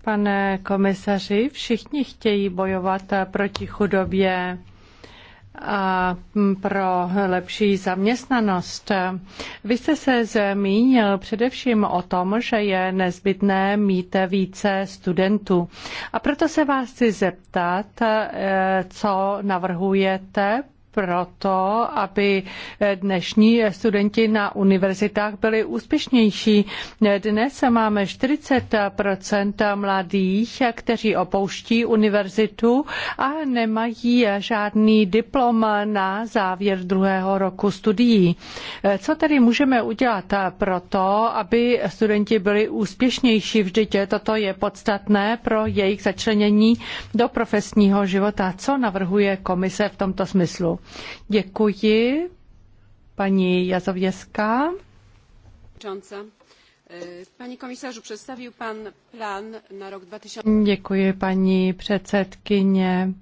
Pane komisaři, všichni chtějí bojovat proti chudobě a mm, pro lepší zaměstnanost. Vy jste se zmínil především o tom, že je nezbytné mít více studentů. A proto se vás chci zeptat, eh, co navrhujete proto, aby dnešní studenti na univerzitách byli úspěšnější. Dnes máme 40 mladých, kteří opouští univerzitu a nemají žádný diplom na závěr druhého roku studií. Co tedy můžeme udělat proto, aby studenti byli úspěšnější? Vždyť toto je podstatné pro jejich začlenění do profesního života. Co navrhuje komise v tomto smyslu? Děkuji. Paní Jazověská. Pani komisařu, představil pan plán na rok 2000. Děkuji, paní předsedkyně.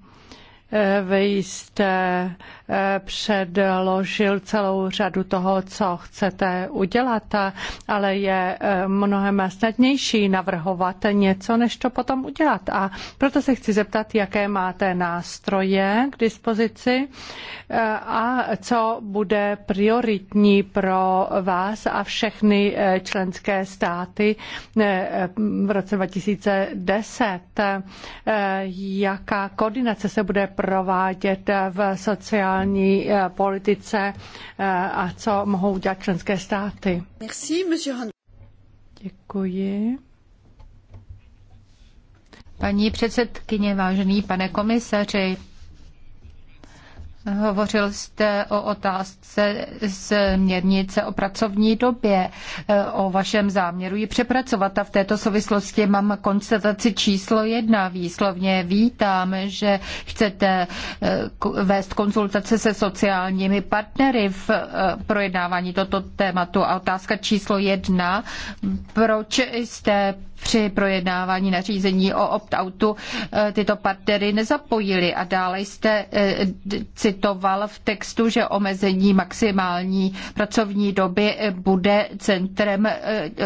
Vy jste eh, předložil celou řadu toho, co chcete udělat, ale je eh, mnohem snadnější navrhovat něco, než to potom udělat. A proto se chci zeptat, jaké máte nástroje k dispozici eh, a co bude prioritní pro vás a všechny členské státy v roce 2010. Jaká koordinace se bude provádět v sociální eh, politice eh, a co mohou dělat členské státy. Merci, Děkuji. Paní předsedkyně, vážený pane komisaři, Hovořil jste o otázce směrnice o pracovní době, e, o vašem záměru ji přepracovat a v této souvislosti mám konstataci číslo jedna. Výslovně vítám, že chcete e, vést konzultace se sociálními partnery v e, projednávání toto tématu. A otázka číslo jedna, proč jste při projednávání nařízení o opt-outu tyto partnery nezapojili a dále jste citoval v textu, že omezení maximální pracovní doby bude centrem eh,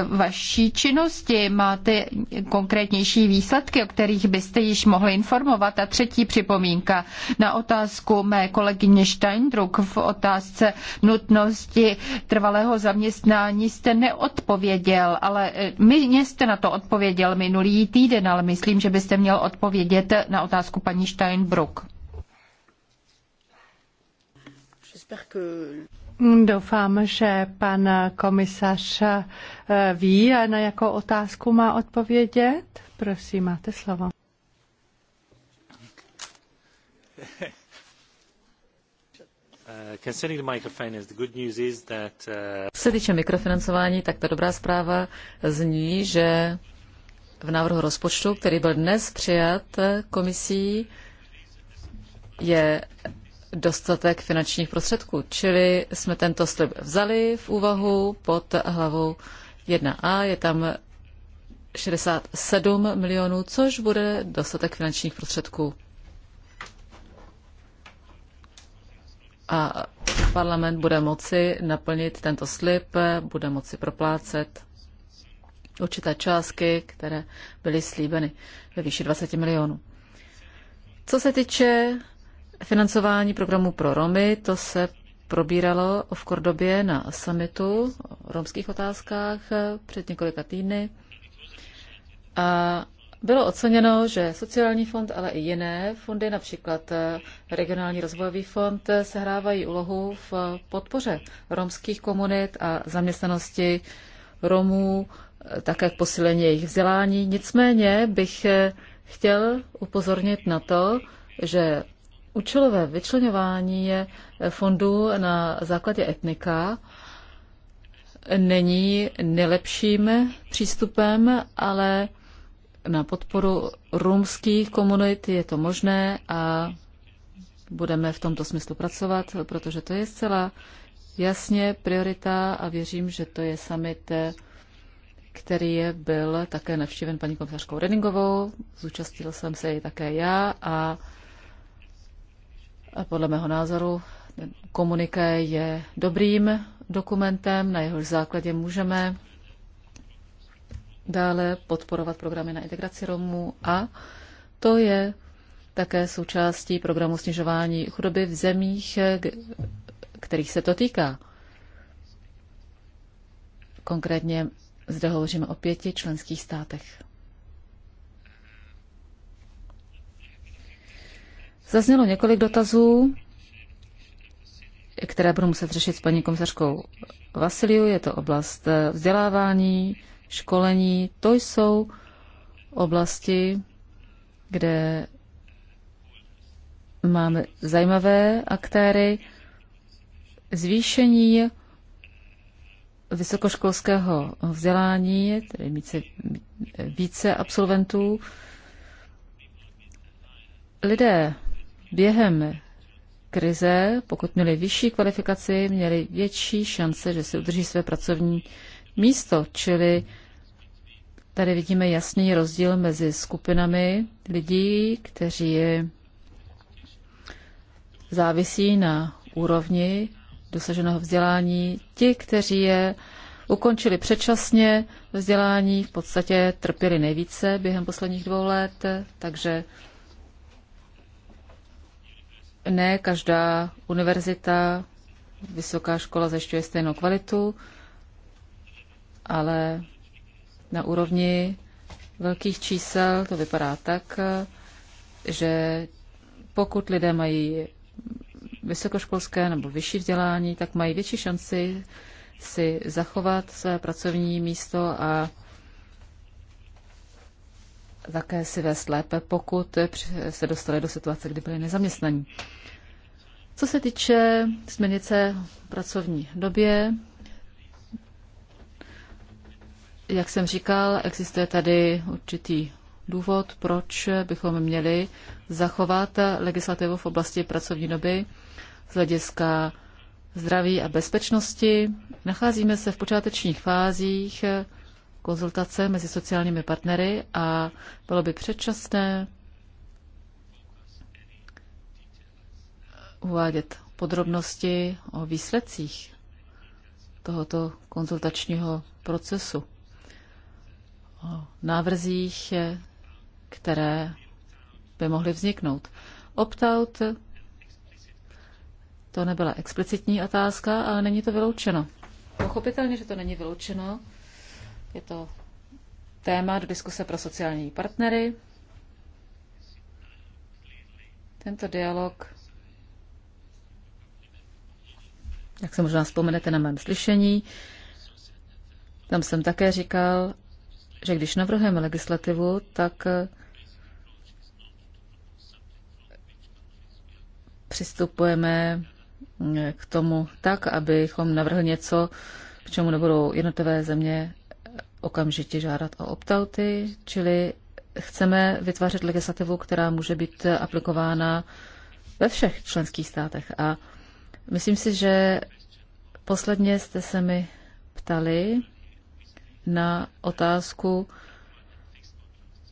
vaší činnosti. Máte konkrétnější výsledky, o kterých byste již mohli informovat. A třetí připomínka na otázku mé kolegyně Steindruck v otázce nutnosti trvalého zaměstnání jste neodpověděl, ale eh, my jste na to odpověděl minulý týden, ale myslím, že byste měl odpovědět na otázku paní Steinbruck. Doufám, že pan komisař eh, ví, na jakou otázku má odpovědět. Prosím, máte slovo. Eh, Co eh, se týče mikrofinancování, tak ta dobrá zpráva zní, že v návrhu rozpočtu, který byl dnes přijat komisí, je dostatek finančních prostředků. Čili jsme tento slib vzali v úvahu pod hlavou 1a. Je tam 67 milionů, což bude dostatek finančních prostředků. A parlament bude moci naplnit tento slib, bude moci proplácet určité částky, které byly slíbeny ve výši 20 milionů. Co se týče Financování programu pro Romy, to se probíralo v Kordobě na summitu o romských otázkách eh, před několika týdny. A bylo oceněno, že sociální fond, ale i jiné fondy, například eh, regionální rozvojový fond, eh, sehrávají úlohu v podpoře romských komunit a zaměstnanosti Romů, také k posílení jejich vzdělání. Nicméně bych chtěl upozornit na to, že účelové vyčlenování eh, fondů na základě etnika není nejlepším přístupem, ale na podporu rumských komunit je to možné a budeme v tomto smyslu pracovat, protože to je zcela jasně priorita a věřím, že to je summit, eh, který je byl také navštíven paní komisařkou Redingovou. Zúčastnil jsem se i také já a podle mého názoru komuniké je dobrým dokumentem, na jehož základě můžeme dále podporovat programy na integraci Romů a to je také součástí programu snižování chudoby v zemích, kterých se to týká. Konkrétně zde hovoříme o pěti členských státech. Zaznělo několik dotazů, které budu muset řešit s paní komisařkou Vasiliu. Je to oblast eh, vzdělávání, školení. To jsou oblasti, kde máme zajímavé aktéry. Zvýšení vysokoškolského vzdělání, tedy více, více absolventů. Lidé během krize, pokud měli vyšší kvalifikaci, měli větší šance, že si udrží své pracovní místo. Čili tady vidíme jasný rozdíl mezi skupinami lidí, kteří závisí na úrovni dosaženého vzdělání. Ti, kteří je ukončili předčasně vzdělání, v podstatě trpěli nejvíce během posledních dvou let, takže ne každá univerzita, vysoká škola zajišťuje stejnou kvalitu, ale na úrovni velkých čísel to vypadá tak, že pokud lidé mají vysokoškolské nebo vyšší vzdělání, tak mají větší šanci si zachovat své pracovní místo a také si vést lépe, pokud se dostali do situace, kdy byli nezaměstnaní. Co se týče směrnice pracovní době, jak jsem říkal, existuje tady určitý důvod, proč bychom měli zachovat legislativu v oblasti pracovní doby z hlediska zdraví a bezpečnosti. Nacházíme se v počátečních fázích konzultace mezi sociálními partnery a bylo by předčasné uvádět podrobnosti o výsledcích tohoto konzultačního procesu, o návrzích, které by mohly vzniknout. Optout to nebyla explicitní otázka, ale není to vyloučeno. Pochopitelně, že to není vyloučeno, je to téma do diskuse pro sociální partnery. Tento dialog, jak se možná vzpomenete na mém slyšení, tam jsem také říkal, že když navrhujeme legislativu, tak eh, přistupujeme eh, k tomu tak, abychom navrhli něco, k čemu nebudou jednotlivé země okamžitě žádat o optauty, čili chceme vytvářet legislativu, která může být aplikována ve všech členských státech. A myslím si, že posledně jste se mi ptali na otázku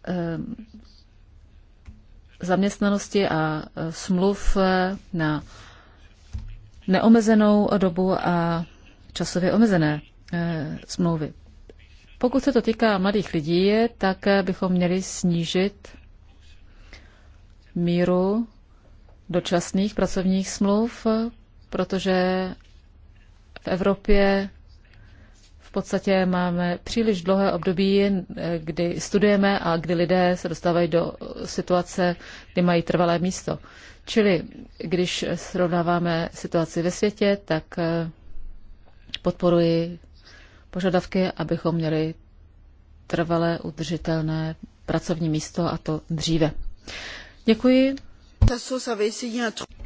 ehm, zaměstnanosti a e, smluv e, na neomezenou dobu a časově omezené e, smlouvy. Pokud se to týká mladých lidí, tak bychom měli snížit míru dočasných pracovních smluv, protože v Evropě v podstatě máme příliš dlouhé období, kdy studujeme a kdy lidé se dostávají do situace, kdy mají trvalé místo. Čili když srovnáváme situaci ve světě, tak podporuji požadavky, abychom měli trvalé udržitelné pracovní místo a to dříve. Děkuji.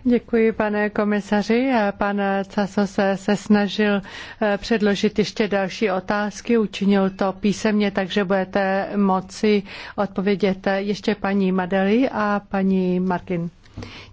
Děkuji, pane komisaři. Pan Caso se, se snažil eh, předložit ještě další otázky, učinil to písemně, takže budete moci odpovědět eh, ještě paní Madeli a paní Martin.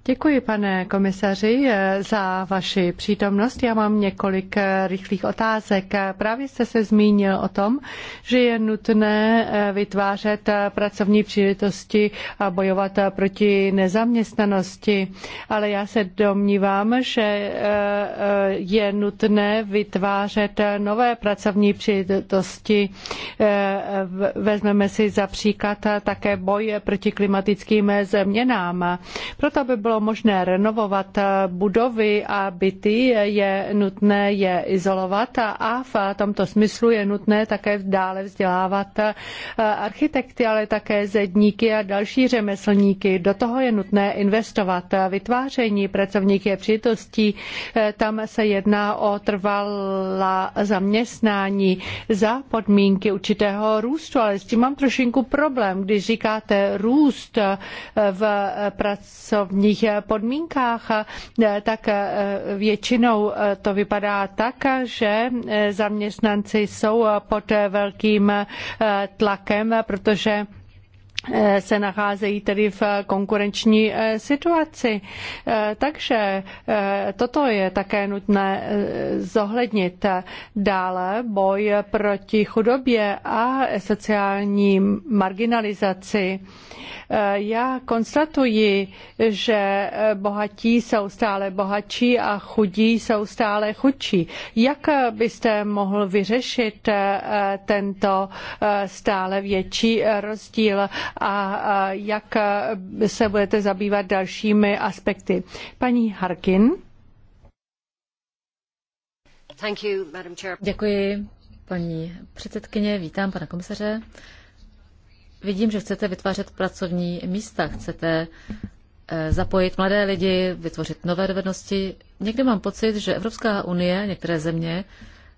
Děkuji, pane komisaři, eh, za vaši přítomnost. Já mám několik eh, rychlých otázek. Právě jste se zmínil o tom, že je nutné eh, vytvářet pracovní příležitosti a bojovat proti nezaměstnanosti, ale já se domnívám, že je nutné vytvářet nové pracovní příležitosti. Vezmeme si za příklad také boj proti klimatickým změnám. Proto proto, aby bylo možné renovovat eh, budovy a byty, je nutné je izolovat a v tomto smyslu je nutné také dále vzdělávat eh, architekty, ale také zedníky a další řemeslníky. Do toho je nutné investovat. Vytváření pracovních je eh, Tam se jedná o trvalá zaměstnání za podmínky určitého růstu, ale s tím mám trošinku problém, když říkáte růst v pracovní pracovních podmínkách, tak většinou to vypadá tak, že zaměstnanci jsou pod velkým tlakem, protože Eh, se nacházejí tedy v konkurenční eh, situaci. Eh, takže toto je také nutné zohlednit. Dále boj proti chudobě a sociální marginalizaci. Já konstatuji, že bohatí jsou stále bohatší a chudí jsou stále chudší. Jak byste mohl vyřešit tento stále větší rozdíl a jak se budete zabývat dalšími aspekty. Paní Harkin. You, Děkuji, paní předsedkyně, vítám pana komisaře. Vidím, že chcete vytvářet pracovní místa, chcete eh, zapojit mladé lidi, vytvořit nové dovednosti. Někdy mám pocit, že Evropská unie, některé země,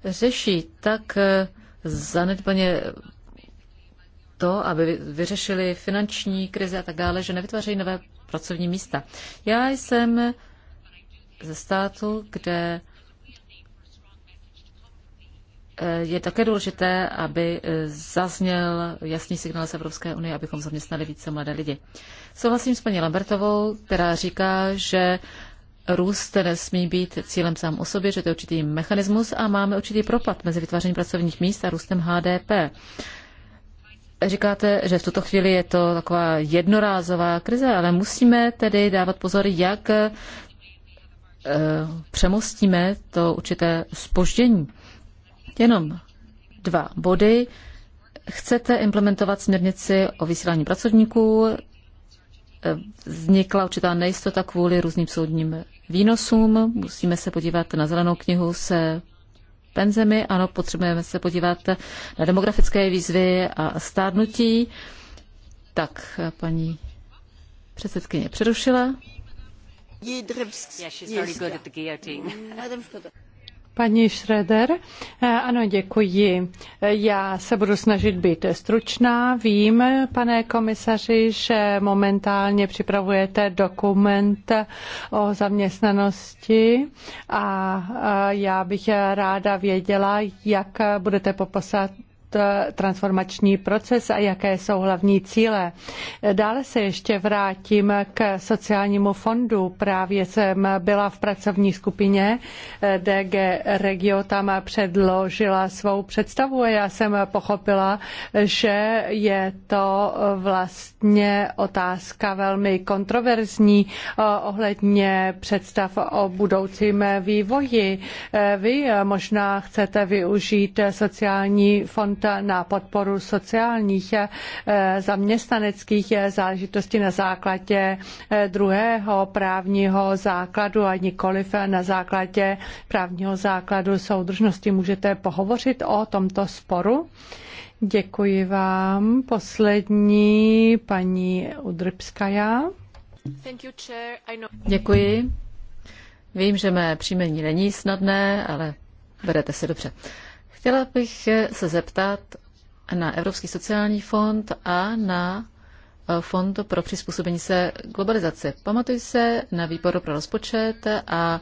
řeší tak eh, zanedbaně to, aby vyřešili finanční krize a tak dále, že nevytvářejí nové pracovní místa. Já jsem ze státu, kde eh, je také důležité, aby eh, zazněl jasný signál z Evropské unie, abychom zaměstnali více mladé lidi. Souhlasím s paní Lambertovou, která říká, že růst nesmí být cílem sám o sobě, že to je určitý mechanismus a máme určitý propad mezi vytvářením pracovních míst a růstem HDP. Říkáte, že v tuto chvíli je to taková jednorázová krize, ale musíme tedy dávat pozor, jak eh, přemostíme to určité spoždění. Jenom dva body. Chcete implementovat směrnici o vysílání pracovníků, eh, vznikla určitá nejistota kvůli různým soudním výnosům. Musíme se podívat na zelenou knihu se penzemi. Ano, potřebujeme se podívat na demografické výzvy a stárnutí. Tak, paní předsedkyně přerušila. Paní Schroeder, eh, ano, děkuji. Já se budu snažit být stručná. Vím, pane komisaři, že momentálně připravujete dokument o zaměstnanosti a já bych ráda věděla, jak budete popisat transformační proces a jaké jsou hlavní cíle. Dále se ještě vrátím k sociálnímu fondu. Právě jsem byla v pracovní skupině eh, DG Regio, tam předložila svou představu a já jsem pochopila, že je to vlastně otázka velmi kontroverzní eh, ohledně představ o budoucím vývoji. Eh, vy možná chcete využít sociální fond na podporu sociálních eh, zaměstnaneckých eh, záležitostí na základě eh, druhého právního základu a nikoliv na základě právního základu soudržnosti. Můžete pohovořit o tomto sporu? Děkuji vám. Poslední paní Udrbskaja. Děkuji. Vím, že mé příjmení není snadné, ale berete se dobře. Chtěla bych se zeptat na Evropský sociální fond a na eh, Fond pro přizpůsobení se globalizaci. Pamatuji se na výboru pro rozpočet a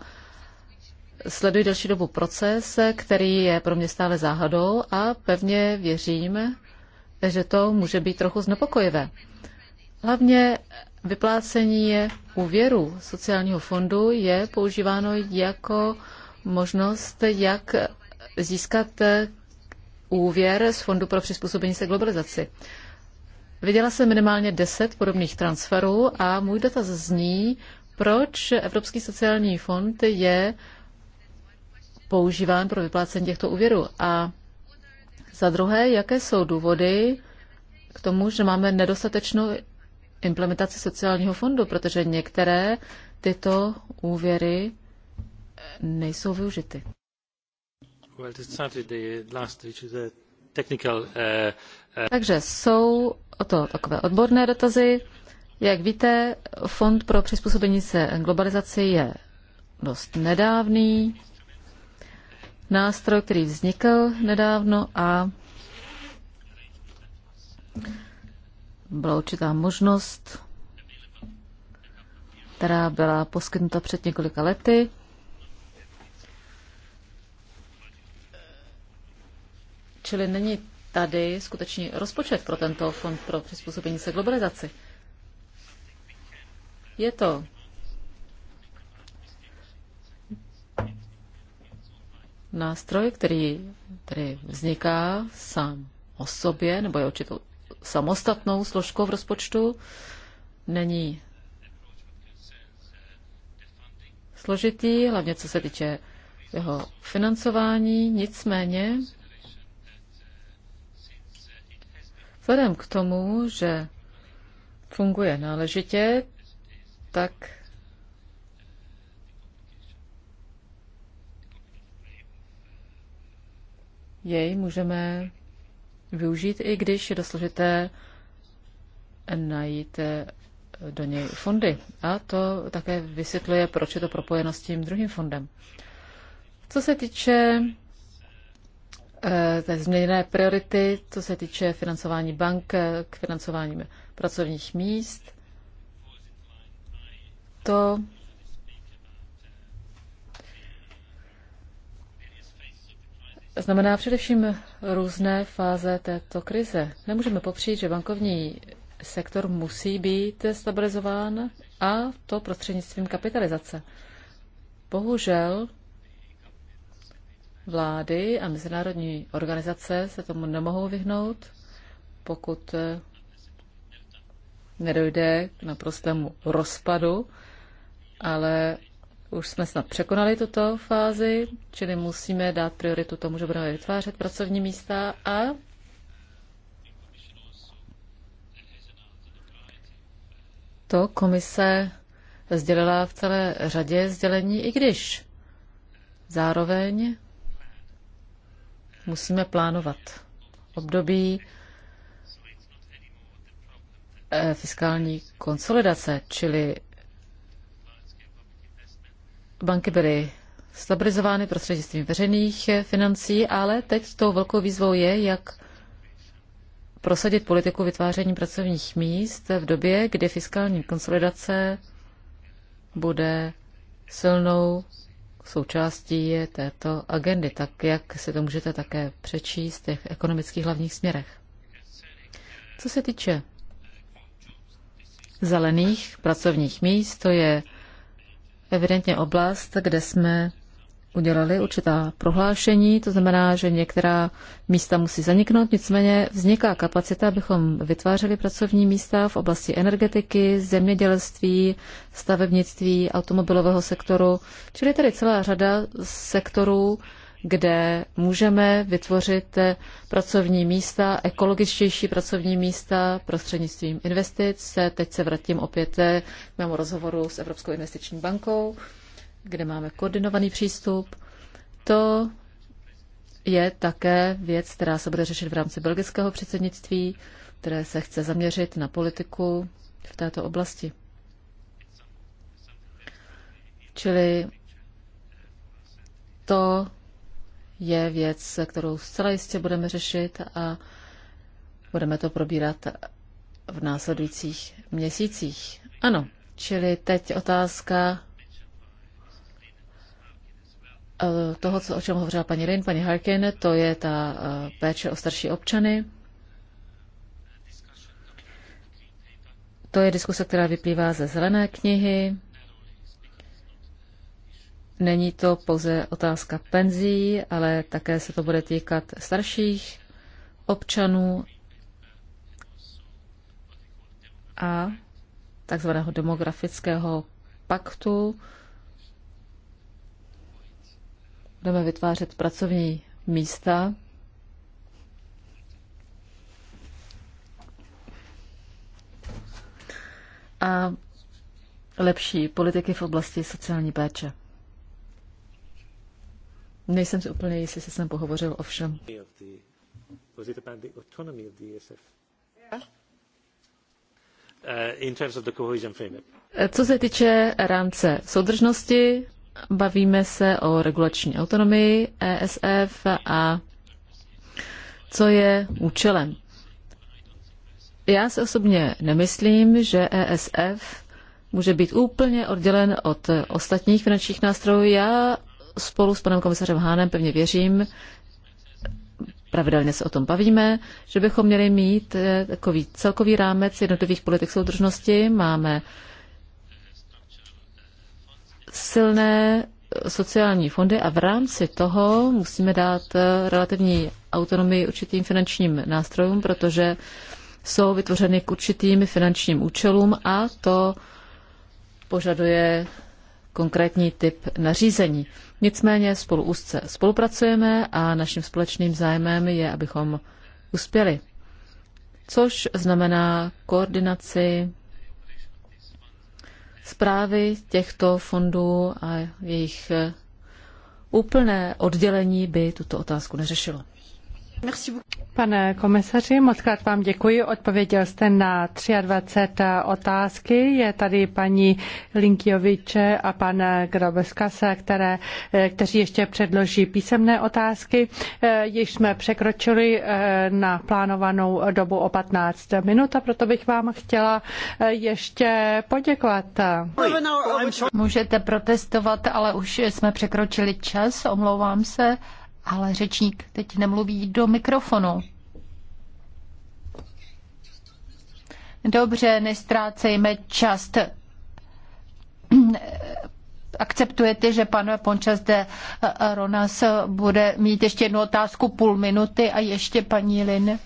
sleduji další dobu proces, který je pro mě stále záhadou a pevně věřím, že to může být trochu znepokojivé. Hlavně vyplácení úvěru sociálního fondu je používáno jako možnost, jak získat eh, úvěr z Fondu pro přizpůsobení se globalizaci. Viděla jsem minimálně deset podobných transferů a můj dotaz zní, proč Evropský sociální fond je používán pro vyplácení těchto úvěrů. A za druhé, jaké jsou důvody k tomu, že máme nedostatečnou implementaci sociálního fondu, protože některé tyto úvěry nejsou využity. Uh, uh, Takže jsou to takové odborné dotazy. Jak víte, Fond pro přizpůsobení se globalizaci je dost nedávný nástroj, který vznikl nedávno a byla určitá možnost, která byla poskytnuta před několika lety. Čili není tady skutečný rozpočet pro tento fond pro přizpůsobení se globalizaci. Je to nástroj, který který vzniká sám o sobě, nebo je určitou samostatnou složkou v rozpočtu. Není složitý, hlavně co se týče jeho financování, nicméně Vzhledem k tomu, že funguje náležitě, tak jej můžeme využít, i když je dosložité najít eh, do něj fondy. A to také vysvětluje, proč je to propojeno s tím druhým fondem. Co se týče Eh, změněné priority, co se týče financování bank, eh, k financování pracovních míst. To znamená především různé fáze této krize. Nemůžeme popřít, že bankovní sektor musí být stabilizován a to prostřednictvím kapitalizace. Bohužel Vlády a mezinárodní organizace se tomu nemohou vyhnout, pokud eh, nedojde k naprostému rozpadu, ale už jsme snad překonali tuto fázi, čili musíme dát prioritu tomu, že budeme vytvářet pracovní místa a to komise sdělila v celé řadě sdělení, i když zároveň Musíme plánovat období eh, fiskální konsolidace, čili banky byly stabilizovány prostřednictvím veřejných financí, ale teď tou velkou výzvou je, jak prosadit politiku vytváření pracovních míst v době, kdy fiskální konsolidace bude silnou součástí je této agendy, tak jak se to můžete také přečíst v těch ekonomických hlavních směrech. Co se týče zelených pracovních míst, to je evidentně oblast, kde jsme udělali určitá prohlášení, to znamená, že některá místa musí zaniknout, nicméně vzniká kapacita, abychom vytvářeli pracovní místa v oblasti energetiky, zemědělství, stavebnictví, automobilového sektoru, čili tady celá řada sektorů, kde můžeme vytvořit pracovní místa, ekologičtější pracovní místa prostřednictvím investic. Teď se vrátím opět k mému rozhovoru s Evropskou investiční bankou kde máme koordinovaný přístup. To je také věc, která se bude řešit v rámci belgického předsednictví, které se chce zaměřit na politiku v této oblasti. Čili to je věc, kterou zcela jistě budeme řešit a budeme to probírat v následujících měsících. Ano, čili teď otázka Eh, toho, co, o čem hovořila paní Rin, paní Harkin, to je ta eh, péče o starší občany. To je diskuse, která vyplývá ze zelené knihy. Není to pouze otázka penzí, ale také se to bude týkat starších občanů a takzvaného demografického paktu, budeme vytvářet pracovní místa. A lepší politiky v oblasti sociální péče. Nejsem si úplně jistý, jestli jsem pohovořil o všem. Uh, Co se týče rámce soudržnosti, bavíme se o regulační autonomii ESF a co je účelem. Já se osobně nemyslím, že ESF může být úplně oddělen od ostatních finančních nástrojů. Já spolu s panem komisařem Hánem pevně věřím, pravidelně se o tom bavíme, že bychom měli mít eh, takový celkový rámec jednotlivých politik soudržnosti. Máme silné sociální fondy a v rámci toho musíme dát eh, relativní autonomii určitým finančním nástrojům, protože jsou vytvořeny k určitým finančním účelům a to požaduje konkrétní typ nařízení. Nicméně spolu úzce spolupracujeme a naším společným zájmem je, abychom uspěli. Což znamená koordinaci zprávy těchto fondů a jejich eh, úplné oddělení by tuto otázku neřešilo. Pane komisaři, moc krát vám děkuji. Odpověděl jste na 23 eh, otázky. Je tady paní Linkioviče a pan Grobeskase, které, eh, kteří ještě předloží písemné otázky. Eh, již jsme překročili na plánovanou dobu o 15 minut a proto bych vám chtěla ještě poděkovat. Můžete protestovat, ale už jsme překročili čas, omlouvám se ale řečník teď nemluví do mikrofonu. Dobře, nestrácejme čas. Akceptujete, že pan Pončas de Ronas bude mít ještě jednu otázku půl minuty a ještě paní Lin.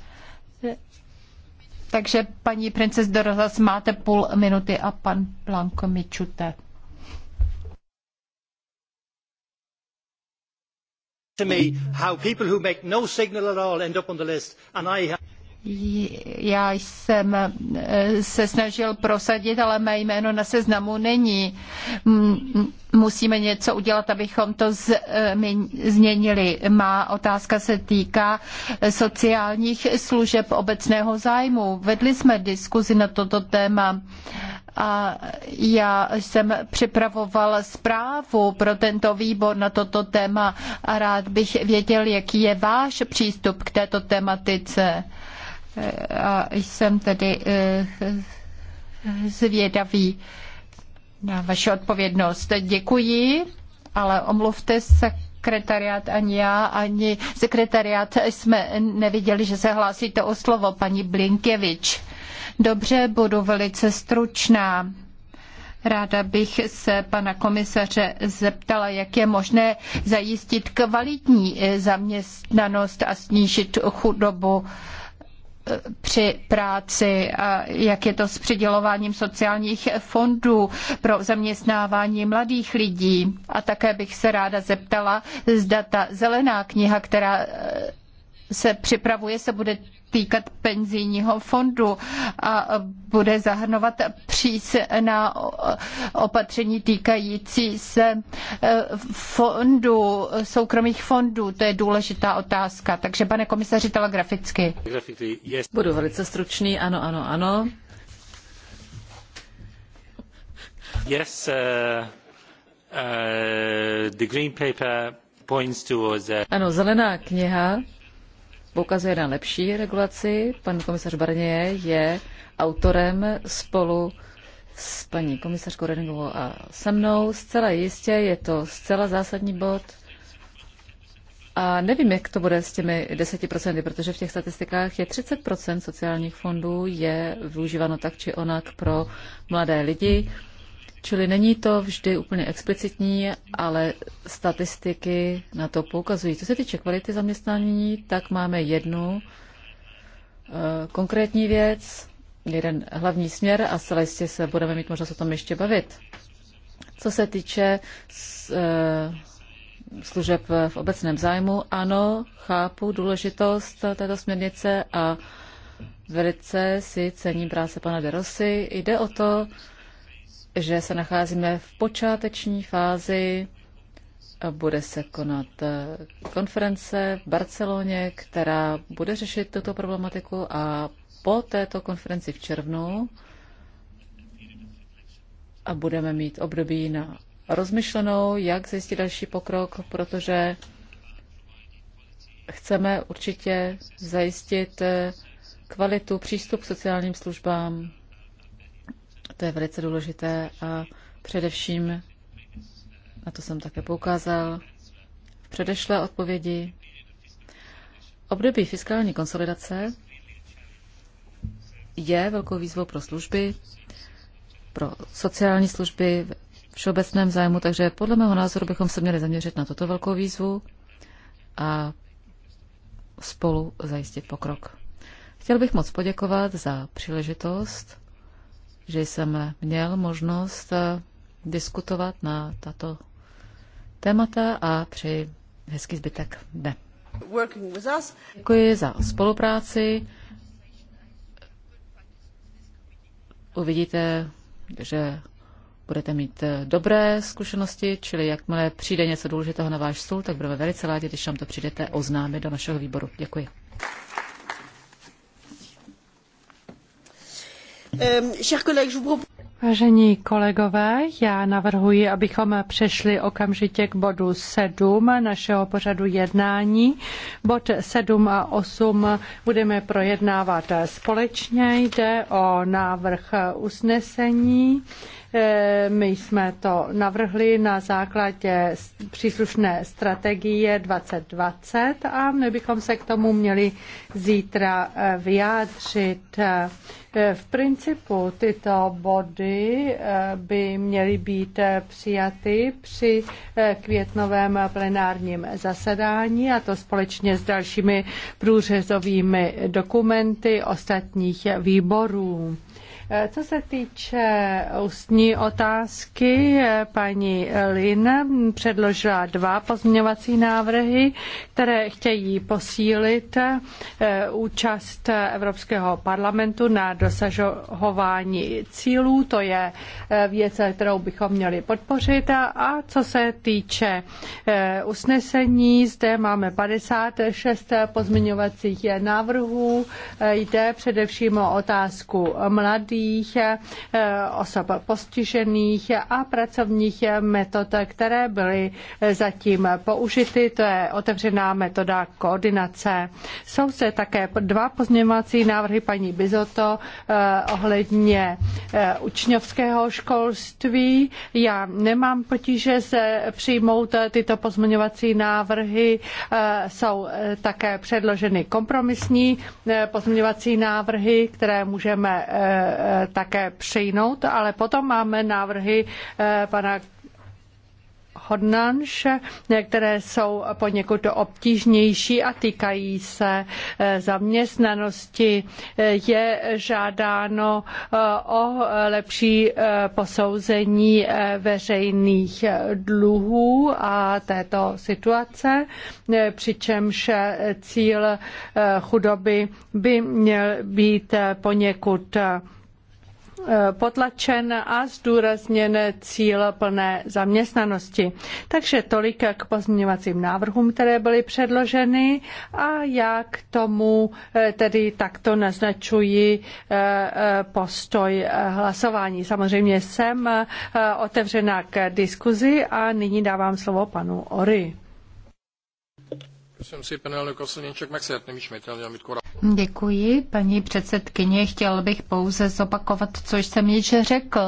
Takže paní princes Rosas, máte půl minuty a pan Blanko mi čute. to me how people who make no signal at all end up on the list and I have já jsem eh, se snažil prosadit, ale mé jméno na seznamu není. Musíme něco udělat, abychom to eh, změnili. Má otázka se týká eh, sociálních služeb obecného zájmu. Vedli jsme diskuzi na toto téma a já jsem připravoval zprávu pro tento výbor na toto téma a rád bych věděl, jaký je váš přístup k této tematice. A jsem tedy eh, zvědavý na vaši odpovědnost. Děkuji, ale omluvte se sekretariát, ani já, ani sekretariát jsme neviděli, že se hlásíte o slovo, paní Blinkevič. Dobře, budu velice stručná. Ráda bych se pana komisaře zeptala, jak je možné zajistit kvalitní eh, zaměstnanost a snížit chudobu eh, při práci, a jak je to s přidělováním sociálních fondů pro zaměstnávání mladých lidí. A také bych se ráda zeptala, zda ta zelená kniha, která eh, se připravuje, se bude týkat penzijního fondu a bude zahrnovat přísná opatření týkající se eh, fondu, soukromých fondů. To je důležitá otázka. Takže, pane komisaři, telegraficky. Budu velice stručný, ano, ano, ano. Yes, uh, uh, the green paper points towards... Ano, zelená kniha poukazuje na lepší regulaci. Pan komisař Barnier je autorem spolu s paní komisařkou Redingovou a se mnou. Zcela jistě je to zcela zásadní bod. A nevím, jak to bude s těmi 10%, protože v těch statistikách je 30% sociálních fondů je využíváno tak či onak pro mladé lidi. Čili není to vždy úplně explicitní, ale statistiky na to poukazují. Co se týče kvality zaměstnání, tak máme jednu eh, konkrétní věc, jeden hlavní směr a zcela jistě se budeme mít možnost o tom ještě bavit. Co se týče eh, služeb v obecném zájmu, ano, chápu důležitost této směrnice a velice si cením práce pana Derosy. Jde o to, že se nacházíme v počáteční fázi. Bude se konat eh, konference v Barceloně, která bude řešit tuto problematiku a po této konferenci v červnu a budeme mít období na rozmyšlenou, jak zjistit další pokrok, protože chceme určitě zajistit eh, kvalitu, přístup k sociálním službám to je velice důležité a především, na to jsem také poukázal, v předešlé odpovědi, období fiskální konsolidace je velkou výzvou pro služby, pro sociální služby v všeobecném zájmu, takže podle mého názoru bychom se měli zaměřit na toto velkou výzvu a spolu zajistit pokrok. Chtěl bych moc poděkovat za příležitost že jsem měl možnost eh, diskutovat na tato témata a přeji hezký zbytek dne. Děkuji za spolupráci. Uvidíte, že budete mít eh, dobré zkušenosti, čili jakmile přijde něco důležitého na váš stůl, tak budeme velice rádi, když nám to přijdete oznámit do našeho výboru. Děkuji. Euh, Vážení kolegové, já navrhuji, abychom přešli okamžitě k bodu 7 našeho pořadu jednání. Bod 7 a 8 budeme projednávat společně. Jde o návrh usnesení Eh, my jsme to navrhli na základě příslušné strategie 2020 a my bychom se k tomu měli zítra eh, vyjádřit. Eh, v principu tyto body by měly být přijaty při květnovém plenárním zasedání a to společně s dalšími průřezovými dokumenty ostatních výborů. Eh, co se týče ústní otázky, eh, paní Lin předložila dva pozměňovací návrhy, které chtějí posílit eh, účast Evropského parlamentu na dosahování cílů. To je věc, kterou bychom měli podpořit. A co se týče usnesení, zde máme 56 pozměňovacích návrhů. Jde především o otázku mladých mladistvých, eh, osob postižených a pracovních metod, které byly zatím použity. To je otevřená metoda koordinace. Jsou se také dva pozměňovací návrhy paní Bizoto eh, ohledně eh, učňovského školství. Já nemám potíže se přijmout tyto pozměňovací návrhy. Jsou také předloženy kompromisní pozměňovací návrhy, které můžeme Eh, také přijmout, ale potom máme návrhy eh, pana Hodnanš, které jsou poněkud obtížnější a týkají se eh, zaměstnanosti. Je žádáno o lepší posouzení veřejných dluhů a této situace, přičemž cíl chudoby by měl být poněkud Eh, potlačen a zdůrazněn cíl plné zaměstnanosti. Takže tolik k pozměňovacím návrhům, které byly předloženy a já k tomu eh, tedy takto naznačuji eh, postoj hlasování. Samozřejmě jsem otevřená k diskuzi a nyní dávám slovo panu Ory. Děkuji, paní předsedkyně. Chtěl bych pouze zopakovat, co jsem již řekl.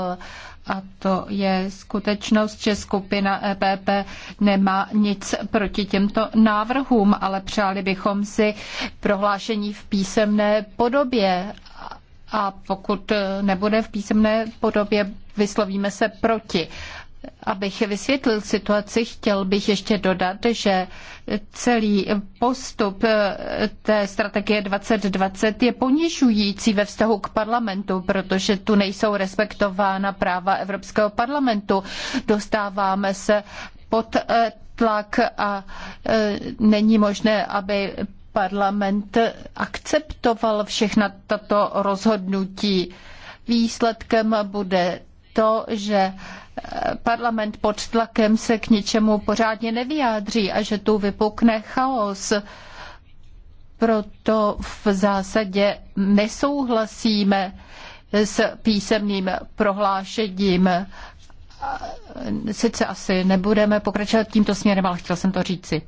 A to je skutečnost, že skupina EPP nemá nic proti těmto návrhům, ale přáli bychom si prohlášení v písemné podobě. A pokud nebude v písemné podobě, vyslovíme se proti. Abych vysvětlil situaci, chtěl bych ještě dodat, že celý postup eh, té strategie 2020 je ponižující ve vztahu k parlamentu, protože tu nejsou respektována práva Evropského parlamentu. Dostáváme se pod eh, tlak a eh, není možné, aby parlament akceptoval všechna tato rozhodnutí. Výsledkem bude to, že eh, parlament pod tlakem se k ničemu pořádně nevyjádří a že tu vypukne chaos. Proto v zásadě nesouhlasíme s písemným prohlášením. Sice asi nebudeme pokračovat tímto směrem, ale chtěl jsem to říci.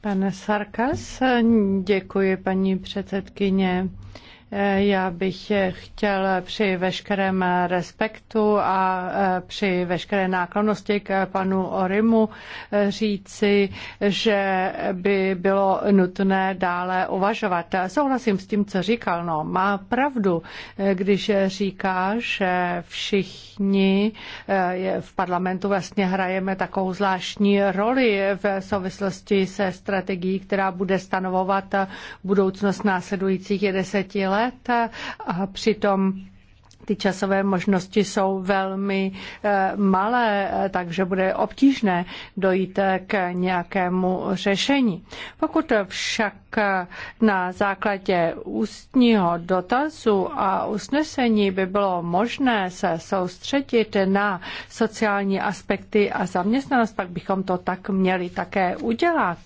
Pane Sarkas, děkuji paní předsedkyně. Já bych chtěl při veškerém respektu a e, při veškeré náklonosti k panu Orimu e, říci, že by bylo nutné dále uvažovat. Souhlasím s tím, co říkal. No, má pravdu, e, když říká, že všichni v parlamentu vlastně hrajeme takovou zvláštní roli v souvislosti se strategií, která bude stanovovat budoucnost následujících deseti let let a přitom ty časové možnosti jsou velmi eh, malé, eh, takže bude obtížné dojít eh, k nějakému řešení. Pokud však na základě ústního dotazu a usnesení by bylo možné se soustředit na sociální aspekty a zaměstnanost, pak bychom to tak měli také udělat.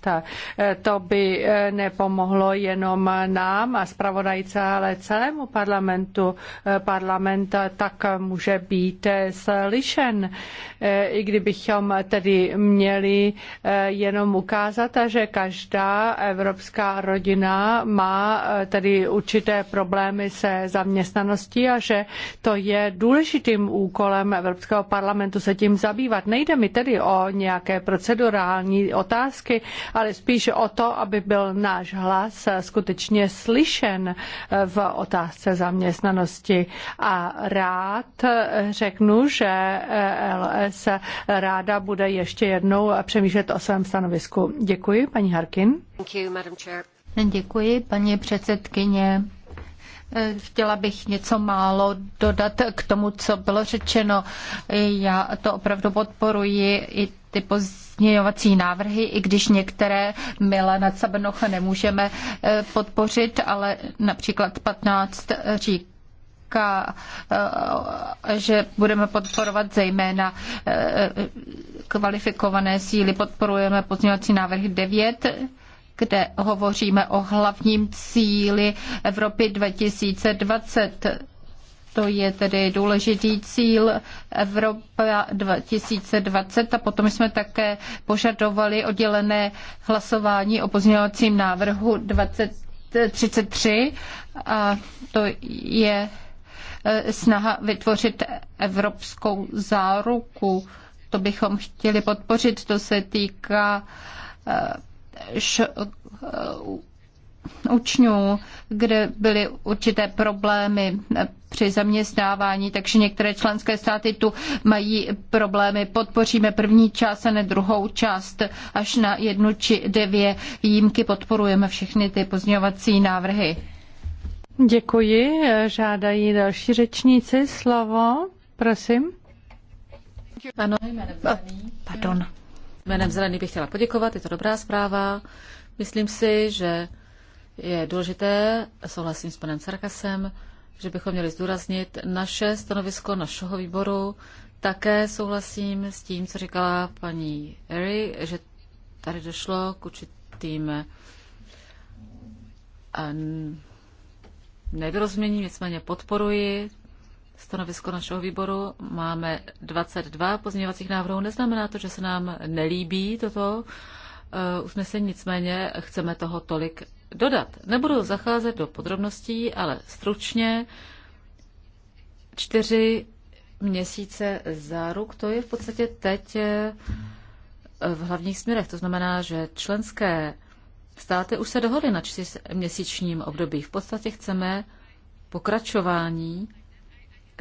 To by nepomohlo jenom nám a zpravodajce, ale celému parlamentu, parlamentu parlament tak může být slyšen. Eh, I kdybychom tedy měli eh, jenom ukázat, že každá evropská rodina má eh, tedy určité problémy se zaměstnaností a že to je důležitým úkolem Evropského parlamentu se tím zabývat. Nejde mi tedy o nějaké procedurální otázky, ale spíše o to, aby byl náš hlas skutečně slyšen v otázce zaměstnanosti a rád řeknu, že LS ráda bude ještě jednou přemýšlet o svém stanovisku. Děkuji, paní Harkin. Děkuji, paní předsedkyně. Chtěla bych něco málo dodat k tomu, co bylo řečeno. Já to opravdu podporuji i ty pozměňovací návrhy, i když některé mile nad Sabnocha nemůžeme eh, podpořit, ale například 15 říká, říká, eh, že budeme podporovat zejména eh, kvalifikované síly. Podporujeme pozměňovací návrh 9, kde hovoříme o hlavním cíli Evropy 2020. To je tedy důležitý cíl Evropa 2020 a potom jsme také požadovali oddělené hlasování o pozměňovacím návrhu 2033 a to je Eh, snaha vytvořit evropskou záruku. To bychom chtěli podpořit. To se týká eh, š, eh, učňů, kde byly určité problémy při zaměstnávání, takže některé členské státy tu mají problémy. Podpoříme první část a ne druhou část až na jednu či dvě výjimky. Podporujeme všechny ty pozměňovací návrhy. Děkuji. Žádají další řečníci slovo. Prosím. Ano, jménem Zelený. Pardon. Jménem Zelený bych chtěla poděkovat, je to dobrá zpráva. Myslím si, že je důležité, souhlasím s panem Sarkasem, že bychom měli zdůraznit naše stanovisko našeho výboru. Také souhlasím s tím, co říkala paní Ery, že tady došlo k určitým eh, nedorozměním, nicméně podporuji stanovisko našeho výboru. Máme 22 pozměňovacích návrhů. Neznamená to, že se nám nelíbí toto eh, usnesení, nicméně chceme toho tolik dodat. Nebudu zacházet do podrobností, ale stručně čtyři měsíce záruk, to je v podstatě teď eh, v hlavních směrech. To znamená, že členské státy už se dohodly na čtyřměsíčním období. V podstatě chceme pokračování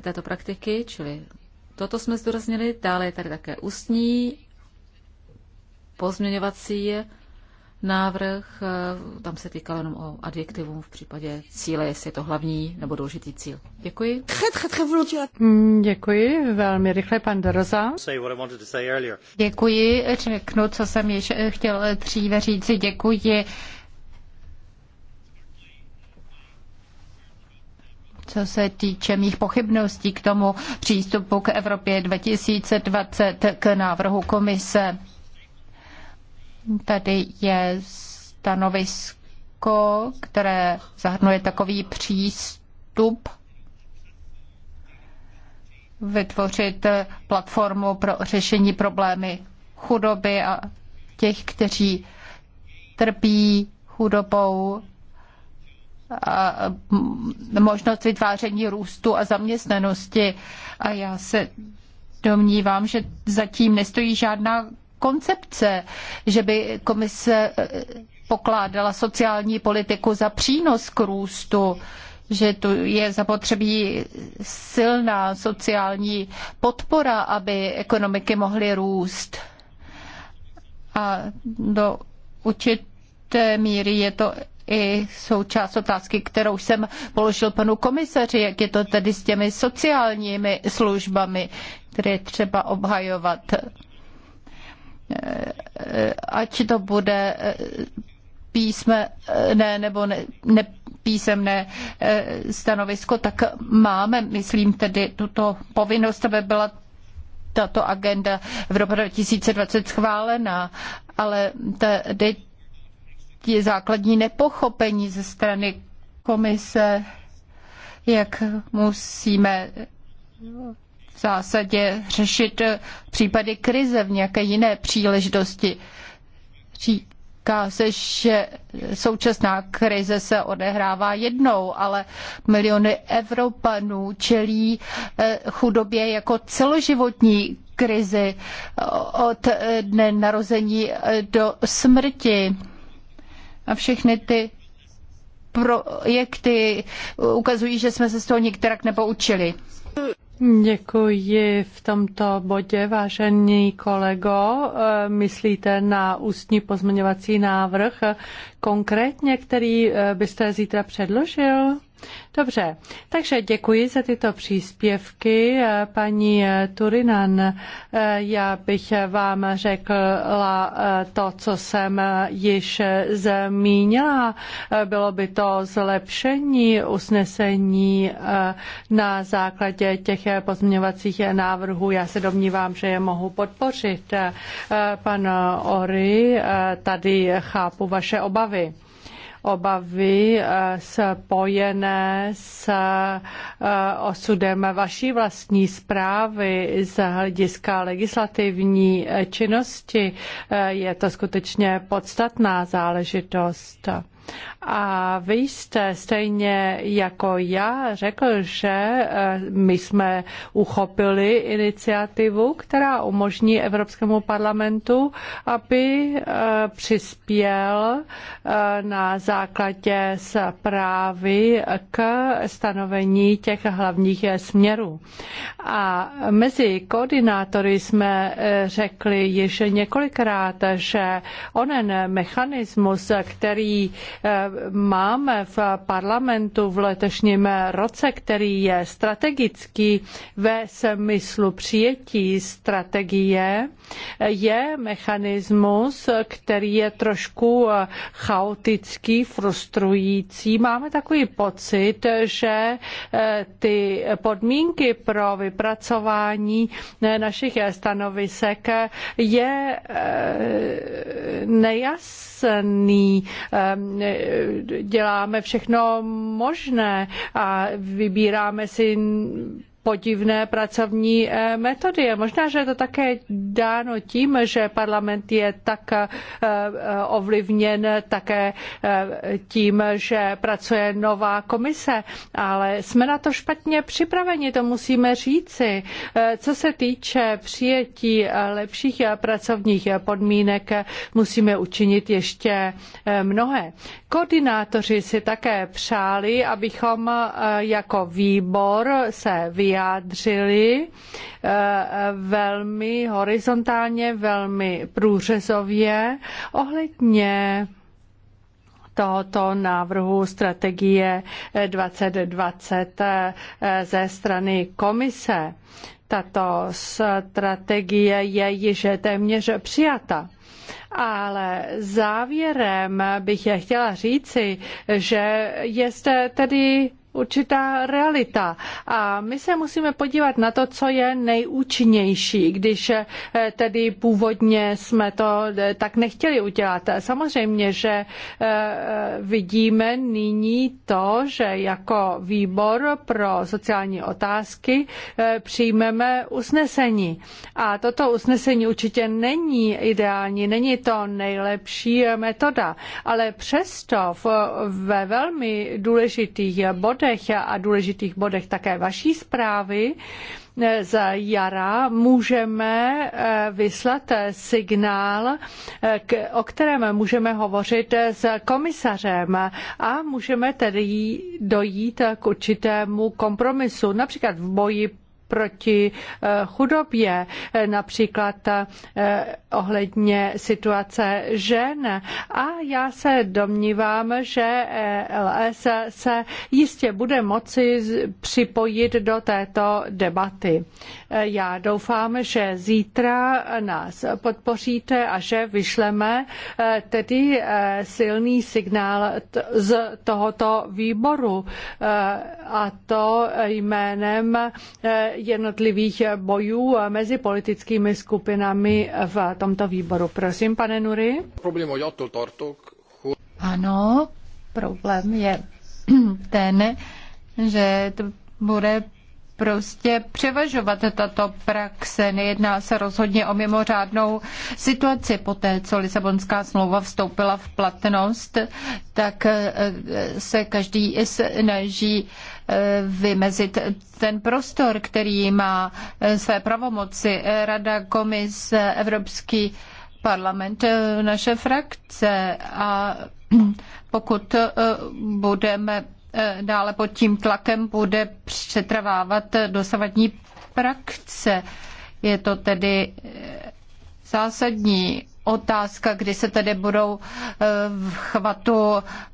této praktiky, čili toto jsme zdůraznili. Dále je tady také ústní pozměňovací návrh. Eh, tam se týkalo jenom o adjektivu v případě cíle, jestli je to hlavní nebo důležitý cíl. Děkuji. Mm, děkuji. Velmi rychle, pan Doroza. Děkuji. Řeknu, co jsem již eh, chtěl eh, dříve říct, Děkuji. co se týče mých pochybností k tomu přístupu k Evropě 2020 k návrhu komise. Tady je stanovisko, které zahrnuje takový přístup vytvořit platformu pro řešení problémy chudoby a těch, kteří trpí chudobou, a možnost vytváření růstu a zaměstnanosti. A já se domnívám, že zatím nestojí žádná koncepce, že by komise eh, pokládala sociální politiku za přínos k růstu, že tu je zapotřebí silná sociální podpora, aby ekonomiky mohly růst. A do určité míry je to i součást otázky, kterou jsem položil panu komisaři, jak je to tedy s těmi sociálními službami, které třeba obhajovat. Eh, ať to bude eh, písme, eh, ne, nebo ne, písemné stanovisko, tak máme, myslím tedy, tuto povinnost, aby byla tato agenda v roce 2020 schválena, ale tady je základní nepochopení ze strany komise, jak musíme zásadě řešit eh, případy krize v nějaké jiné příležitosti. Říká se, že současná krize se odehrává jednou, ale miliony Evropanů čelí eh, chudobě jako celoživotní krizi eh, od dne narození do smrti. A všechny ty projekty ukazují, že jsme se z toho nikterak nepoučili. Děkuji v tomto bodě, vážený kolego. E, myslíte na ústní pozměňovací návrh konkrétně, který e, byste zítra předložil? Dobře, takže děkuji za tyto příspěvky, eh, paní eh, Turinan. Eh, já bych vám řekla to, co jsem již zmínila. Bylo by to zlepšení usnesení na základě těch pozměňovacích návrhů. Já se domnívám, že je mohu podpořit. Pan Ory, tady chápu vaše obavy obavy eh, spojené s eh, osudem vaší vlastní zprávy z hlediska legislativní eh, činnosti. Je to skutečně podstatná záležitost. A vy jste stejně jako já řekl, že eh, my jsme uchopili iniciativu, která umožní Evropskému parlamentu, aby eh, přispěl eh, na základě zprávy k stanovení těch hlavních směrů. A mezi koordinátory jsme řekli již několikrát, že onen mechanismus, který máme v parlamentu v letošním roce, který je strategický ve smyslu přijetí strategie, je mechanismus, který je trošku eh, chaotický, frustrující. Máme takový pocit, že eh, ty podmínky pro vypracování eh, našich stanovisek je nejasný děláme všechno možné a vybíráme si podivné pracovní eh, metody. Možná, že je to také dáno tím, že parlament je tak eh, eh, ovlivněn také tím, že pracuje nová komise, ale jsme na to špatně připraveni, to musíme říci. Co se týče přijetí lepších pracovních podmínek, musíme učinit ještě mnohé. Koordinátoři si také přáli, abychom eh, jako výbor se vyjádřili eh, velmi horizontálně, velmi průřezově ohledně tohoto návrhu strategie 2020 eh, ze strany komise. Tato strategie je již téměř přijata. Ale závěrem bych chtěla říci, že jste tedy určitá realita. A my se musíme podívat na to, co je nejúčinnější, když eh, tedy původně jsme to eh, tak nechtěli udělat. Samozřejmě, že eh, vidíme nyní to, že jako výbor pro sociální otázky přijmeme usnesení. A toto usnesení určitě není ideální, není to nejlepší metoda, ale přesto ve velmi důležitých bodech bodech a důležitých bodech také vaší zprávy z jara můžeme eh, vyslat eh, signál, eh, o kterém můžeme hovořit s komisařem a můžeme tedy dojít k určitému kompromisu, například v boji proti eh, chudobě, eh, například eh, ohledně situace žen. A já se domnívám, že LS se jistě bude moci připojit do této debaty. Já doufám, že zítra nás podpoříte a že vyšleme tedy silný signál z tohoto výboru a to jménem jednotlivých bojů mezi politickými skupinami v tomto výboru. Prosím, pane Nury. Ano, problém je ten, že to bude prostě převažovat tato praxe. Nejedná se rozhodně o mimořádnou situaci. Poté, co Lisabonská smlouva vstoupila v platnost, tak eh, se každý snaží eh, vymezit ten prostor, který má eh, své pravomoci. Rada, komise, Evropský parlament, naše frakce a pokud budeme Eh, dále pod tím tlakem bude přetrvávat dosavadní praxe. Je to tedy eh, zásadní otázka, kdy se tedy budou eh, v chvatu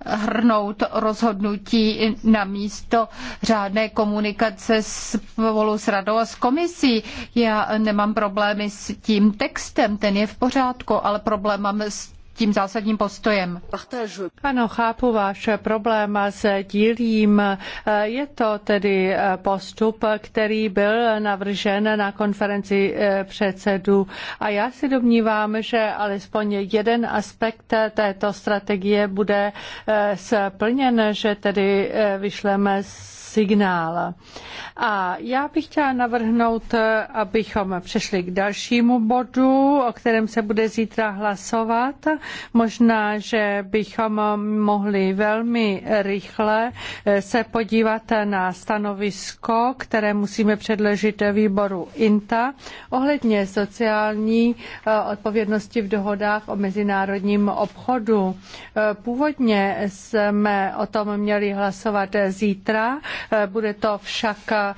hrnout rozhodnutí na místo řádné komunikace spolu s radou a s komisí. Já nemám problémy s tím textem, ten je v pořádku, ale problém mám s tím zásadním postojem. Ano, chápu váš problém a dílím. Je to tedy postup, který byl navržen na konferenci eh, předsedů a já si domnívám, že alespoň jeden aspekt této strategie bude eh, splněn, že tedy eh, vyšleme s signál. A já bych chtěla navrhnout, abychom přešli k dalšímu bodu, o kterém se bude zítra hlasovat. Možná, že bychom mohli velmi rychle eh, se podívat na stanovisko, které musíme předložit výboru INTA ohledně sociální eh, odpovědnosti v dohodách o mezinárodním obchodu. Eh, původně jsme o tom měli hlasovat zítra, bude to však eh,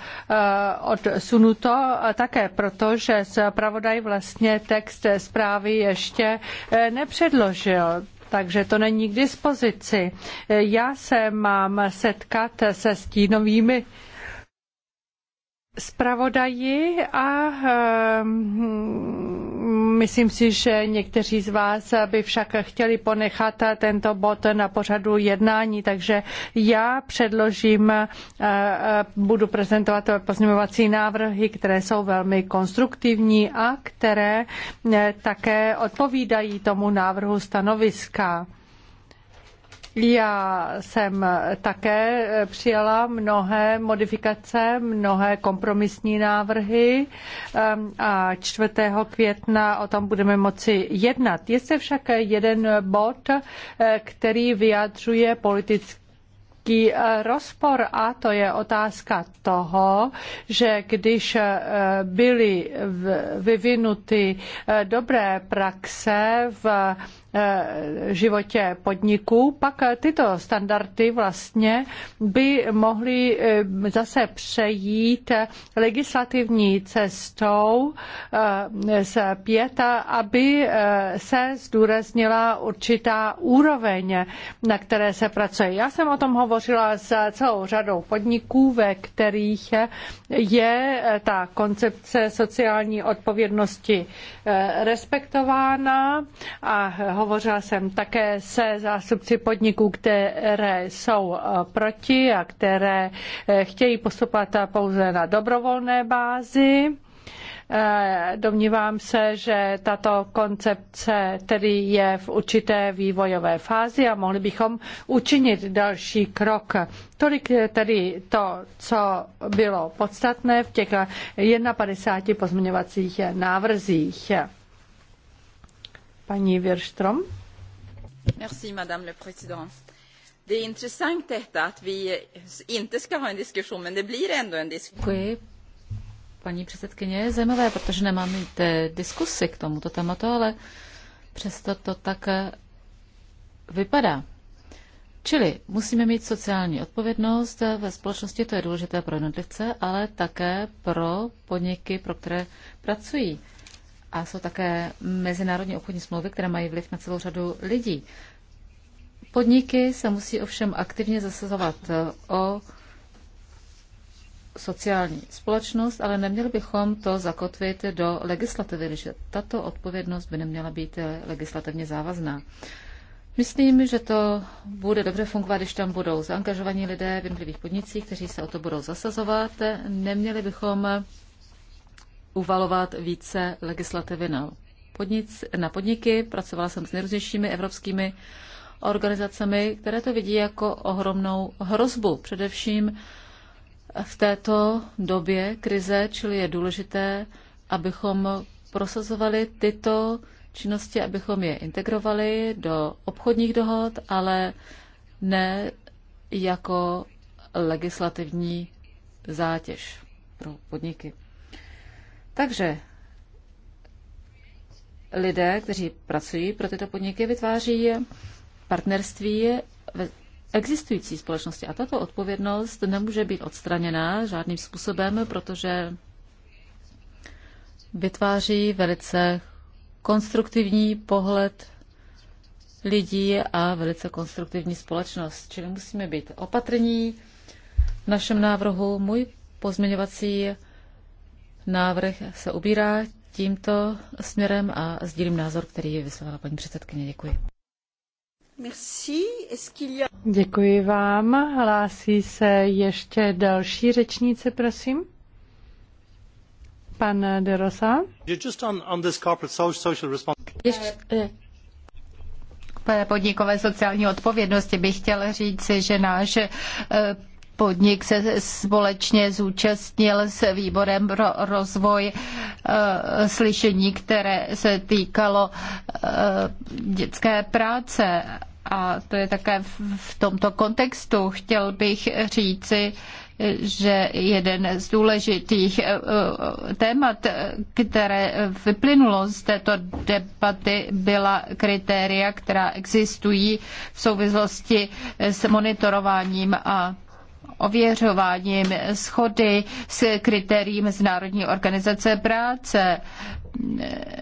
odsunuto také proto, že zpravodaj vlastně text zprávy ještě eh, nepředložil takže to není k dispozici. Já se mám setkat se stínovými zpravodaji a ehm, myslím si, že někteří z vás by však chtěli ponechat tento bod na pořadu jednání, takže já předložím, eh, eh, budu prezentovat pozměňovací návrhy, které jsou velmi konstruktivní a které eh, také odpovídají tomu návrhu stanoviska. Já jsem také přijala mnohé modifikace, mnohé kompromisní návrhy ehm, a 4. května o tom budeme moci jednat. Je se však jeden bod, eh, který vyjadřuje politický eh, rozpor a to je otázka toho, že když eh, byly vyvinuty dobré praxe v Eh, životě podniků, pak eh, tyto standardy vlastně by mohly eh, zase přejít legislativní cestou z pěta, aby se zdůraznila určitá úroveň, na které se pracuje. Já jsem o tom hovořila s celou řadou podniků, ve kterých je ta koncepce sociální odpovědnosti respektována a hovořila Hovořila jsem také se zástupci podniků, které jsou eh, proti a které eh, chtějí postupovat eh, pouze na dobrovolné bázi. Domnívám se, že tato koncepce tedy je v určité vývojové fázi a mohli bychom učinit další krok. Tolik tedy to, co bylo podstatné v těch 51 pozměňovacích návrzích. Paní Wirström. Merci, madame le président. Det är intressant detta att vi inte ska ha en diskussion, men det blir ändå en diskussion. paní předsedkyně. Je zajímavé, protože nemám mít eh, diskusy k tomuto tématu, ale přesto to tak eh, vypadá. Čili musíme mít sociální odpovědnost eh, ve společnosti, to je důležité pro jednotlivce, ale také pro podniky, pro které pracují a jsou také mezinárodní obchodní smlouvy, které mají vliv na celou řadu lidí. Podniky se musí ovšem aktivně zasazovat eh, o sociální společnost, ale neměli bychom to zakotvit do legislativy, že tato odpovědnost by neměla být eh, legislativně závazná. Myslím, že to bude dobře fungovat, když tam budou zaangažovaní lidé v jednotlivých podnicích, kteří se o to budou zasazovat. Neměli bychom uvalovat více legislativy na, podnic, na podniky. Pracovala jsem s nejrůznějšími evropskými organizacemi, které to vidí jako ohromnou hrozbu, především v této době krize, čili je důležité, abychom prosazovali tyto činnosti, abychom je integrovali do obchodních dohod, ale ne jako legislativní zátěž pro podniky. Takže lidé, kteří pracují pro tyto podniky, vytváří partnerství v existující společnosti. A tato odpovědnost nemůže být odstraněná žádným způsobem, protože vytváří velice konstruktivní pohled lidí a velice konstruktivní společnost. Čili musíme být opatrní v našem návrhu. Můj pozměňovací Návrh se ubírá tímto směrem a sdílím názor, který vyslovala paní předsedkyně. Děkuji. Děkuji vám. Hlásí se ještě další řečníci, prosím. Pan De Rosa. Ještě, eh, podnikové sociální odpovědnosti bych chtěl říct, že náš eh, podnik se společně zúčastnil s výborem pro rozvoj eh, slyšení, které se týkalo eh, dětské práce. A to je také v tomto kontextu. Chtěl bych říci, že jeden z důležitých eh, témat, které vyplynulo z této debaty, byla kritéria, která existují v souvislosti s monitorováním a ověřováním schody s kritériím z Národní organizace práce.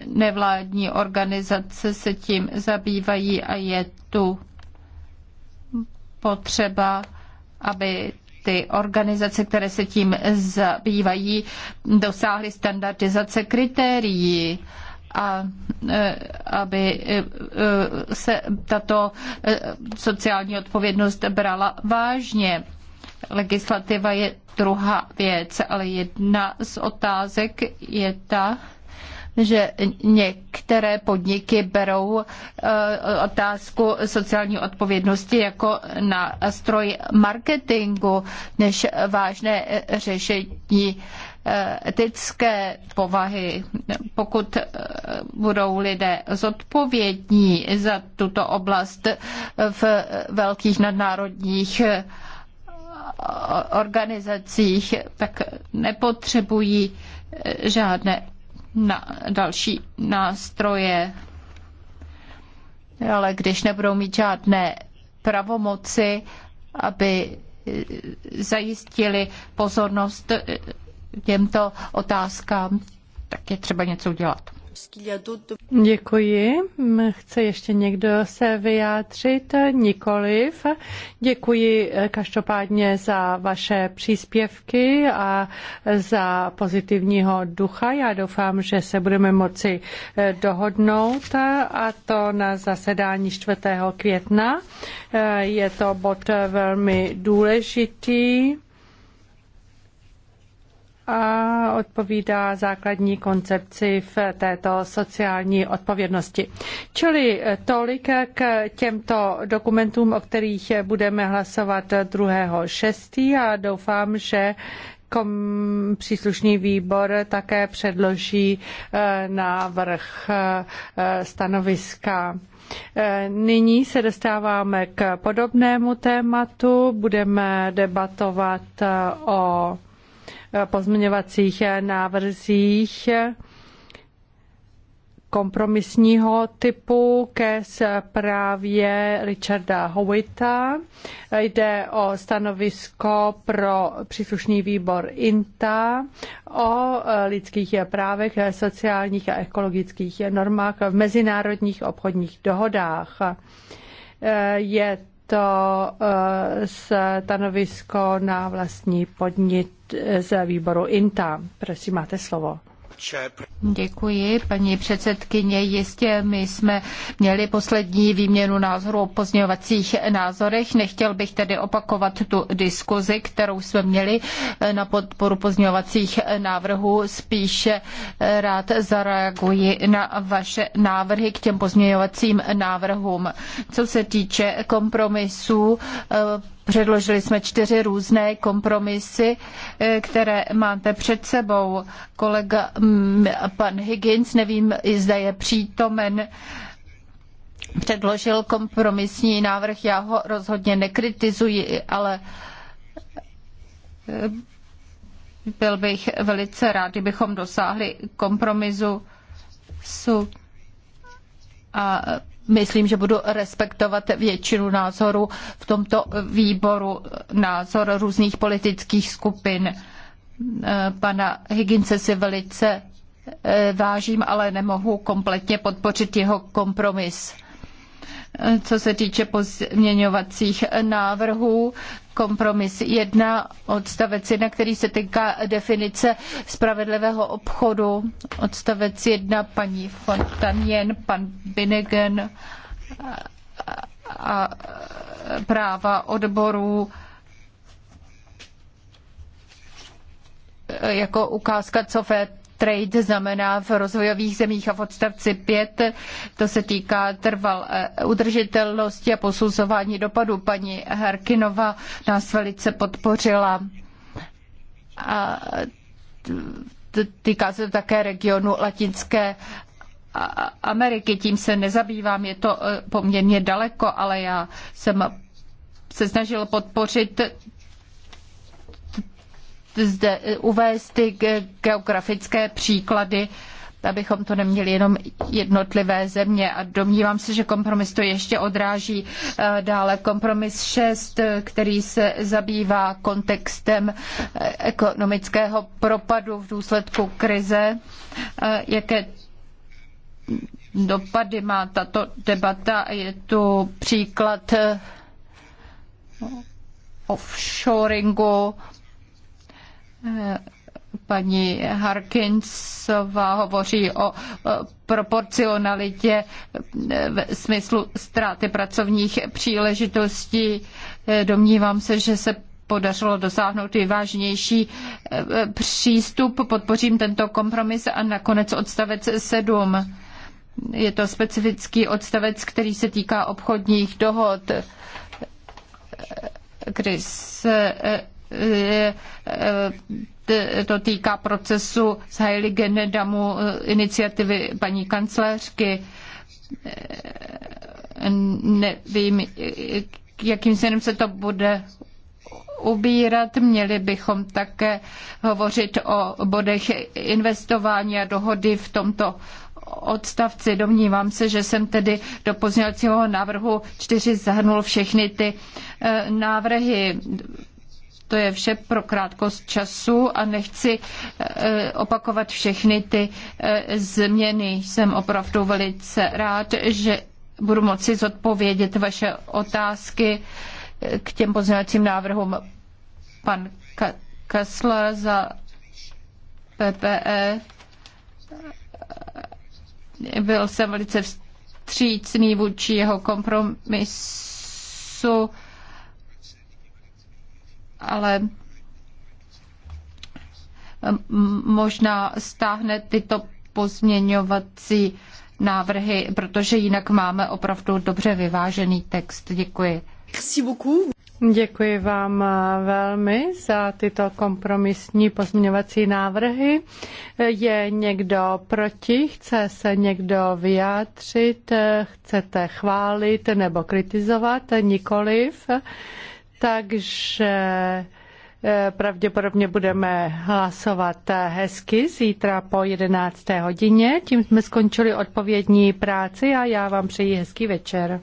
Nevládní organizace se tím zabývají a je tu potřeba, aby ty organizace, které se tím zabývají, dosáhly standardizace kritérií a e, aby e, e, se tato sociální odpovědnost brala vážně. Legislativa je druhá věc, ale jedna z otázek je ta, že některé podniky berou eh, otázku sociální odpovědnosti jako na stroj marketingu než vážné řešení eh, etické povahy. Pokud eh, budou lidé zodpovědní za tuto oblast v velkých nadnárodních organizacích, tak nepotřebují eh, žádné na další nástroje. Ale když nebudou mít žádné pravomoci, aby eh, zajistili pozornost eh, těmto otázkám, tak je třeba něco udělat. Děkuji. Chce ještě někdo se vyjádřit? Nikoliv. Děkuji eh, každopádně za vaše příspěvky a za pozitivního ducha. Já doufám, že se budeme moci eh, dohodnout a to na zasedání 4. května. Eh, je to bod velmi důležitý a odpovídá základní koncepci v této sociální odpovědnosti. Čili tolik k těmto dokumentům, o kterých budeme hlasovat 2.6. a doufám, že kom, příslušný výbor také předloží eh, návrh eh, stanoviska. Eh, nyní se dostáváme k podobnému tématu. Budeme debatovat o pozměňovacích návrzích kompromisního typu ke zprávě Richarda Howita. Jde o stanovisko pro příslušný výbor INTA o lidských právech, sociálních a ekologických normách v mezinárodních obchodních dohodách. Je to eh, stanovisko na vlastní podnět z výboru INTA. Prosím, máte slovo. Děkuji, paní předsedkyně. Jistě my jsme měli poslední výměnu názorů o pozměňovacích názorech. Nechtěl bych tedy opakovat tu diskuzi, kterou jsme měli eh, na podporu pozměňovacích návrhů. Spíše eh, rád zareaguji na vaše návrhy k těm pozměňovacím návrhům. Co se týče kompromisů, eh, Předložili jsme čtyři různé kompromisy, eh, které máte před sebou. Kolega mm, pan Higgins, nevím, zda je přítomen, předložil kompromisní návrh. Já ho rozhodně nekritizuji, ale eh, byl bych velice rád, kdybychom dosáhli kompromisu a myslím, že budu respektovat většinu názorů v tomto výboru, názor různých politických skupin. Eh, pana Higince si velice eh, vážím, ale nemohu kompletně podpořit jeho kompromis. Eh, co se týče pozměňovacích návrhů, kompromis 1 odstavec 1, který se týká definice spravedlivého obchodu. Odstavec 1 paní Fontanien, pan Binegen a práva odborů jako ukázka, co trade znamená v rozvojových zemích a v odstavci 5 to se týká trval eh, udržitelnosti a posuzování dopadu. Paní Harkinová nás velice podpořila. A týká se to také regionu Latinské Ameriky, tím se nezabývám, je to eh, poměrně daleko, ale já jsem se snažil podpořit zde eh, uvést ty geografické příklady, abychom to neměli jenom jednotlivé země. A domnívám se, že kompromis to ještě odráží eh, dále. Kompromis 6, eh, který se zabývá kontextem ekonomického propadu v důsledku krize, jaké dopady má tato debata. Je tu příklad offshoringu, Eh, paní Harkinsová hovoří o proporcionalitě eh, v smyslu ztráty pracovních příležitostí. Eh, domnívám se, že se podařilo dosáhnout vážnější přístup. Podpořím tento kompromis a nakonec odstavec 7. Je to specifický odstavec, který se týká obchodních dohod, kdy se to týká procesu Heili Genedamu iniciativy paní kancléřky. Nevím, jakým směrem se to bude ubírat. Měli bychom také hovořit o bodech investování a dohody v tomto odstavci. Domnívám se, že jsem tedy do pozměňovacího návrhu čtyři zahrnul všechny ty eh, návrhy to je vše pro krátkost času a nechci eh, opakovat všechny ty eh, změny. Jsem opravdu velice rád, že budu moci zodpovědět vaše otázky eh, k těm pozměňovacím návrhům. Pan Kessler za PPE. Byl jsem velice vstřícný vůči jeho kompromisu ale možná stáhne tyto pozměňovací návrhy, protože jinak máme opravdu dobře vyvážený text. Děkuji. Děkuji vám eh, velmi za tyto kompromisní pozměňovací návrhy. Eh, je někdo proti? Chce se někdo vyjádřit? Eh, chcete chválit nebo kritizovat? Nikoliv takže eh, pravděpodobně budeme hlasovat hezky zítra po 11. hodině. Tím jsme skončili odpovědní práci a já vám přeji hezký večer.